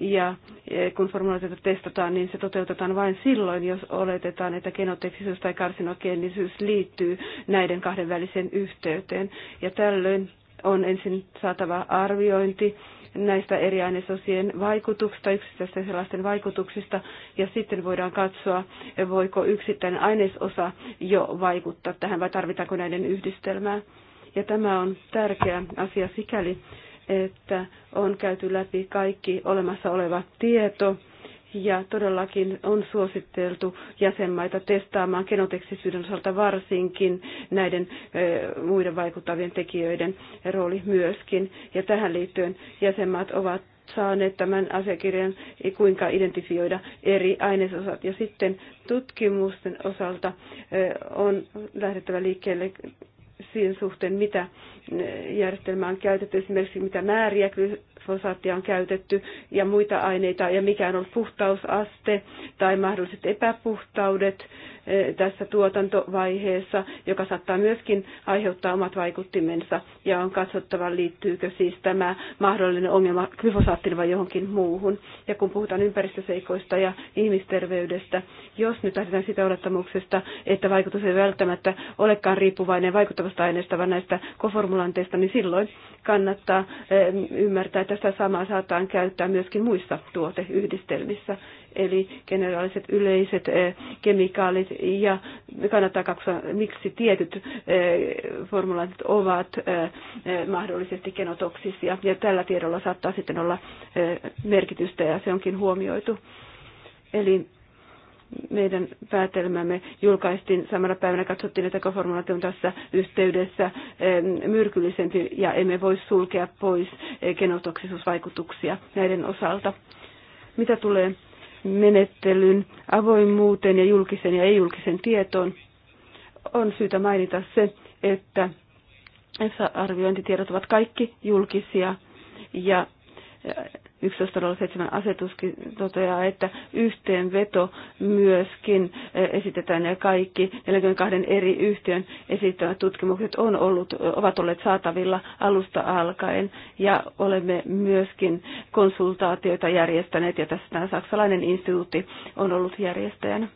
F: ja e, kun formulaatiota testataan, niin se toteutetaan vain silloin, jos oletetaan, että genoteksisyys tai karsinogeenisyys liittyy näiden kahden väliseen yhteyteen. Ja tällöin on ensin saatava arviointi näistä eri ainesosien vaikutuksista, yksittäisten sellaisten vaikutuksista, ja sitten voidaan katsoa, voiko yksittäinen ainesosa jo vaikuttaa tähän vai tarvitaanko näiden yhdistelmää. Ja tämä on tärkeä asia sikäli, että on käyty läpi kaikki olemassa oleva tieto ja todellakin on suositeltu jäsenmaita testaamaan genoteksisyyden osalta varsinkin näiden muiden vaikuttavien tekijöiden rooli myöskin. Ja tähän liittyen jäsenmaat ovat saaneet tämän asiakirjan, eh, kuinka identifioida eri ainesosat. Ja sitten tutkimusten osalta on lähdettävä liikkeelle siihen suhteen, mitä järjestelmää on käytetty, esimerkiksi mitä määriä glyfosaattia on käytetty ja muita aineita ja mikä on ollut puhtausaste tai mahdolliset epäpuhtaudet eh, tässä tuotantovaiheessa, joka saattaa myöskin aiheuttaa omat vaikuttimensa ja on katsottava liittyykö siis tämä mahdollinen ongelma glyfosaattiin vai johonkin muuhun. Ja kun puhutaan ympäristöseikoista ja ihmisterveydestä, jos nyt lähdetään sitä olettamuksesta, että vaikutus ei välttämättä olekaan riippuvainen vaikuttavasta aineesta, vaan näistä koformu tilanteesta, niin silloin kannattaa eh, ymmärtää, että sitä samaa saataan käyttää myöskin muissa tuoteyhdistelmissä, eli generaaliset yleiset eh, kemikaalit, ja kannattaa katsoa, miksi tietyt eh, formulaatit ovat mahdollisesti genotoksisia, ja tällä tiedolla saattaa sitten olla merkitystä, ja se onkin huomioitu. Eli meidän päätelmämme julkaistiin samana päivänä, katsottiin, että ekoformulaatio on tässä yhteydessä myrkyllisempi ja emme voi sulkea pois eh, genotoksisuusvaikutuksia näiden osalta. Mitä tulee menettelyn avoimuuteen ja julkisen ja ei-julkisen tietoon, on syytä mainita se, että EFSA-arviointitiedot ovat kaikki julkisia ja 1107 asetuskin toteaa, että yhteenveto myöskin eh, esitetään ja kaikki 42 eri yhtiön esittämät tutkimukset on ollut, eh, ovat olleet saatavilla alusta alkaen ja olemme myöskin konsultaatioita järjestäneet ja tässä tämä saksalainen instituutti on ollut järjestäjänä.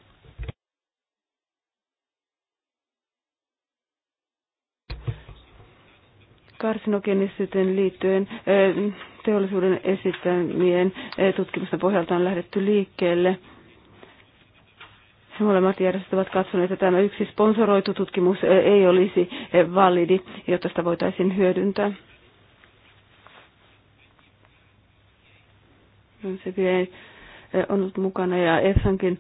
F: karsinogenisyyteen liittyen eh, teollisuuden esittämien eh, tutkimusten pohjalta on lähdetty liikkeelle. Molemmat järjestöt ovat katsoneet, että tämä yksi sponsoroitu tutkimus eh, ei olisi eh, validi, jotta sitä voitaisiin hyödyntää. No, se on ollut mukana ja EFSAnkin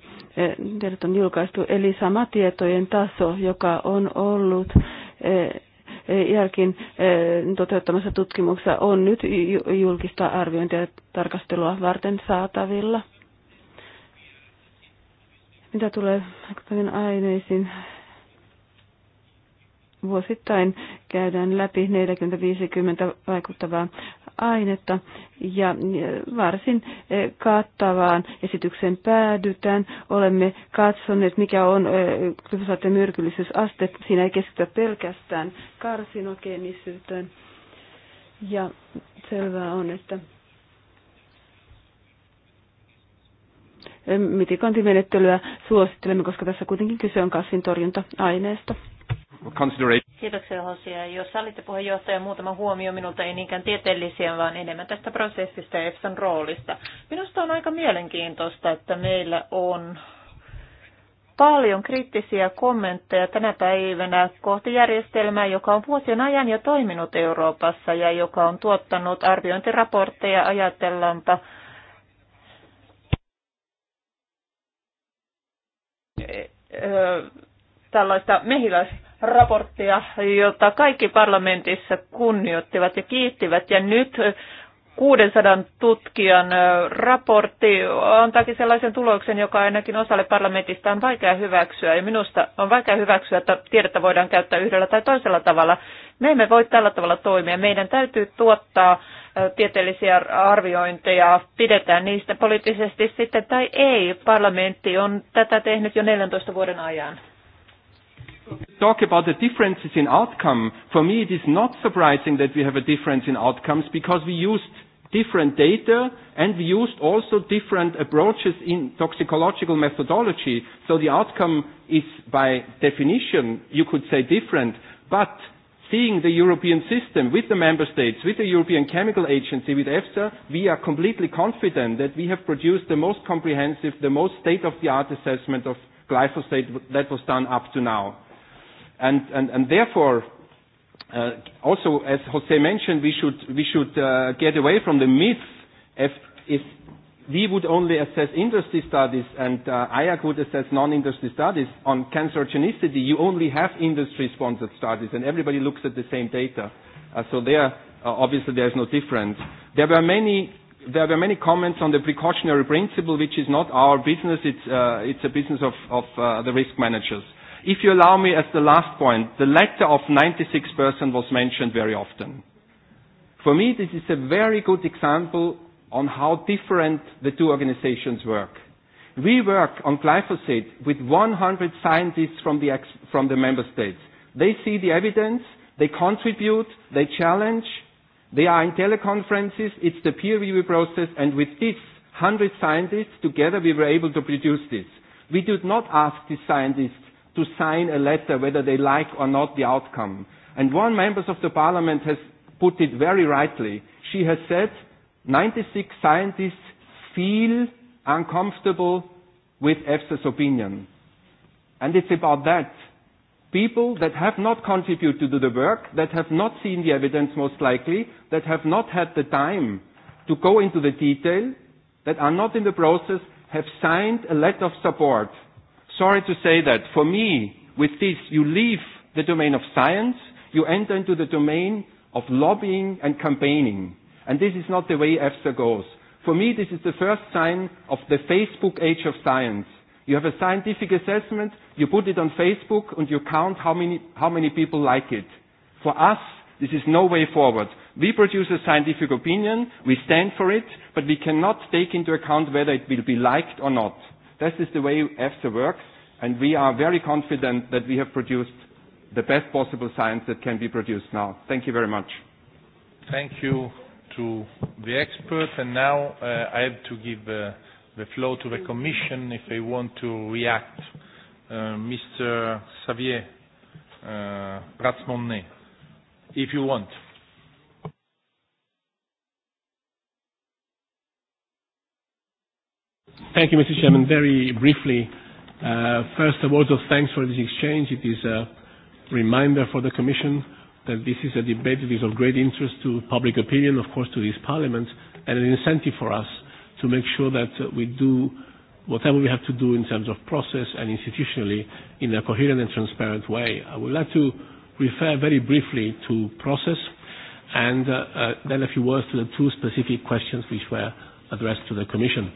F: tiedot on julkaistu, eli sama tietojen taso, joka on ollut jälkin eh, toteuttamassa tutkimuksessa on nyt julkista arviointia ja tarkastelua varten saatavilla. Mitä tulee aktiivin aineisiin, vuosittain käydään läpi 40-50 vaikuttavaa ainetta ja varsin e, kattavaan esityksen päädytään. Olemme katsoneet, mikä on e, glyfosaatteen myrkyllisyysaste. Siinä ei keskitytä pelkästään karsinogeenisyyteen. Ja selvää on, että e, mitikantimenettelyä suosittelemme, koska tässä kuitenkin kyse on kasvintorjunta-aineesta
A: consideration.
C: Kiitoksia Hosia. Jos sallitte puheenjohtaja muutama huomio minulta, ei niinkään tieteellisiä, vaan enemmän tästä prosessista ja EFSAn roolista. Minusta on aika mielenkiintoista, että meillä on paljon kriittisiä kommentteja tänä päivänä kohti järjestelmää, joka on vuosien ajan jo toiminut Euroopassa ja joka on tuottanut arviointiraportteja, ajatellaanpa tällaista mehiläis raporttia, jota kaikki parlamentissa kunnioittivat ja kiittivät. Ja nyt 600 tutkijan raportti antaakin sellaisen tuloksen, joka ainakin osalle parlamentista on vaikea hyväksyä. Ja minusta on vaikea hyväksyä, että tiedettä voidaan käyttää yhdellä tai toisella tavalla. Me emme voi tällä tavalla toimia. Meidän täytyy tuottaa tieteellisiä arviointeja, pidetään niistä poliittisesti sitten tai ei. Parlamentti on tätä tehnyt jo 14 vuoden ajan
A: talk about the differences in outcome, for me it is not surprising that we have a difference in outcomes because we used different data and we used also different approaches in toxicological methodology. So the outcome is by definition, you could say different, but seeing the European system with the member states, with the European Chemical Agency, with EFSA, we are completely confident that we have produced the most comprehensive, the most state-of-the-art assessment of glyphosate that was done up to now. And, and, and therefore, uh, also as Jose mentioned, we should, we should uh, get away from the myth if, if we would only assess industry studies and uh, IAC would assess non-industry studies on cancerogenicity. You only have industry-sponsored studies and everybody looks at the same data. Uh, so there, uh, obviously, there's no difference. There were many there were many comments on the precautionary principle, which is not our business. It's, uh, it's a business of, of uh, the risk managers. If you allow me, as the last point, the letter of 96% was mentioned very often. For me, this is a very good example on how different the two organizations work. We work on glyphosate with 100 scientists from the, ex from the member states. They see the evidence, they contribute, they challenge, they are in teleconferences, it's the peer review process, and with these 100 scientists together we were able to produce this. We did not ask these scientists to sign a letter whether they like or not the outcome. And one member of the parliament has put it very rightly. She has said 96 scientists feel uncomfortable with EFSA's opinion. And it's about that. People that have not contributed to the work, that have not seen the evidence most likely, that have not had the time to go into the detail, that are not in the process, have signed a letter of support sorry to say that for me, with this, you leave the domain of science, you enter into the domain of lobbying and campaigning. And this is not the way EFSA goes. For me, this is the first sign of the Facebook age of science. You have a scientific assessment, you put it on Facebook, and you count how many, how many people like it. For us, this is no way forward. We produce a scientific opinion, we stand for it, but we cannot take into account whether it will be liked or not. This is the way EFSA works, and we are very confident that we have produced the best possible science that can be produced now. Thank you very much.
D: Thank you to the experts. And now uh, I have to give uh, the floor to the Commission if they want to react. Uh, Mr. Xavier uh, Ratsmonnet, if you want.
E: Thank you, Mr. Chairman. Very briefly, Uh, first, a word of thanks for this exchange. It is a reminder for the Commission that this is a debate that is of great interest to public opinion, of course, to this Parliament, and an incentive for us to make sure that uh, we do whatever we have to do in terms of process and institutionally in a coherent and transparent way. I would like to refer very briefly to process and uh, uh, then a few words to the two specific questions which were addressed to the Commission.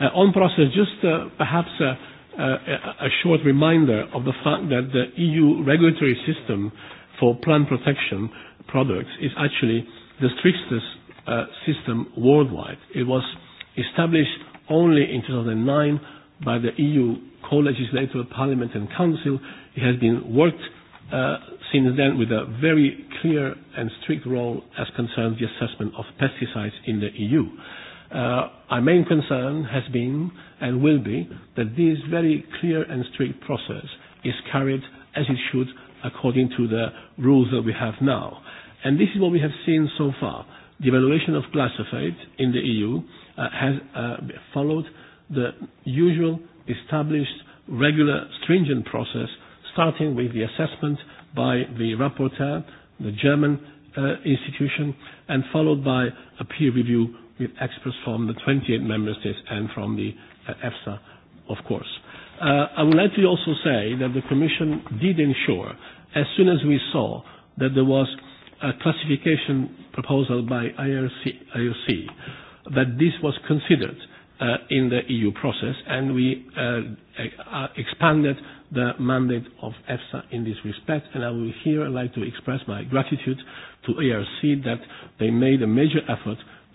E: Uh, on process, just uh, perhaps uh, uh, a short reminder of the fact that the EU regulatory system for plant protection products is actually the strictest uh, system worldwide. It was established only in 2009 by the EU co-legislator, Parliament and Council. It has been worked uh, since then with a very clear and strict role as concerns the assessment of pesticides in the EU. Uh, Uh, our main concern has been and will be that this very clear and strict process is carried as it should according to the rules that we have now. And this is what we have seen so far. The evaluation of glyphosate in the EU uh, has uh, followed the usual established regular stringent process, starting with the assessment by the rapporteur, the German uh, institution, and followed by a peer review with experts from the 28 member states and from the uh, EFSA, of course. Uh, I would like to also say that the Commission did ensure, as soon as we saw that there was a classification proposal by IRC, IOC, that this was considered uh, in the EU process, and we uh, uh, expanded the mandate of EFSA in this respect. And I would here like to express my gratitude to ARC that they made a major effort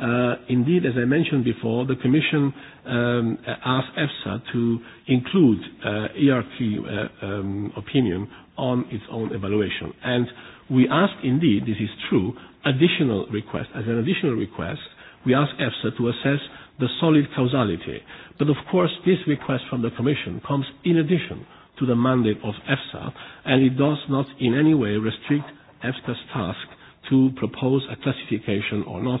E: Uh, indeed, as I mentioned before, the Commission um, asked EFSA to include uh, e uh, um, opinion on its own evaluation. And we asked, indeed, this is true, additional request. As an additional request, we asked EFSA to assess the solid causality. But of course, this request from the Commission comes in addition to the mandate of EFSA, and it does not in any way restrict EFSA's task to propose a classification or not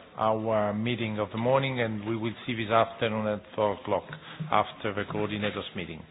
D: our meeting of the morning, and we will see this afternoon at 4:00 P.M. after the coordinators meeting.